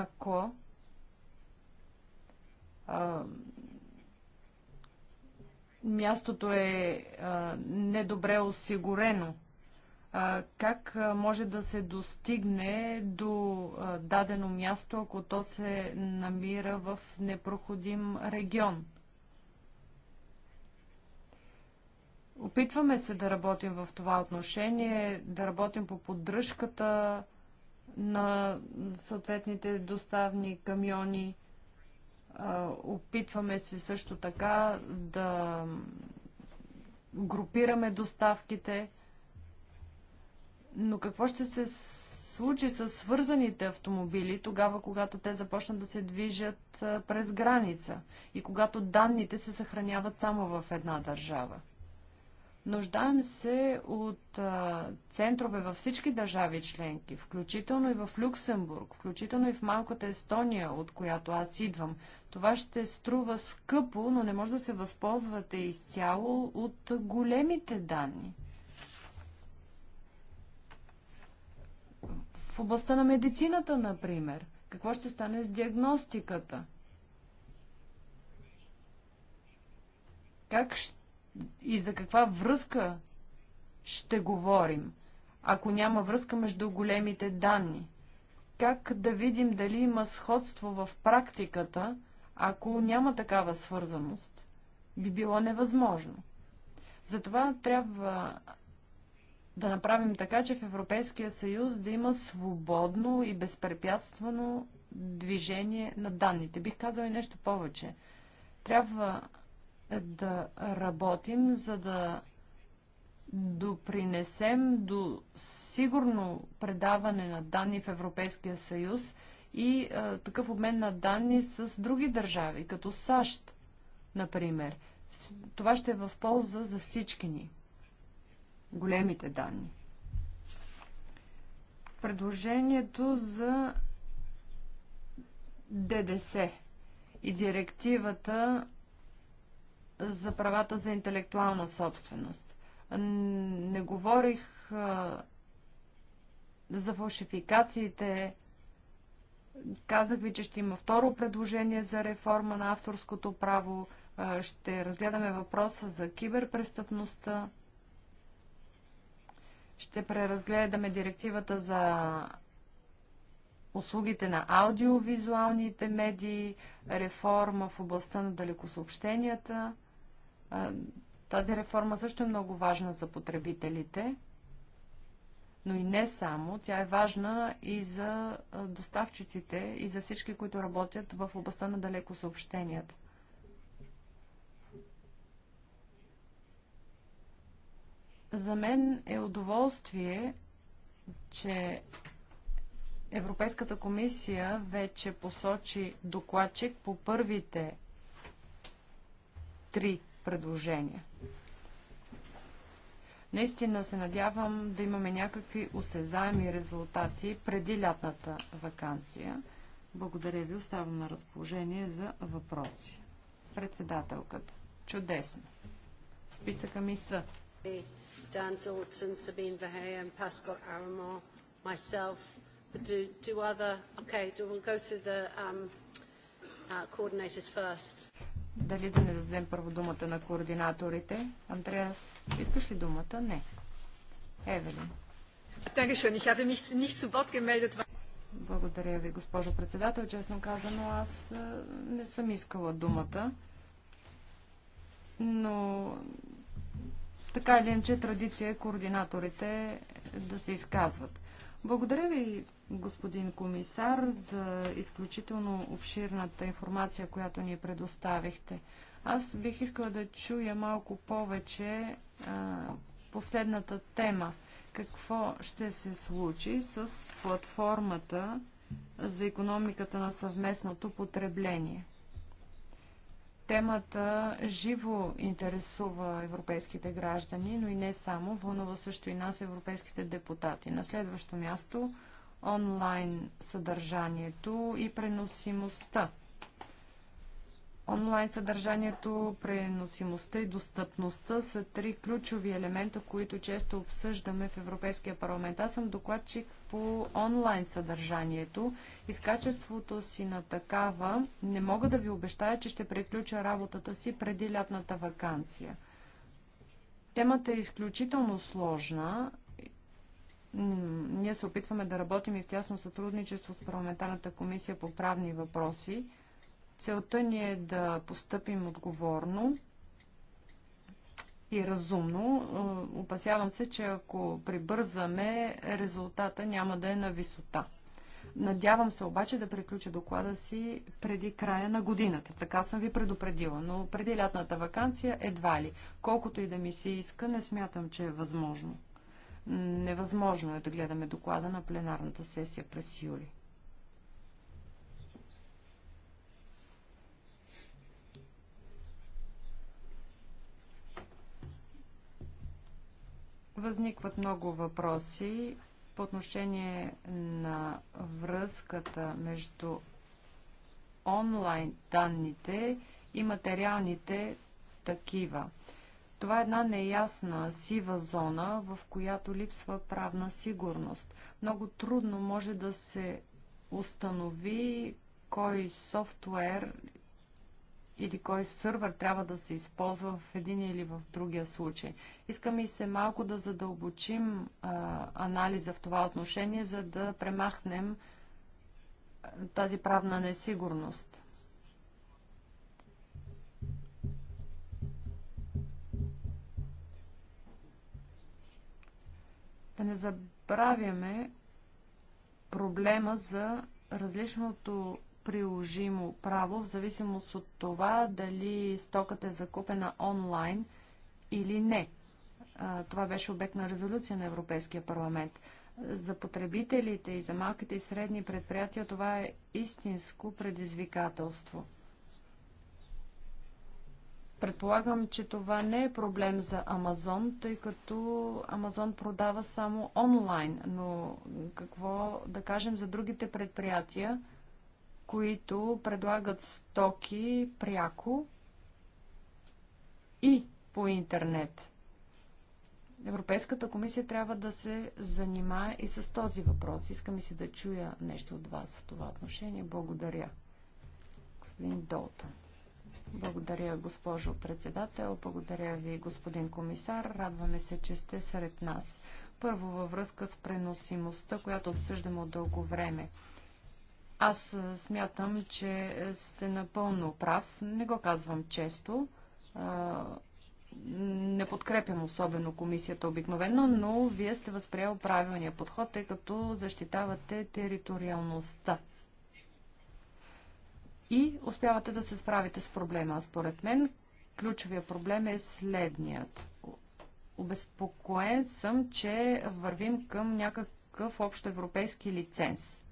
ако а, мястото е а, недобре осигурено. А, как може да се достигне до а, дадено място, ако то се намира в непроходим регион? Опитваме се да работим в това отношение, да работим по поддръжката на съответните доставни камиони. Опитваме се също така да групираме доставките. Но какво ще се случи с свързаните автомобили тогава, когато те започнат да се движат през граница и когато данните се съхраняват само в една държава? Нуждаем се от а, центрове във всички държави членки, включително и в Люксембург, включително и в малката Естония, от която аз идвам. Това ще струва скъпо, но не може да се възползвате изцяло от големите данни. В областта на медицината, например, какво ще стане с диагностиката? Как ще и за каква връзка ще говорим, ако няма връзка между големите данни? Как да видим дали има сходство в практиката, ако няма такава свързаност? Би било невъзможно. Затова трябва да направим така, че в Европейския съюз да има свободно и безпрепятствено движение на данните. Бих казал и нещо повече. Трябва да работим, за да допринесем до сигурно предаване на данни в Европейския съюз и а, е, такъв обмен на данни с други държави, като САЩ, например. Това ще е в полза за всички ни. Големите данни. Предложението за ДДС и директивата за правата за интелектуална собственост. Не говорих за фалшификациите. Казах ви, че ще има второ предложение за реформа на авторското право. ще разгледаме въпроса за киберпрестъпността. Ще преразгледаме директивата за услугите на аудиовизуалните медии, реформа в областта на далекосъобщенията. Тази реформа също е много важна за потребителите, но и не само. Тя е важна и за доставчиците, и за всички, които работят в областта на далеко съобщенията. За мен е удоволствие, че Европейската комисия вече посочи докладчик по първите три предложения. Наистина се надявам да имаме някакви осезаеми резултати преди лятната вакансия. Благодаря ви, оставам на разположение за въпроси. Председателката. Чудесно. Списъка ми са. Дан Dalton, Сабин Вахея, Pascal Aramon, myself. But do, do other... Okay, do we'll go through the um, uh, coordinators first. Дали да не дадем първо думата на координаторите? Андреас, искаш ли думата? Не. Евелин. Благодаря ви, госпожо председател. Честно казано, аз не съм искала думата. Но така или иначе традиция е координаторите да се изказват. Благодаря ви, господин комисар, за изключително обширната информация, която ни предоставихте. Аз бих искала да чуя малко повече а, последната тема. Какво ще се случи с платформата за економиката на съвместното потребление? Темата живо интересува европейските граждани, но и не само. Вълнува също и нас, европейските депутати. На следващо място онлайн съдържанието и преносимостта. Онлайн съдържанието, преносимостта и достъпността са три ключови елемента, които често обсъждаме в Европейския парламент. Аз съм докладчик по онлайн съдържанието и в качеството си на такава не мога да ви обещая, че ще приключа работата си преди лятната вакансия. Темата е изключително сложна ние се опитваме да работим и в тясно сътрудничество с парламентарната комисия по правни въпроси. Целта ни е да постъпим отговорно и разумно. Е, опасявам се, че ако прибързаме, резултата няма да е на висота. Надявам се обаче да приключа доклада си преди края на годината. Така съм ви предупредила. Но преди лятната вакансия едва ли. Колкото и да ми се иска, не смятам, че е възможно. Невъзможно е да гледаме доклада на пленарната сесия през юли. Възникват много въпроси по отношение на връзката между онлайн данните и материалните такива. Това е една неясна, сива зона, в която липсва правна сигурност. Много трудно може да се установи кой софтуер или кой сървър трябва да се използва в един или в другия случай. Искаме и се малко да задълбочим а, анализа в това отношение, за да премахнем тази правна несигурност. Да не забравяме проблема за различното приложимо право в зависимост от това дали стоката е закупена онлайн или не. Това беше обект на резолюция на Европейския парламент. За потребителите и за малките и средни предприятия това е истинско предизвикателство – Предполагам, че това не е проблем за Амазон, тъй като Амазон продава само онлайн, но какво да кажем за другите предприятия, които предлагат стоки пряко и по интернет? Европейската комисия трябва да се занимае и с този въпрос. Искам и се да чуя нещо от вас в това отношение. Благодаря. Господин Долтън. Благодаря, госпожо председател. Благодаря ви, господин комисар. Радваме се, че сте сред нас. Първо във връзка с преносимостта, която обсъждаме от дълго време. Аз смятам, че е, сте напълно прав. Не го казвам често. Не подкрепям особено комисията обикновено, но вие сте възприял правилния подход, тъй като защитавате териториалността и успявате да се справите с проблема. Според мен ключовия проблем е следният. Обезпокоен съм, че вървим към някакъв общоевропейски лиценз.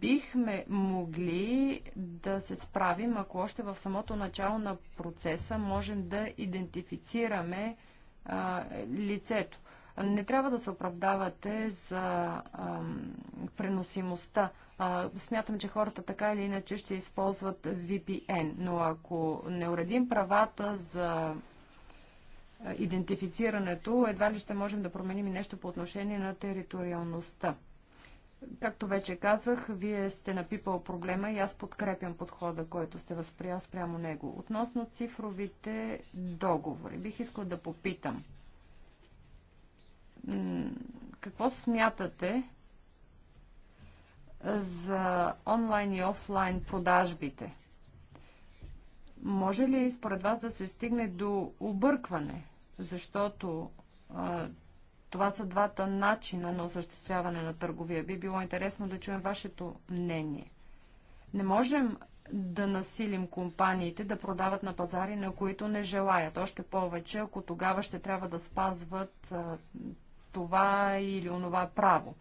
Бихме могли да се справим, ако още в самото начало на процеса можем да идентифицираме а, лицето. Не трябва да се оправдавате за а, преносимостта. А, смятам, че хората така или иначе ще използват VPN, но ако не уредим правата за идентифицирането, едва ли ще можем да променим и нещо по отношение на териториалността. Както вече казах, вие сте напипал проблема и аз подкрепям подхода, който сте възприял спрямо него. Относно цифровите договори, бих искал да попитам какво смятате за онлайн и офлайн продажбите? Може ли според вас да се стигне до объркване? Защото а, това са двата начина на осъществяване на търговия. Би било интересно да чуем вашето мнение. Не можем да насилим компаниите да продават на пазари, на които не желаят. Още повече, ако тогава ще трябва да спазват а, това или онова право.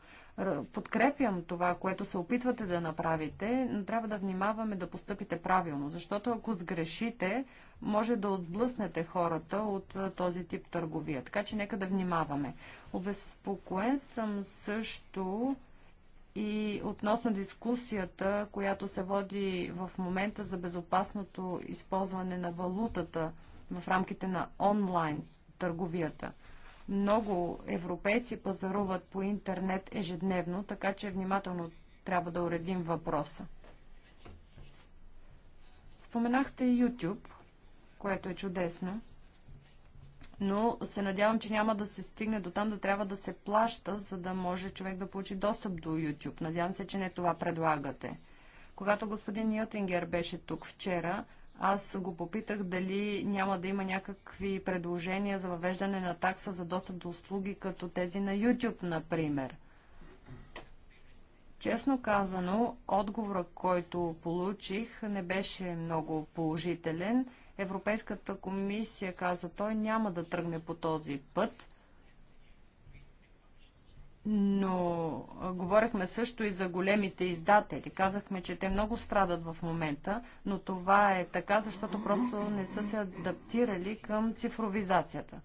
Подкрепям това, което се опитвате да направите, но трябва да внимаваме да постъпите правилно, защото ако сгрешите, може да отблъснете хората от този тип търговия. Така че нека да внимаваме. Обезпокоен съм също и относно дискусията, която се води в момента за безопасното използване на валутата в рамките на онлайн търговията. Много европейци пазаруват по интернет ежедневно, така че внимателно трябва да уредим въпроса. Споменахте YouTube, което е чудесно, но се надявам, че няма да се стигне до там да трябва да се плаща, за да може човек да получи достъп до YouTube. Надявам се, че не това предлагате. Когато господин Ньотингер беше тук вчера, аз го попитах дали няма да има някакви предложения за въвеждане на такса за достъп до услуги, като тези на YouTube, например. Честно казано, отговорът, който получих, не беше много положителен. Европейската комисия каза, той няма да тръгне по този път но говорихме също и за големите издатели. Казахме, че те много страдат в момента, но това е така, защото просто не са се адаптирали към цифровизацията.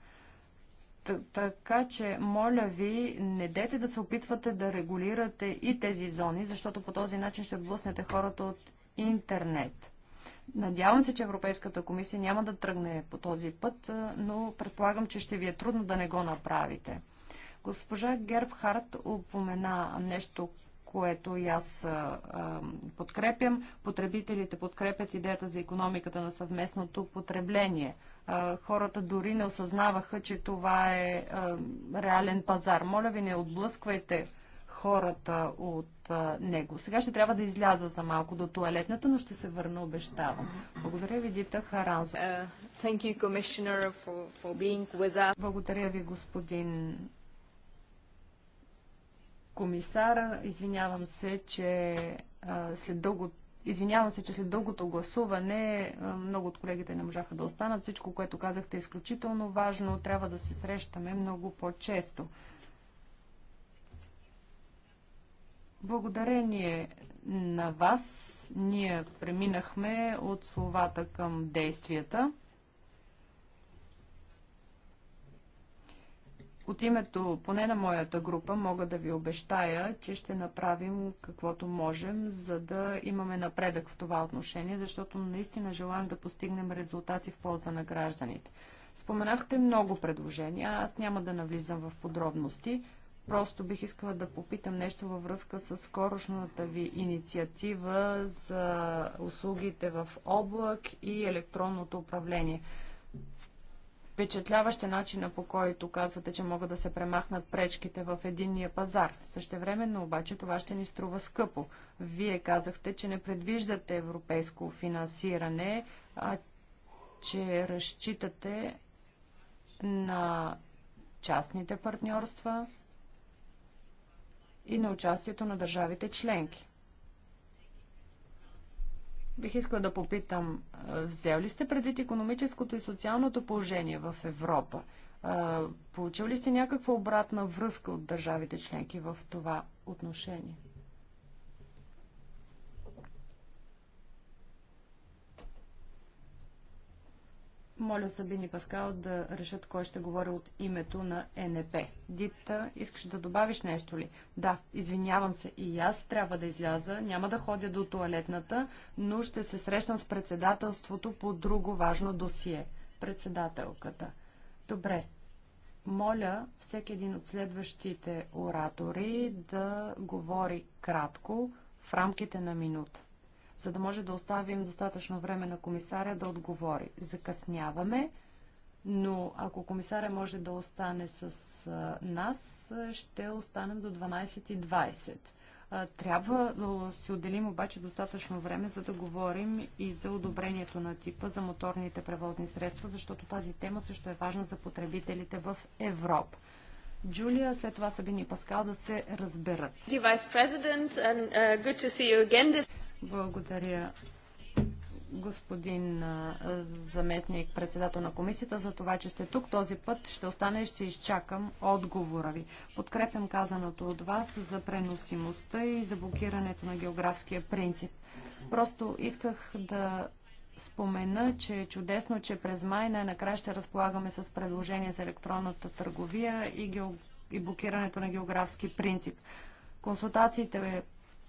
Т така че, моля ви, не дете да се опитвате да регулирате и тези зони, защото по този начин ще отблъснете хората от интернет. Надявам се, че Европейската комисия няма да тръгне по този път, но предполагам, че ще ви е трудно да не го направите. Госпожа Гербхарт упомена нещо, което и аз а, подкрепям. Потребителите подкрепят идеята за економиката на съвместното потребление. А, хората дори не осъзнаваха, че това е а, реален пазар. Моля ви, не отблъсквайте хората от а, него. Сега ще трябва да изляза за малко до туалетната, но ще се върна, обещавам. Благодаря ви, Дита Харанзо. Uh, Благодаря ви, господин комисара. Извинявам се, че след дълго Извинявам се, че след дългото гласуване много от колегите не можаха да останат. Всичко, което казахте е изключително важно. Трябва да се срещаме много по-често. Благодарение на вас ние преминахме от словата към действията. От името, поне на моята група, мога да ви обещая, че ще направим каквото можем, за да имаме напредък в това отношение, защото наистина желаем да постигнем резултати в полза на гражданите. Споменахте много предложения, аз няма да навлизам в подробности. Просто бих искала да попитам нещо във връзка с скорошната ви инициатива за услугите в облак и електронното управление впечатляващ начина по който казвате, че могат да се премахнат пречките в единния пазар. Същевременно обаче това ще ни струва скъпо. Вие казахте, че не предвиждате европейско финансиране, а че разчитате на частните партньорства и на участието на държавите членки. Бих искала да попитам, взел ли сте предвид економическото и социалното положение в Европа? Получил ли сте някаква обратна връзка от държавите членки в това отношение? Моля Сабин и Паскал да решат кой ще говори от името на НП. Дита, искаш да добавиш нещо ли? Да, извинявам се, и аз трябва да изляза, няма да ходя до туалетната, но ще се срещам с председателството по друго важно досие. Председателката. Добре, моля всеки един от следващите оратори да говори кратко в рамките на минута за да може да оставим достатъчно време на комисаря да отговори. Закъсняваме, но ако комисаря може да остане с нас, ще останем до 12.20. Трябва да си отделим обаче достатъчно време, за да говорим и за одобрението на типа за моторните превозни средства, защото тази тема също е важна за потребителите в Европа. Джулия, след това Сабини и Паскал да се разберат. Благодаря господин заместник председател на комисията за това, че сте тук. Този път ще остане и ще изчакам отговора ви. Подкрепям казаното от вас за преносимостта и за блокирането на географския принцип. Просто исках да спомена, че е чудесно, че през май най-накрая ще разполагаме с предложение за електронната търговия и, гео... и блокирането на географски принцип. Консултациите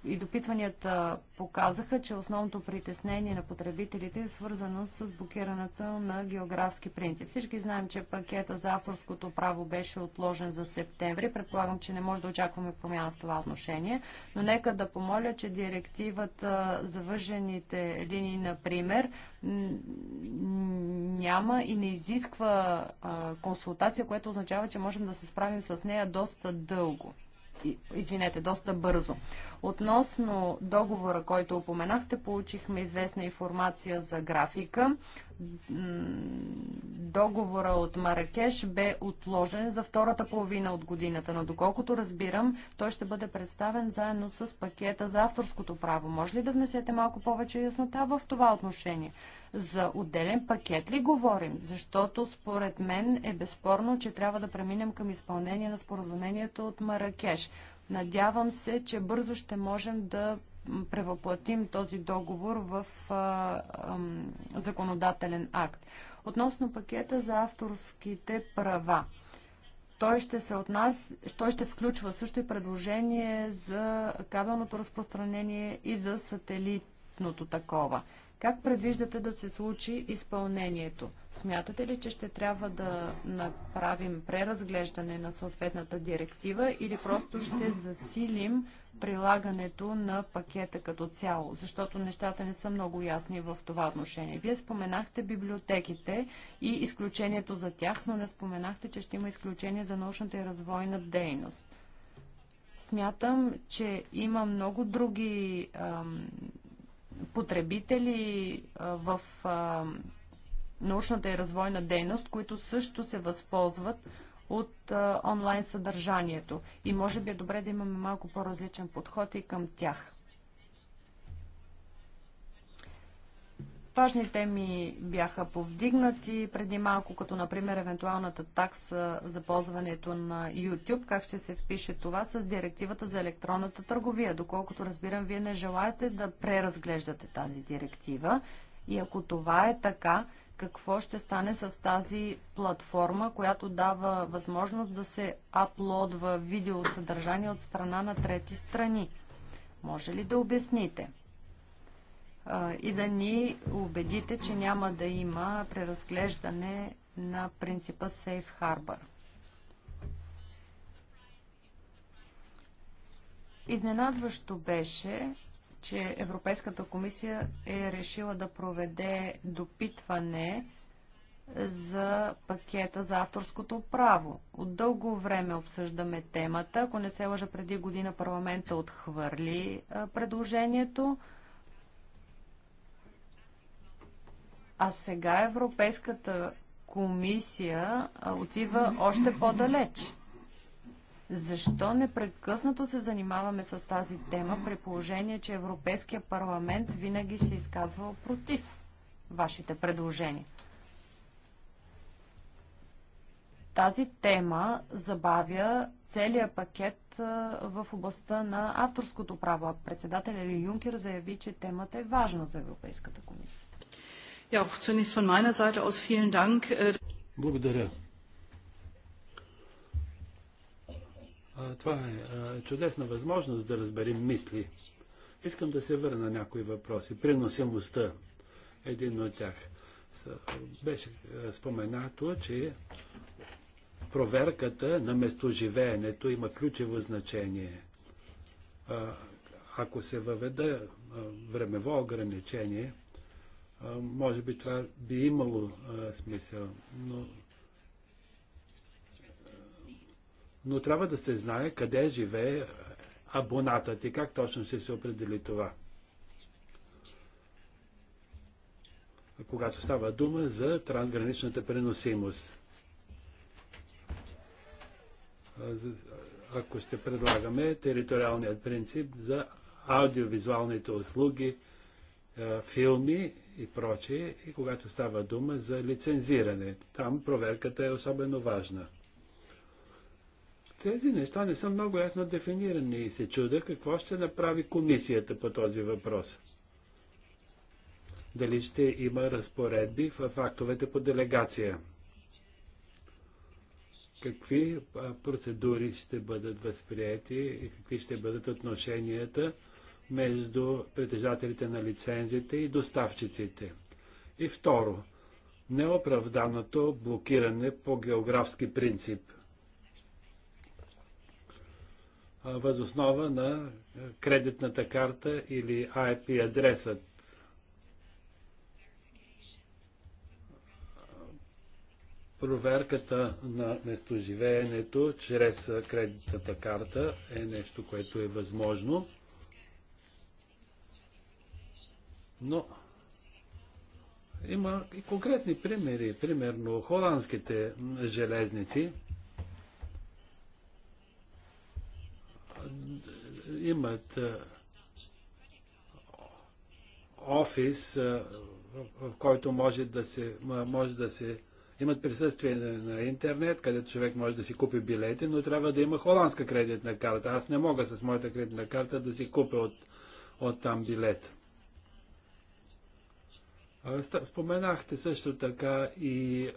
и допитванията показаха, че основното притеснение на потребителите е свързано с блокирането на географски принцип. Всички знаем, че пакета за авторското право беше отложен за септември. Предполагам, че не може да очакваме промяна в това отношение, но нека да помоля, че директивата за вържените линии, например, няма и не изисква консултация, което означава, че можем да се справим с нея доста дълго извинете, доста бързо. Относно договора, който упоменахте, получихме известна информация за графика. Договора от Маракеш бе отложен за втората половина от годината, но доколкото разбирам, той ще бъде представен заедно с пакета за авторското право. Може ли да внесете малко повече яснота в това отношение? За отделен пакет ли говорим? Защото според мен е безспорно, че трябва да преминем към изпълнение на споразумението от Маракеш. Надявам се, че бързо ще можем да превъплатим този договор в а, а, законодателен акт. Относно пакета за авторските права. Той ще, се отнас... той ще включва също и предложение за кабелното разпространение и за сателитното такова. Как предвиждате да се случи изпълнението? Смятате ли, че ще трябва да направим преразглеждане на съответната директива или просто ще засилим прилагането на пакета като цяло? Защото нещата не са много ясни в това отношение. Вие споменахте библиотеките и изключението за тях, но не споменахте, че ще има изключение за научната и развойна дейност смятам, че има много други ам, потребители в научната и развойна дейност, които също се възползват от онлайн съдържанието. И може би е добре да имаме малко по-различен подход и към тях. Важни теми бяха повдигнати преди малко, като например евентуалната такса за ползването на YouTube. Как ще се впише това с директивата за електронната търговия? Доколкото разбирам, вие не желаете да преразглеждате тази директива. И ако това е така, какво ще стане с тази платформа, която дава възможност да се аплодва видеосъдържание от страна на трети страни? Може ли да обясните? и да ни убедите, че няма да има преразглеждане на принципа Safe Harbor. Изненадващо беше, че Европейската комисия е решила да проведе допитване за пакета за авторското право. От дълго време обсъждаме темата. Ако не се лъжа, преди година парламента отхвърли предложението. А сега Европейската комисия отива още по-далеч. Защо непрекъснато се занимаваме с тази тема при положение, че Европейския парламент винаги се е изказвал против вашите предложения? Тази тема забавя целият пакет в областта на авторското право. Председателя Юнкер заяви, че темата е важна за Европейската комисия. Ja, auch zunächst von meiner Seite aus vielen Dank. Äh, Благодаря. Това е чудесна възможност да разберем мисли. Искам да се върна някои въпроси. Приносимостта един от тях. Беше споменато, че проверката на местоживеенето има ключево значение. Ако се въведе времево ограничение, може би това би имало а, смисъл, но, но трябва да се знае къде живее абонатът и как точно ще се определи това. Когато става дума за трансграничната преносимост. Ако ще предлагаме териториалният принцип за аудиовизуалните услуги, филми и прочие, и когато става дума за лицензиране. Там проверката е особено важна. Тези неща не са много ясно дефинирани и се чуда какво ще направи комисията по този въпрос. Дали ще има разпоредби в актовете по делегация? Какви процедури ще бъдат възприяти и какви ще бъдат отношенията? между притежателите на лицензите и доставчиците. И второ, неоправданото блокиране по географски принцип възоснова на кредитната карта или IP адресът. Проверката на местоживеенето чрез кредитната карта е нещо, което е възможно. Но има и конкретни примери. Примерно холандските железници имат е, офис, е, в който може да се, може да се имат присъствие на интернет, където човек може да си купи билети, но трябва да има холандска кредитна карта. Аз не мога с моята кредитна карта да си купя от, от там билет. Споменахте също така и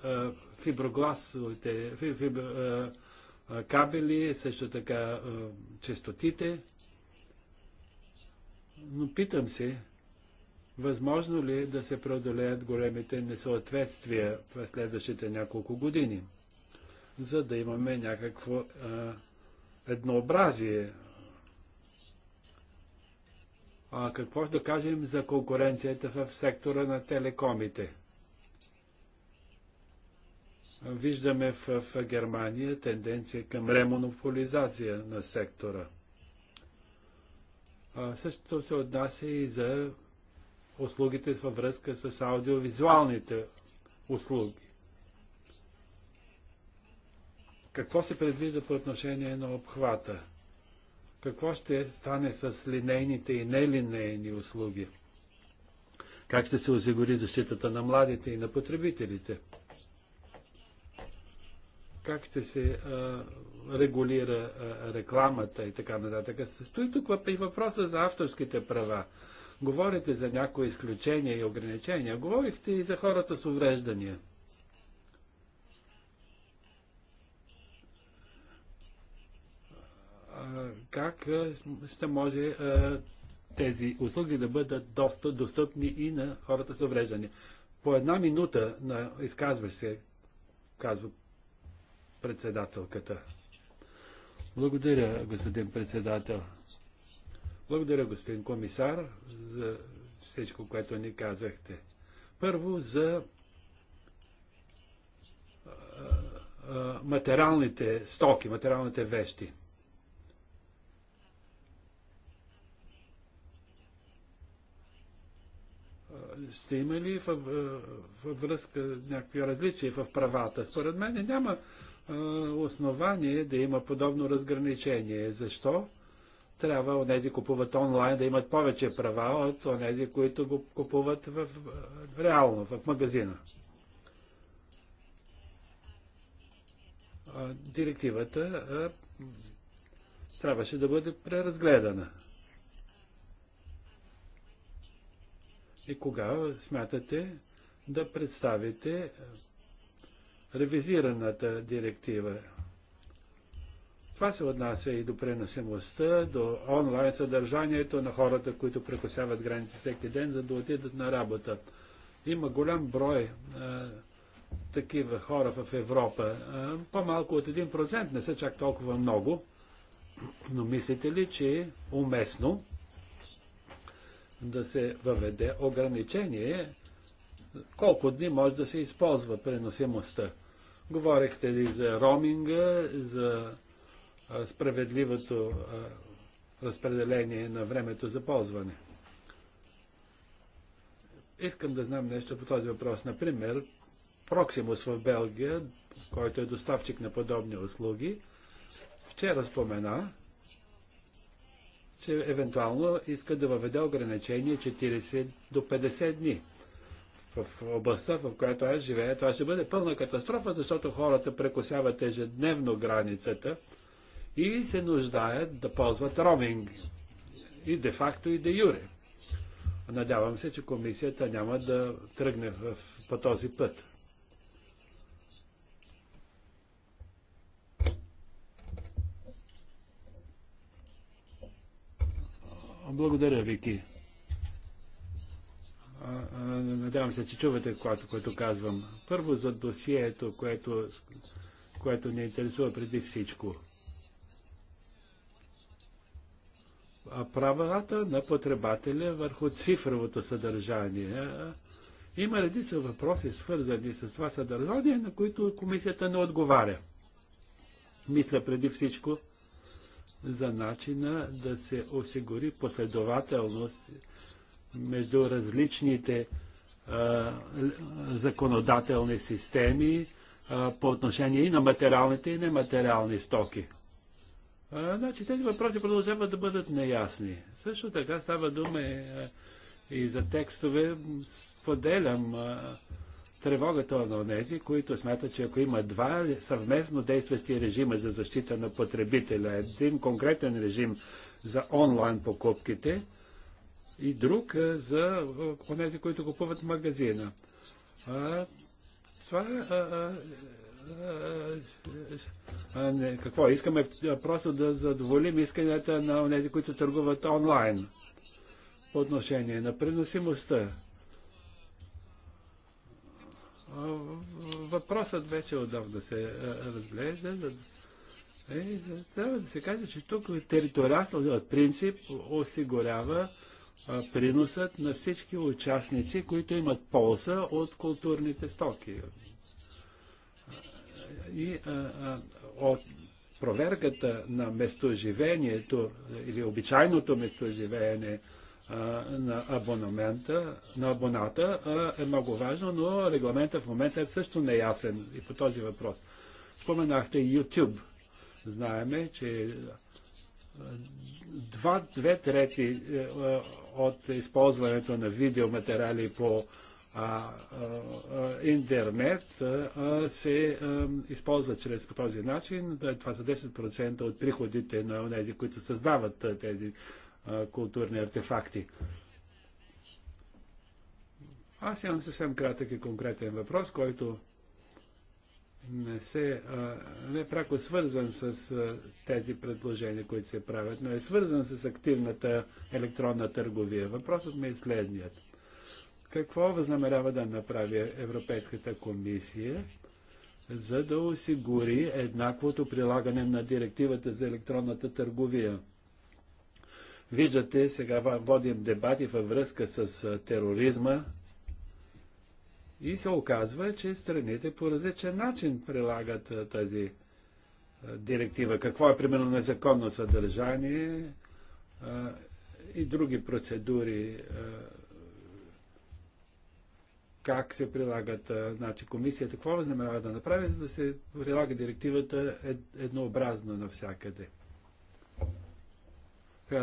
фиброгласовите кабели, също така частотите. Но питам се, възможно ли е да се преодолеят големите несъответствия в следващите няколко години, за да имаме някакво еднообразие а, какво ще да кажем за конкуренцията в сектора на телекомите? Виждаме в, в Германия тенденция към ремонополизация на сектора. А, същото се отнася и за услугите във връзка с аудиовизуалните услуги. Какво се предвижда по отношение на обхвата? какво ще стане с линейните и нелинейни услуги? Как ще се осигури защитата на младите и на потребителите? Как ще се а, регулира а, рекламата и така нататък? Стои тук и въпроса за авторските права. Говорите за някои изключения и ограничения. Говорихте и за хората с увреждания – как ще може тези услуги да бъдат доста достъпни и на хората с увреждания. По една минута на изказваш се, казва председателката. Благодаря, господин председател. Благодаря, господин комисар, за всичко, което ни казахте. Първо за материалните стоки, материалните вещи. ще има ли във, е, във връзка някакви различия в правата? Според мен няма а, е, основание да има подобно разграничение. Защо? Трябва онези купуват онлайн да имат повече права от онези, които го купуват в, реално, в магазина. А, директивата а, е, трябваше да бъде преразгледана. и кога смятате да представите ревизираната директива. Това се отнася и до преносимостта, до онлайн съдържанието на хората, които прекусяват граници всеки ден, за да отидат на работа. Има голям брой а, такива хора в Европа. по-малко от 1% не са чак толкова много, но мислите ли, че е уместно да се въведе ограничение колко дни може да се използва преносимостта. Говорихте ли за роминга, за справедливото разпределение на времето за ползване? Искам да знам нещо по този въпрос. Например, Проксимус в Белгия, който е доставчик на подобни услуги, вчера спомена, че евентуално иска да въведе ограничение 40 до 50 дни. В областта, в която аз живея, това ще бъде пълна катастрофа, защото хората прекусяват ежедневно границата и се нуждаят да ползват роминг. И де-факто, и де-юре. Надявам се, че комисията няма да тръгне в, по този път. Благодаря, Вики. Надявам се, че чувате, което, което казвам. Първо за досието, което, което ни интересува преди всичко. Правата на потребателя върху цифровото съдържание. Има редица въпроси, свързани с това съдържание, на които комисията не отговаря. Мисля преди всичко за начина да се осигури последователност между различните а, законодателни системи а, по отношение и на материалните и нематериални стоки. А, значи тези въпроси продължават да бъдат неясни. Също така става дума и, е, и за текстове, споделям тревогата на онези, които смятат, че ако има два съвместно действащи режима за защита на потребителя, един конкретен режим за онлайн покупките и друг е, за тези, е, които купуват в магазина. А, това а, е, а, не, какво? Искаме просто да задоволим исканията на тези, които търгуват онлайн по отношение на преносимостта. Въпросът вече отдавна се е, разглежда. Е, трябва да се каже, че тук териториалният принцип осигурява а, приносът на всички участници, които имат полза от културните стоки. И а, а, от проверката на местоживението или обичайното местоживеене на абонамента, на абоната е много важно, но регламента в момента е също неясен и по този въпрос. Споменахте YouTube. Знаеме, че два, две трети от използването на видеоматериали по а, а, интернет а, се а, използва чрез по този начин. Това са 10% от приходите на тези, които създават тези културни артефакти. Аз имам съвсем кратък и конкретен въпрос, който не, се, а, не е пряко свързан с а, тези предложения, които се правят, но е свързан с активната електронна търговия. Въпросът ми е следният. Какво възнамерява да направи Европейската комисия, за да осигури еднаквото прилагане на директивата за електронната търговия? Виждате, сега водим дебати във връзка с тероризма и се оказва, че страните по различен начин прилагат тази директива. Какво е примерно незаконно съдържание и други процедури, как се прилагат, значи комисията, какво възнамерява да направи, за да се прилага директивата е, еднообразно навсякъде.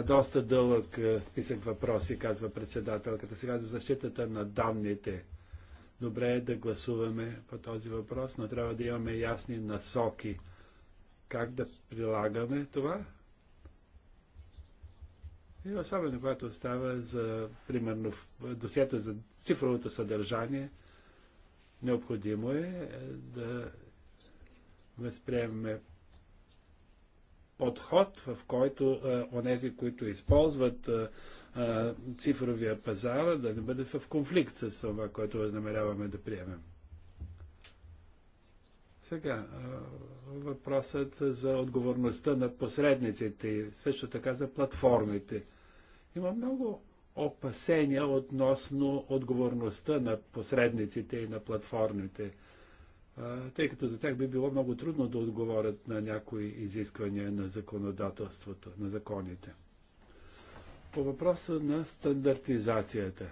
Доста дълъг е, списък въпроси, казва председателката. Сега за защитата на данните. Добре е да гласуваме по този въпрос, но трябва да имаме ясни насоки. Как да прилагаме това? И особено когато става за, примерно, досието за цифровото съдържание, необходимо е, е да възприемем подход, в който е, онези, които използват а, е, е, цифровия пазар, да не бъде в конфликт с това, което възнамеряваме да приемем. Сега, въпросът за отговорността на посредниците и също така за платформите. Има много опасения относно отговорността на посредниците и на платформите тъй като за тях би било много трудно да отговорят на някои изисквания на законодателството, на законите. По въпроса на стандартизацията.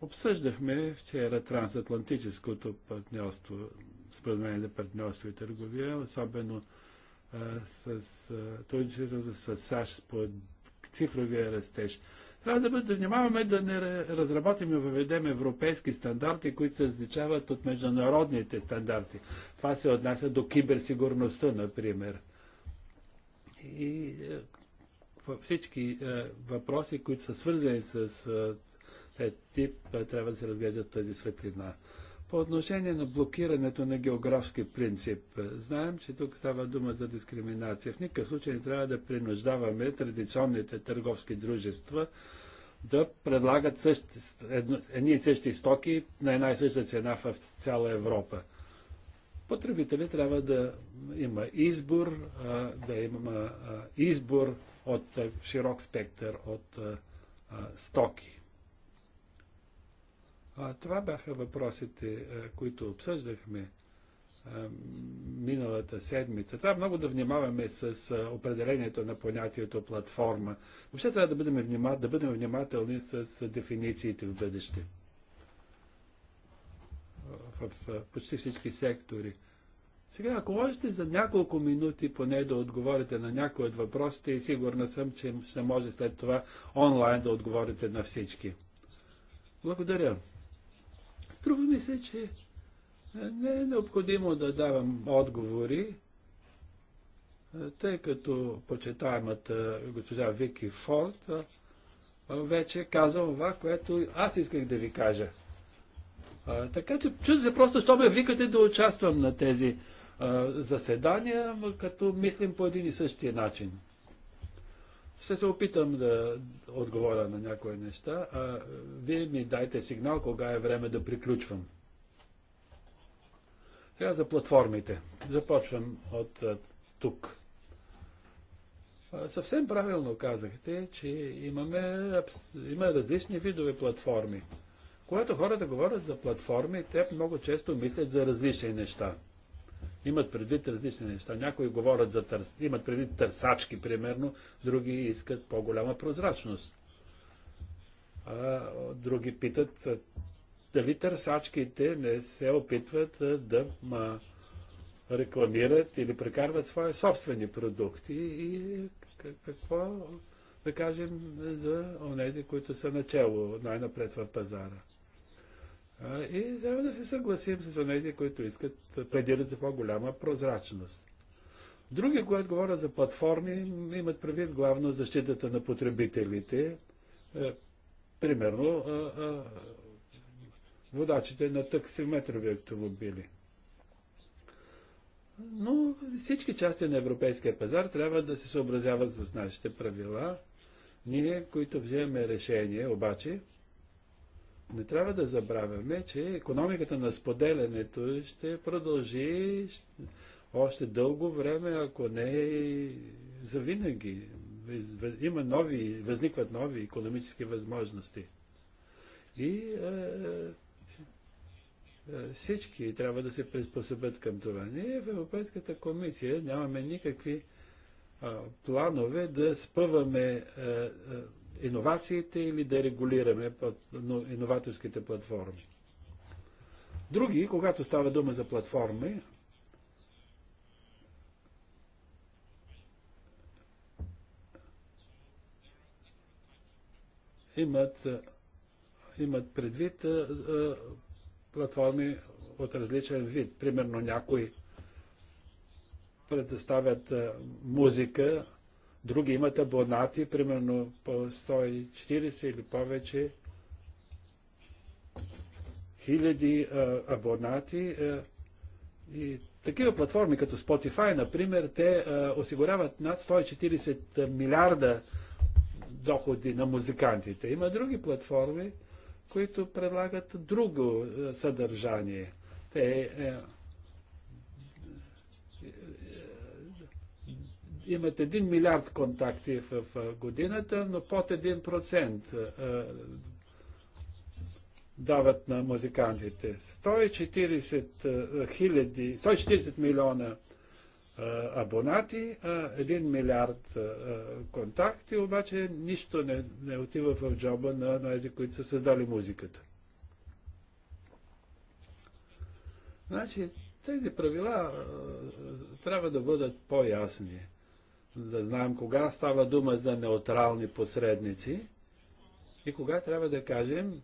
Обсъждахме вчера трансатлантическото партньорство, споразумение за партньорство и търговия, особено а, с а, с САЩ по цифровия растеж. Трябва да, бъде, да внимаваме да не разработим и въведем европейски стандарти, които се различават от международните стандарти. Това се отнася до киберсигурността, например. И е, всички е, въпроси, които са свързани с е, е тип, трябва да се разглеждат тази светлина. По отношение на блокирането на географски принцип, е, знаем, че тук става дума за дискриминация. В никакъв случай не трябва да принуждаваме традиционните търговски дружества да предлагат същи, едно, едни и същи стоки на една и съща цена в цяла Европа. Потребители трябва да има избор, да има избор от е, широк спектър от е, стоки. А, това бяха въпросите, които обсъждахме миналата седмица. Трябва много да внимаваме с определението на понятието платформа. Въобще трябва да бъдем, внима, да бъдем внимателни с дефинициите в бъдеще. В, в почти всички сектори. Сега, ако можете за няколко минути поне да отговорите на някои от въпросите и сигурна съм, че ще може след това онлайн да отговорите на всички. Благодаря. Струва ми се, че е, не е необходимо да давам отговори, е, тъй като почитаемата госпожа Вики Форд е, вече каза това, което аз исках да ви кажа. така че чудо се просто, що ме викате да участвам на тези заседания, като мислим по един и същия начин. Ще се опитам да отговоря на някои неща, а вие ми дайте сигнал кога е време да приключвам. Сега за платформите. Започвам от тук. Съвсем правилно казахте, че имаме, има различни видове платформи. Когато хората говорят за платформи, те много често мислят за различни неща имат предвид различни неща. Някои говорят за търс, имат предвид търсачки, примерно, други искат по-голяма прозрачност. А, други питат дали търсачките не се опитват да ма, рекламират или прекарват свои собствени продукти и какво да кажем за онези, които са начало най-напред в пазара. И трябва да се съгласим с тези, които искат, пледират за по-голяма прозрачност. Други, когато говорят за платформи, имат предвид главно защитата на потребителите. Е, примерно, водачите на таксиметрови автомобили. Но всички части на европейския пазар трябва да се съобразяват с нашите правила. Ние, които вземем решение, обаче, не трябва да забравяме, че економиката на споделянето ще продължи още дълго време, ако не завинаги. Има нови, възникват нови економически възможности. И е, е, е, всички трябва да се приспособят към това. Ние в Европейската комисия нямаме никакви а, планове да спъваме а, а, иновациите или да регулираме иноваторските платформи. Други, когато става дума за платформи, имат, имат предвид платформи от различен вид. Примерно някои предоставят музика Други имат абонати, примерно по 140 или повече хиляди абонати. А, и такива платформи като Spotify, например, те а, осигуряват над 140 милиарда доходи на музикантите. Има други платформи, които предлагат друго съдържание. Те е, имат 1 милиард контакти в годината, но под 1% дават на музикантите. 140, 140 милиона абонати, 1 милиард контакти, обаче нищо не, не отива в джоба на тези, които са създали музиката. Значи, тези правила трябва да бъдат по-ясни да знаем кога става дума за неутрални посредници и кога трябва да кажем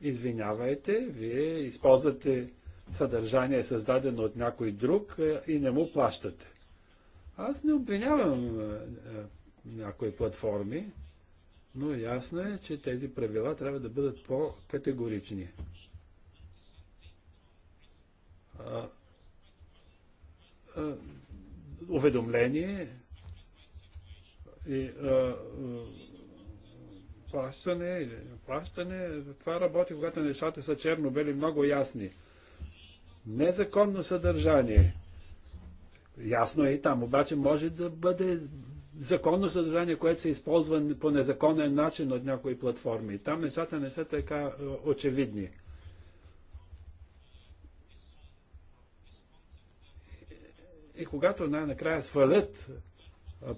извинявайте, вие използвате съдържание създадено от някой друг е, и не му плащате. Аз не обвинявам е, е, някои платформи, но ясно е, че тези правила трябва да бъдат по-категорични. уведомление и а, плащане или плащане, това работи, когато нещата са черно-бели, много ясни. Незаконно съдържание. Ясно е и там, обаче може да бъде законно съдържание, което се използва по незаконен начин от някои платформи. Там нещата не са така очевидни. И когато най-накрая свалят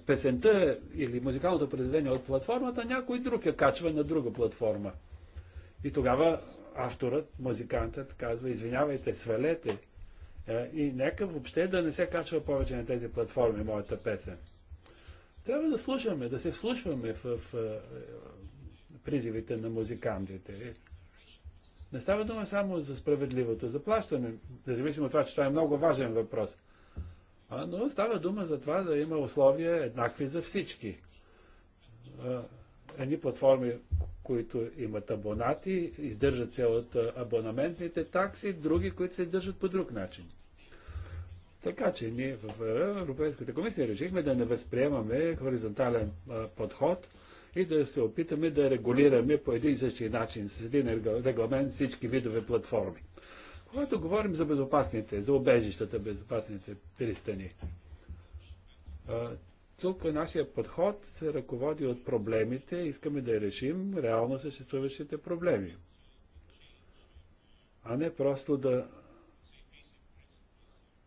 песента или музикалното произведение от платформата, някой друг я качва на друга платформа. И тогава авторът, музикантът казва, извинявайте, свалете. Е, и нека въобще да не се качва повече на тези платформи моята песен. Трябва да слушаме, да се вслушваме в, в е, призивите на музикантите. Не става дума само за справедливото заплащане, независимо от това, че това е много важен въпрос – но става дума за това да има условия еднакви за всички. Едни платформи, които имат абонати, издържат се от абонаментните такси, други, които се издържат по друг начин. Така че ние в Европейската комисия решихме да не възприемаме хоризонтален подход и да се опитаме да регулираме по един и същи начин с един регламент всички видове платформи. Когато говорим за безопасните, за обежищата, безопасните пристани, тук нашия подход се ръководи от проблемите, искаме да решим реално съществуващите проблеми. А не просто да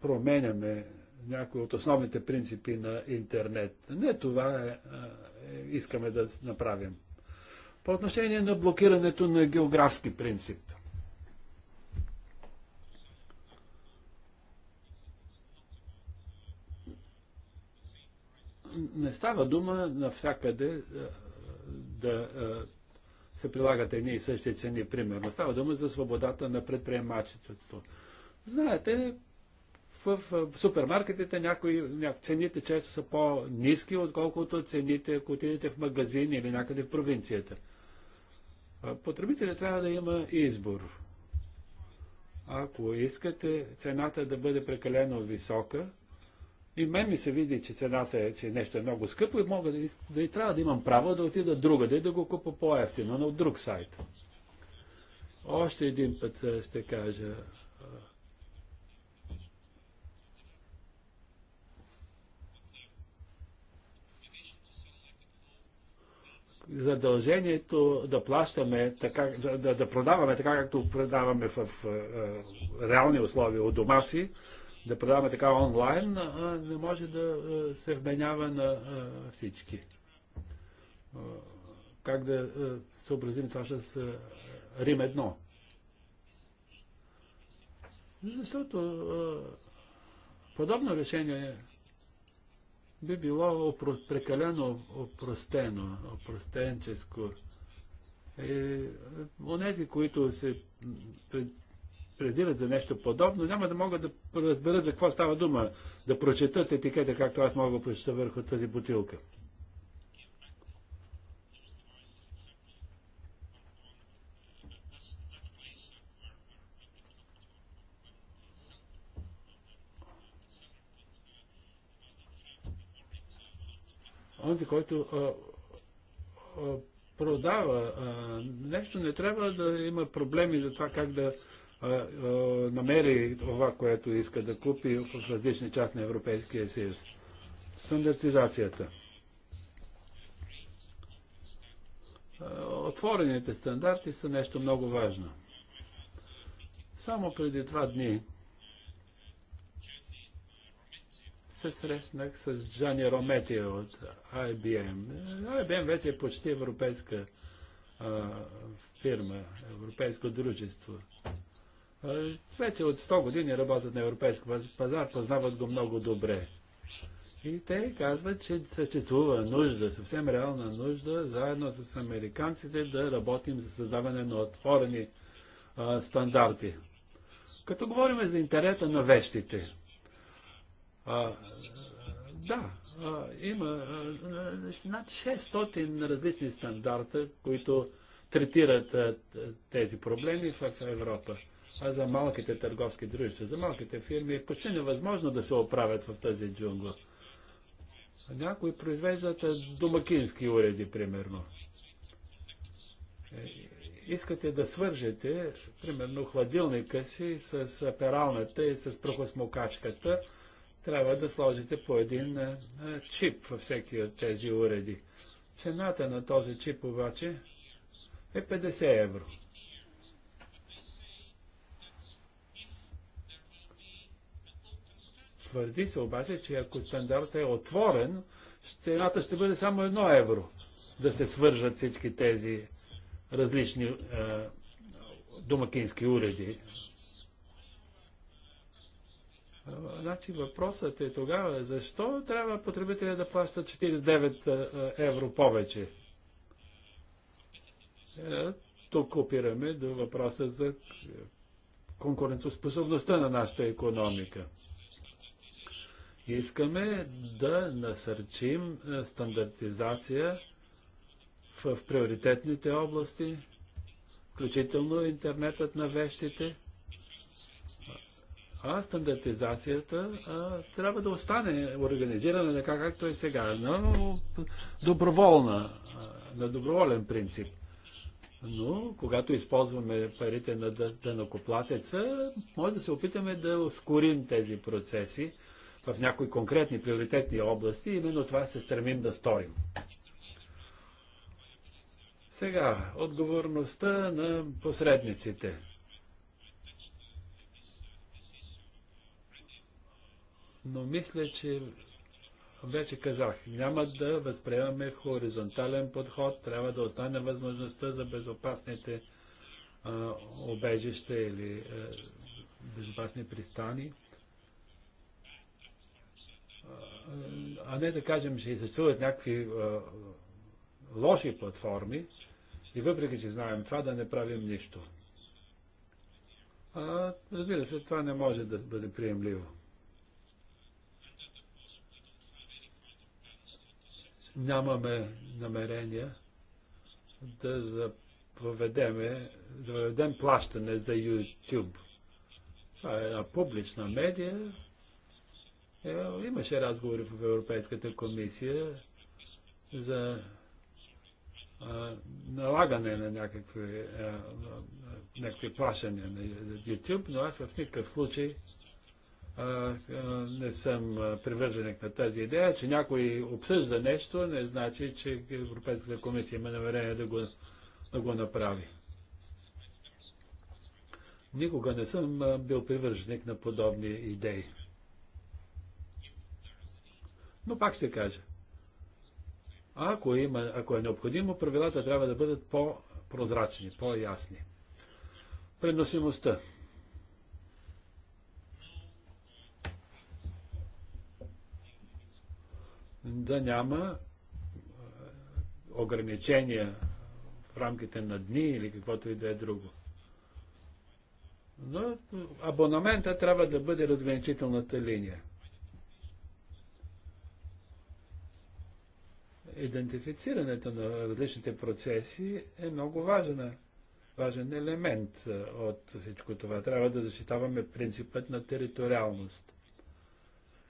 променяме някои от основните принципи на интернет. Не това е, е, искаме да направим. По отношение на блокирането на географски принцип. не става дума навсякъде е, да е, се прилагат едни и същи цени, примерно. Става дума за свободата на предприемачеството. Знаете, в е, супермаркетите някои, някои цените често са по-низки, отколкото цените, ако отидете в магазини или някъде в провинцията. Потребителят трябва да има избор. Ако искате цената да бъде прекалено висока, и мен ми се види, че цената е, че нещо е много скъпо и мога да, и, да и трябва да имам право да отида да, и да го купа по-ефтино на друг сайт. Още един път е, ще кажа. Е, задължението да плащаме, така, да, да, да продаваме така, както продаваме в, в, в е, реални условия от дома си, да продаваме така онлайн, не може да се вменява на всички. Как да съобразим това с Рим едно? Защото подобно решение би било прекалено опростено, опростенческо. у е, онези, които се пледират за нещо подобно, няма да могат да разберат за какво става дума, да прочетат етикета, както аз мога да прочета върху тази бутилка. онзи, който а, а, продава а, нещо, не трябва да има проблеми за това как да намери това, което иска да купи в различни части на Европейския съюз. Стандартизацията. Отворените стандарти са нещо много важно. Само преди два дни се срещнах с Джани Ромети от IBM. IBM вече е почти европейска а, фирма, европейско дружество вече от 100 години работят на европейски пазар, познават го много добре. И те казват, че съществува нужда, съвсем реална нужда, заедно с американците да работим за създаване на отворени а, стандарти. Като говорим за интернета на вещите, а, да, а, има а, над 600 различни стандарта, които третират а, тези проблеми в Европа а за малките търговски дружества, за малките фирми е почти невъзможно да се оправят в тази джунгла. Някои произвеждат домакински уреди, примерно. Е, искате да свържете, примерно, хладилника си с пералната и с прахосмокачката. Трябва да сложите по един чип във всеки от тези уреди. Цената на този чип обаче е 50 евро. Твърди се обаче, че ако стандартът е отворен, цената ще бъде само едно евро да се свържат всички тези различни е, домакински уреди. Е, значи въпросът е тогава, защо трябва потребителя да плаща 49 е, е, евро повече? Е, тук опираме до въпроса за конкурентоспособността на нашата економика. Искаме да насърчим е, стандартизация в приоритетните области, включително интернетът на вещите. А стандартизацията а, е, трябва да остане организирана така, както е сега, но доброволна, а, е, на доброволен принцип. Но, когато използваме парите на дънокоплатеца, може да се опитаме да ускорим тези процеси, в някои конкретни приоритетни области. Именно това се стремим да сторим. Сега, отговорността на посредниците. Но мисля, че вече казах, няма да възприемаме хоризонтален подход, трябва да остане възможността за безопасните а, обежища или а, безопасни пристани а не да кажем, че съществуват някакви а, лоши платформи и въпреки, че знаем това, да не правим нищо. А, разбира се, това не може да бъде приемливо. Нямаме намерение да заведем да въведем плащане за YouTube. Това е една публична медия, е, имаше разговори в Европейската комисия за а, налагане на някакви, а, някакви плащания на YouTube, но аз в никакъв случай а, не съм привърженик на тази идея, че някой обсъжда нещо, не значи, че Европейската комисия има намерение да го, да го направи. Никога не съм бил привърженик на подобни идеи. Но пак ще кажа, ако, има, ако е необходимо, правилата трябва да бъдат по-прозрачни, по-ясни. Преносимостта. Да няма е, ограничения в рамките на дни или каквото и да е друго. Но абонамента трябва да бъде разграничителната линия. идентифицирането на различните процеси е много важен, важен елемент е, от всичко това. Трябва да защитаваме принципът на териториалност.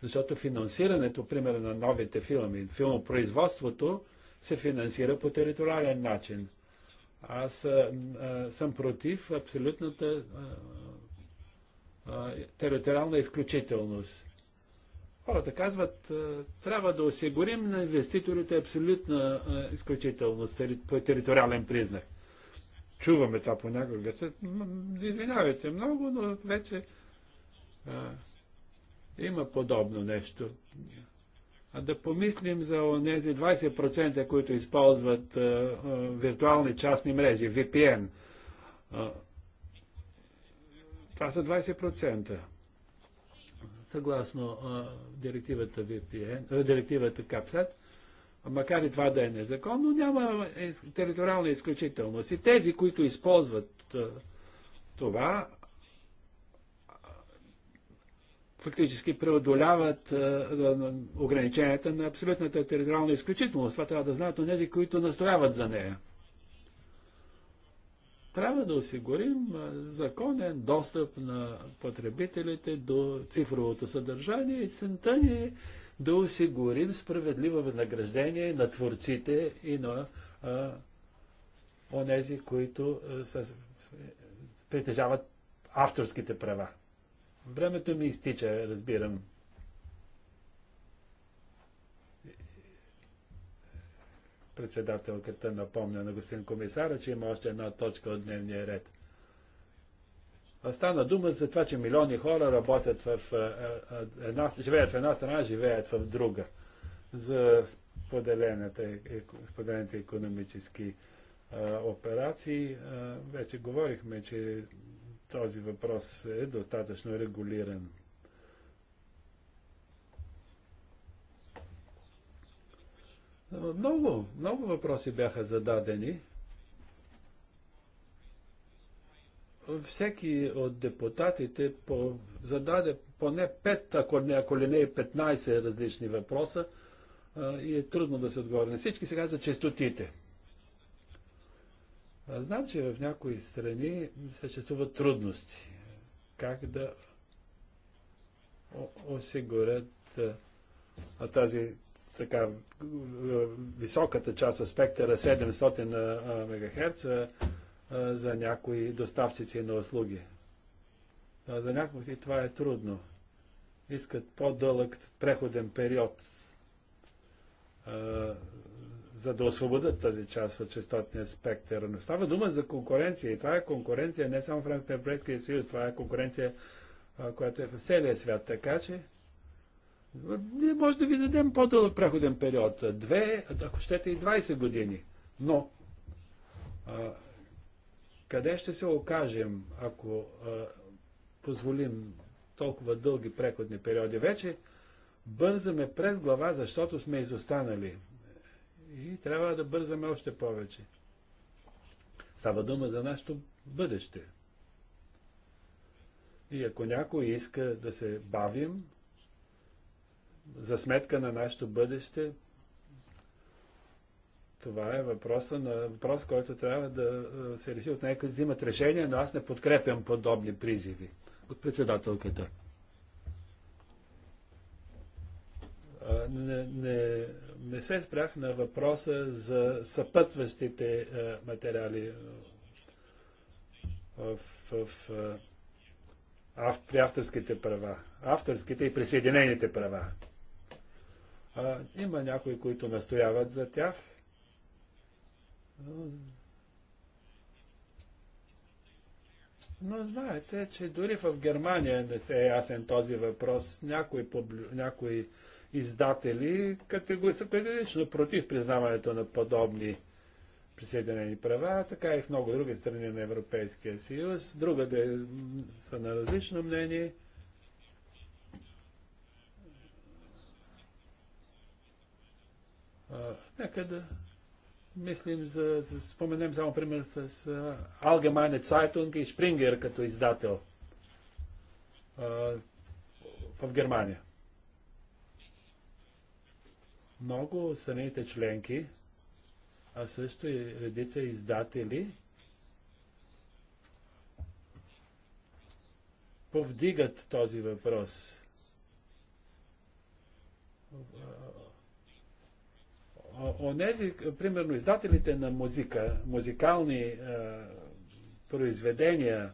Защото финансирането, примерно, на новите филми, филмопроизводството се финансира по териториален начин. Аз а, е, а, е, съм против абсолютната а, а, териториална изключителност. Хората казват, е, трябва да осигурим на инвеститорите абсолютна е, изключителност по териториален признак. Чуваме това понякога. Извинявайте много, но вече а, е, има подобно нещо. А да помислим за тези 20%, които използват а, а, виртуални частни мрежи, VPN. А, това са 20% съгласно а, директивата, VPN, а, директивата КАПСАТ, макар и това да е незаконно, няма териториална изключителност. И тези, които използват а, това, фактически преодоляват ограниченията на абсолютната териториална изключителност. Това трябва да знаят от тези, които настояват за нея. Трябва да осигурим законен достъп на потребителите до цифровото съдържание и сента ни е да осигурим справедливо възнаграждение на творците и на онези, които а, са, притежават авторските права. Времето ми изтича, разбирам. Председателката напомня на господин комисара, че има още една точка от дневния ред. Стана дума за това, че милиони хора работят в една, живеят в една страна, живеят в друга. За е, е, споделените економически а, операции. А, вече говорихме, че този въпрос е достатъчно регулиран Много, много въпроси бяха зададени. Всеки от депутатите по, зададе поне 5, ако не, ако ли не е 15 различни въпроса а, и е трудно да се отговори на всички. Сега за честотите. А, знам, че в някои страни съществуват трудности. Как да осигурят а, тази така е, високата част от спектъра 700 МГц за някои доставчици на услуги. За някои това е трудно. Искат по-дълъг преходен период, за да освободят тази част от частотния спектър. Но става дума за конкуренция. И това е конкуренция не само в рамките на Европейския съюз, това е конкуренция, която е в целия свят. Така че ние може да ви дадем по-дълъг преходен период, две, ако щете и 20 години. Но а, къде ще се окажем, ако а, позволим толкова дълги преходни периоди? Вече бързаме през глава, защото сме изостанали. И трябва да бързаме още повече. Става дума за нашето бъдеще. И ако някой иска да се бавим, за сметка на нашето бъдеще. Това е въпроса на въпрос, който трябва да се реши от някой взимат решение, но аз не подкрепям подобни призиви от председателката. Не, не, не се спрях на въпроса за съпътващите материали в, в, в, ав, при авторските права, авторските и присъединените права. А, има някои, които настояват за тях. Но знаете, че дори в Германия не се е ясен този въпрос. Някои, публю... някои издатели категори... са категорично против признаването на подобни присъединени права, така и в много други страни на Европейския съюз. Другаде са на различно мнение. нека да мислим за, за споменем само пример с Allgemeine Zeitung и Springer като издател а, в Германия. Много самите членки, а също и редица издатели повдигат този въпрос онези, примерно, издателите на музика, музикални а, е, произведения,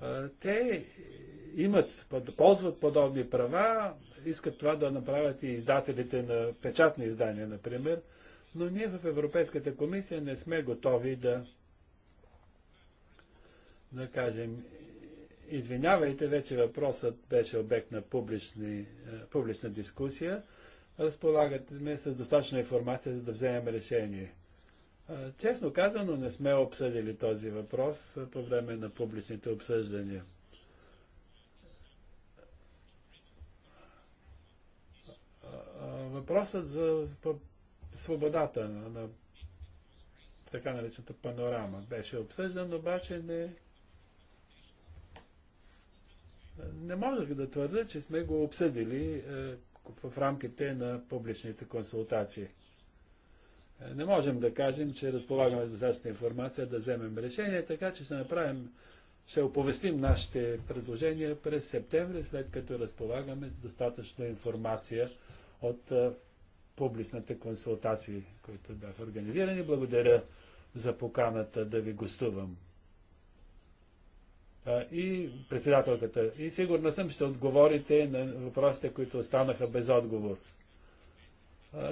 а, е, те имат, ползват подобни права, искат това да направят и издателите на печатни издания, например, но ние в Европейската комисия не сме готови да да кажем, извинявайте, вече въпросът беше обект на публични, е, публична дискусия разполагаме с достатъчна информация, за да вземем решение. Честно казано, не сме обсъдили този въпрос по време на публичните обсъждания. Въпросът за свободата на така наречената панорама беше обсъждан, обаче не, не можех да твърда, че сме го обсъдили е, в рамките на публичните консултации. Не можем да кажем, че разполагаме с достатъчна информация да вземем решение, така че ще направим, ще оповестим нашите предложения през септември, след като разполагаме с достатъчно информация от публичните консултации, които бяха организирани. Благодаря за поканата да ви гостувам и председателката. И сигурно съм ще отговорите на въпросите, които останаха без отговор.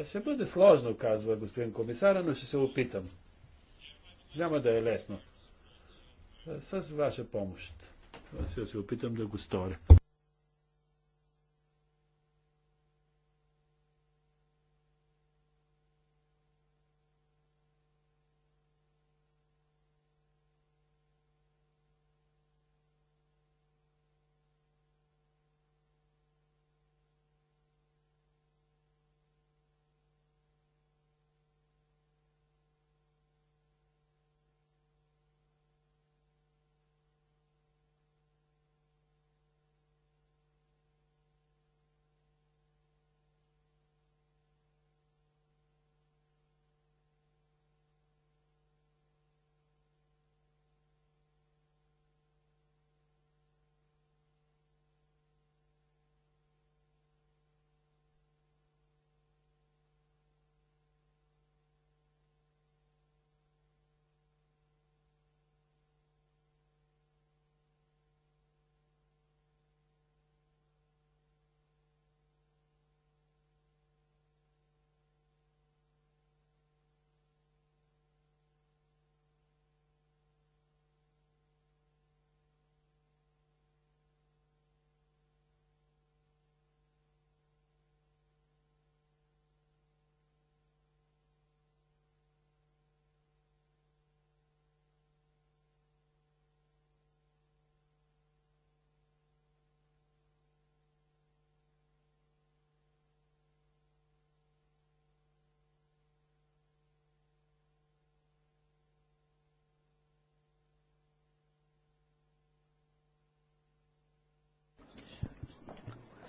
Ще бъде сложно, казва господин комисар, но ще се опитам. Няма да е лесно. С ваша помощ. Ще се опитам да го сторя.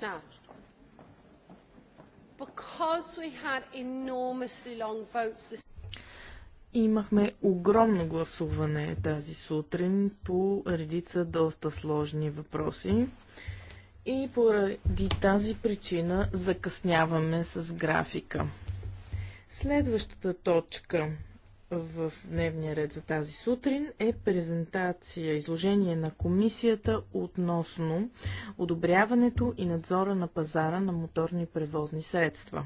Now, because we had enormously long votes this Имахме огромно гласуване тази сутрин по редица доста сложни въпроси. И поради тази причина закъсняваме с графика. Следващата точка в дневния ред за тази сутрин е презентация, изложение на комисията относно одобряването и надзора на пазара на моторни превозни средства.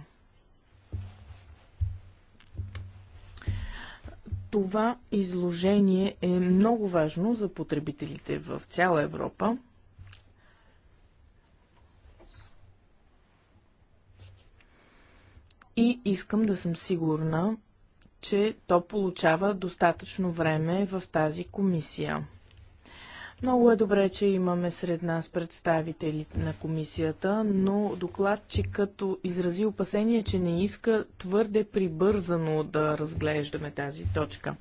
Това изложение е много важно за потребителите в цяла Европа. И искам да съм сигурна, че то получава достатъчно време в тази комисия. Много е добре, че имаме сред нас представители на комисията, но докладчик като изрази опасение, че не иска твърде прибързано да разглеждаме тази точка.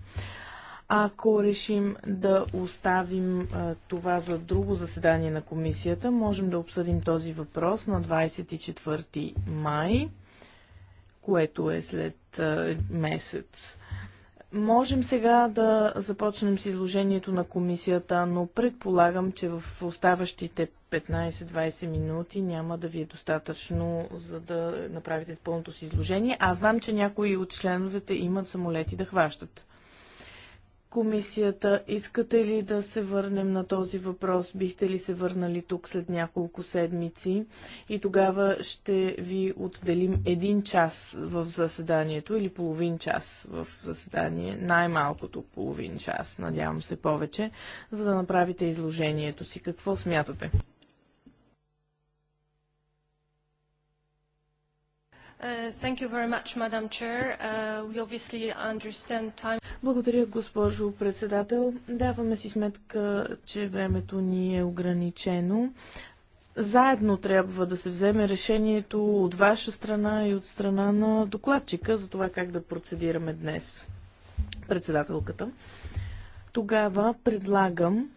Ако решим да оставим това за друго заседание на комисията, можем да обсъдим този въпрос на 24 май което е след месец. Можем сега да започнем с изложението на комисията, но предполагам, че в оставащите 15-20 минути няма да ви е достатъчно, за да направите пълното си изложение. Аз знам, че някои от членовете имат самолети да хващат комисията. Искате ли да се върнем на този въпрос? Бихте ли се върнали тук след няколко седмици? И тогава ще ви отделим един час в заседанието или половин час в заседание, най-малкото половин час, надявам се повече, за да направите изложението си. Какво смятате? Благодаря, госпожо председател. Даваме си сметка, че времето ни е ограничено. Заедно трябва да се вземе решението от ваша страна и от страна на докладчика за това как да процедираме днес. Председателката. Тогава предлагам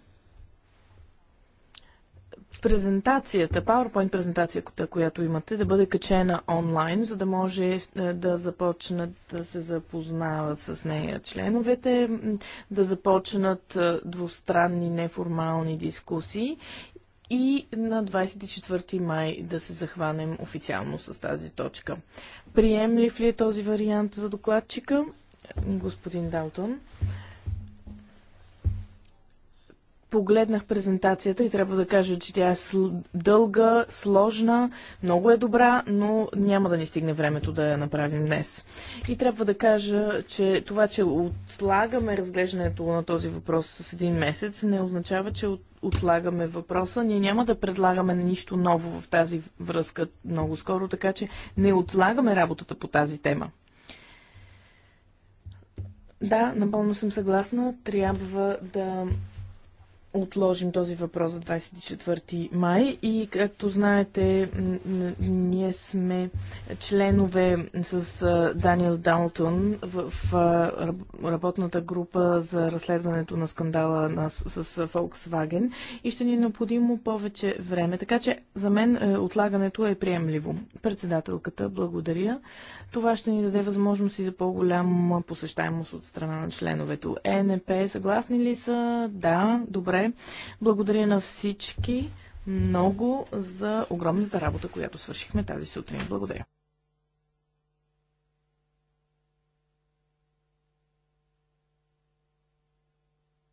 презентацията, PowerPoint презентацията, която имате, да бъде качена онлайн, за да може е, да започнат да се запознават с нея членовете, да започнат е, двустранни неформални дискусии и на 24 май да се захванем официално с тази точка. Приемлив ли е този вариант за докладчика, господин Далтон? Погледнах презентацията и трябва да кажа, че тя е дълга, сложна, много е добра, но няма да ни стигне времето да я направим днес. И трябва да кажа, че това, че отлагаме разглеждането на този въпрос с един месец, не означава, че отлагаме въпроса. Ние няма да предлагаме нищо ново в тази връзка много скоро, така че не отлагаме работата по тази тема. Да, напълно съм съгласна. Трябва да отложим този въпрос за 24 май и както знаете, ние сме членове с Даниел Даунтън в работната група за разследването на скандала с, с Volkswagen и ще ни е необходимо повече време. Така че за мен е, отлагането е приемливо. Председателката, благодаря. Това ще ни даде възможност и за по-голяма посещаемост от страна на членовето. ЕНП, съгласни ли са? Да, добре благодаря на всички много за огромната работа, която свършихме тази сутрин. Благодаря.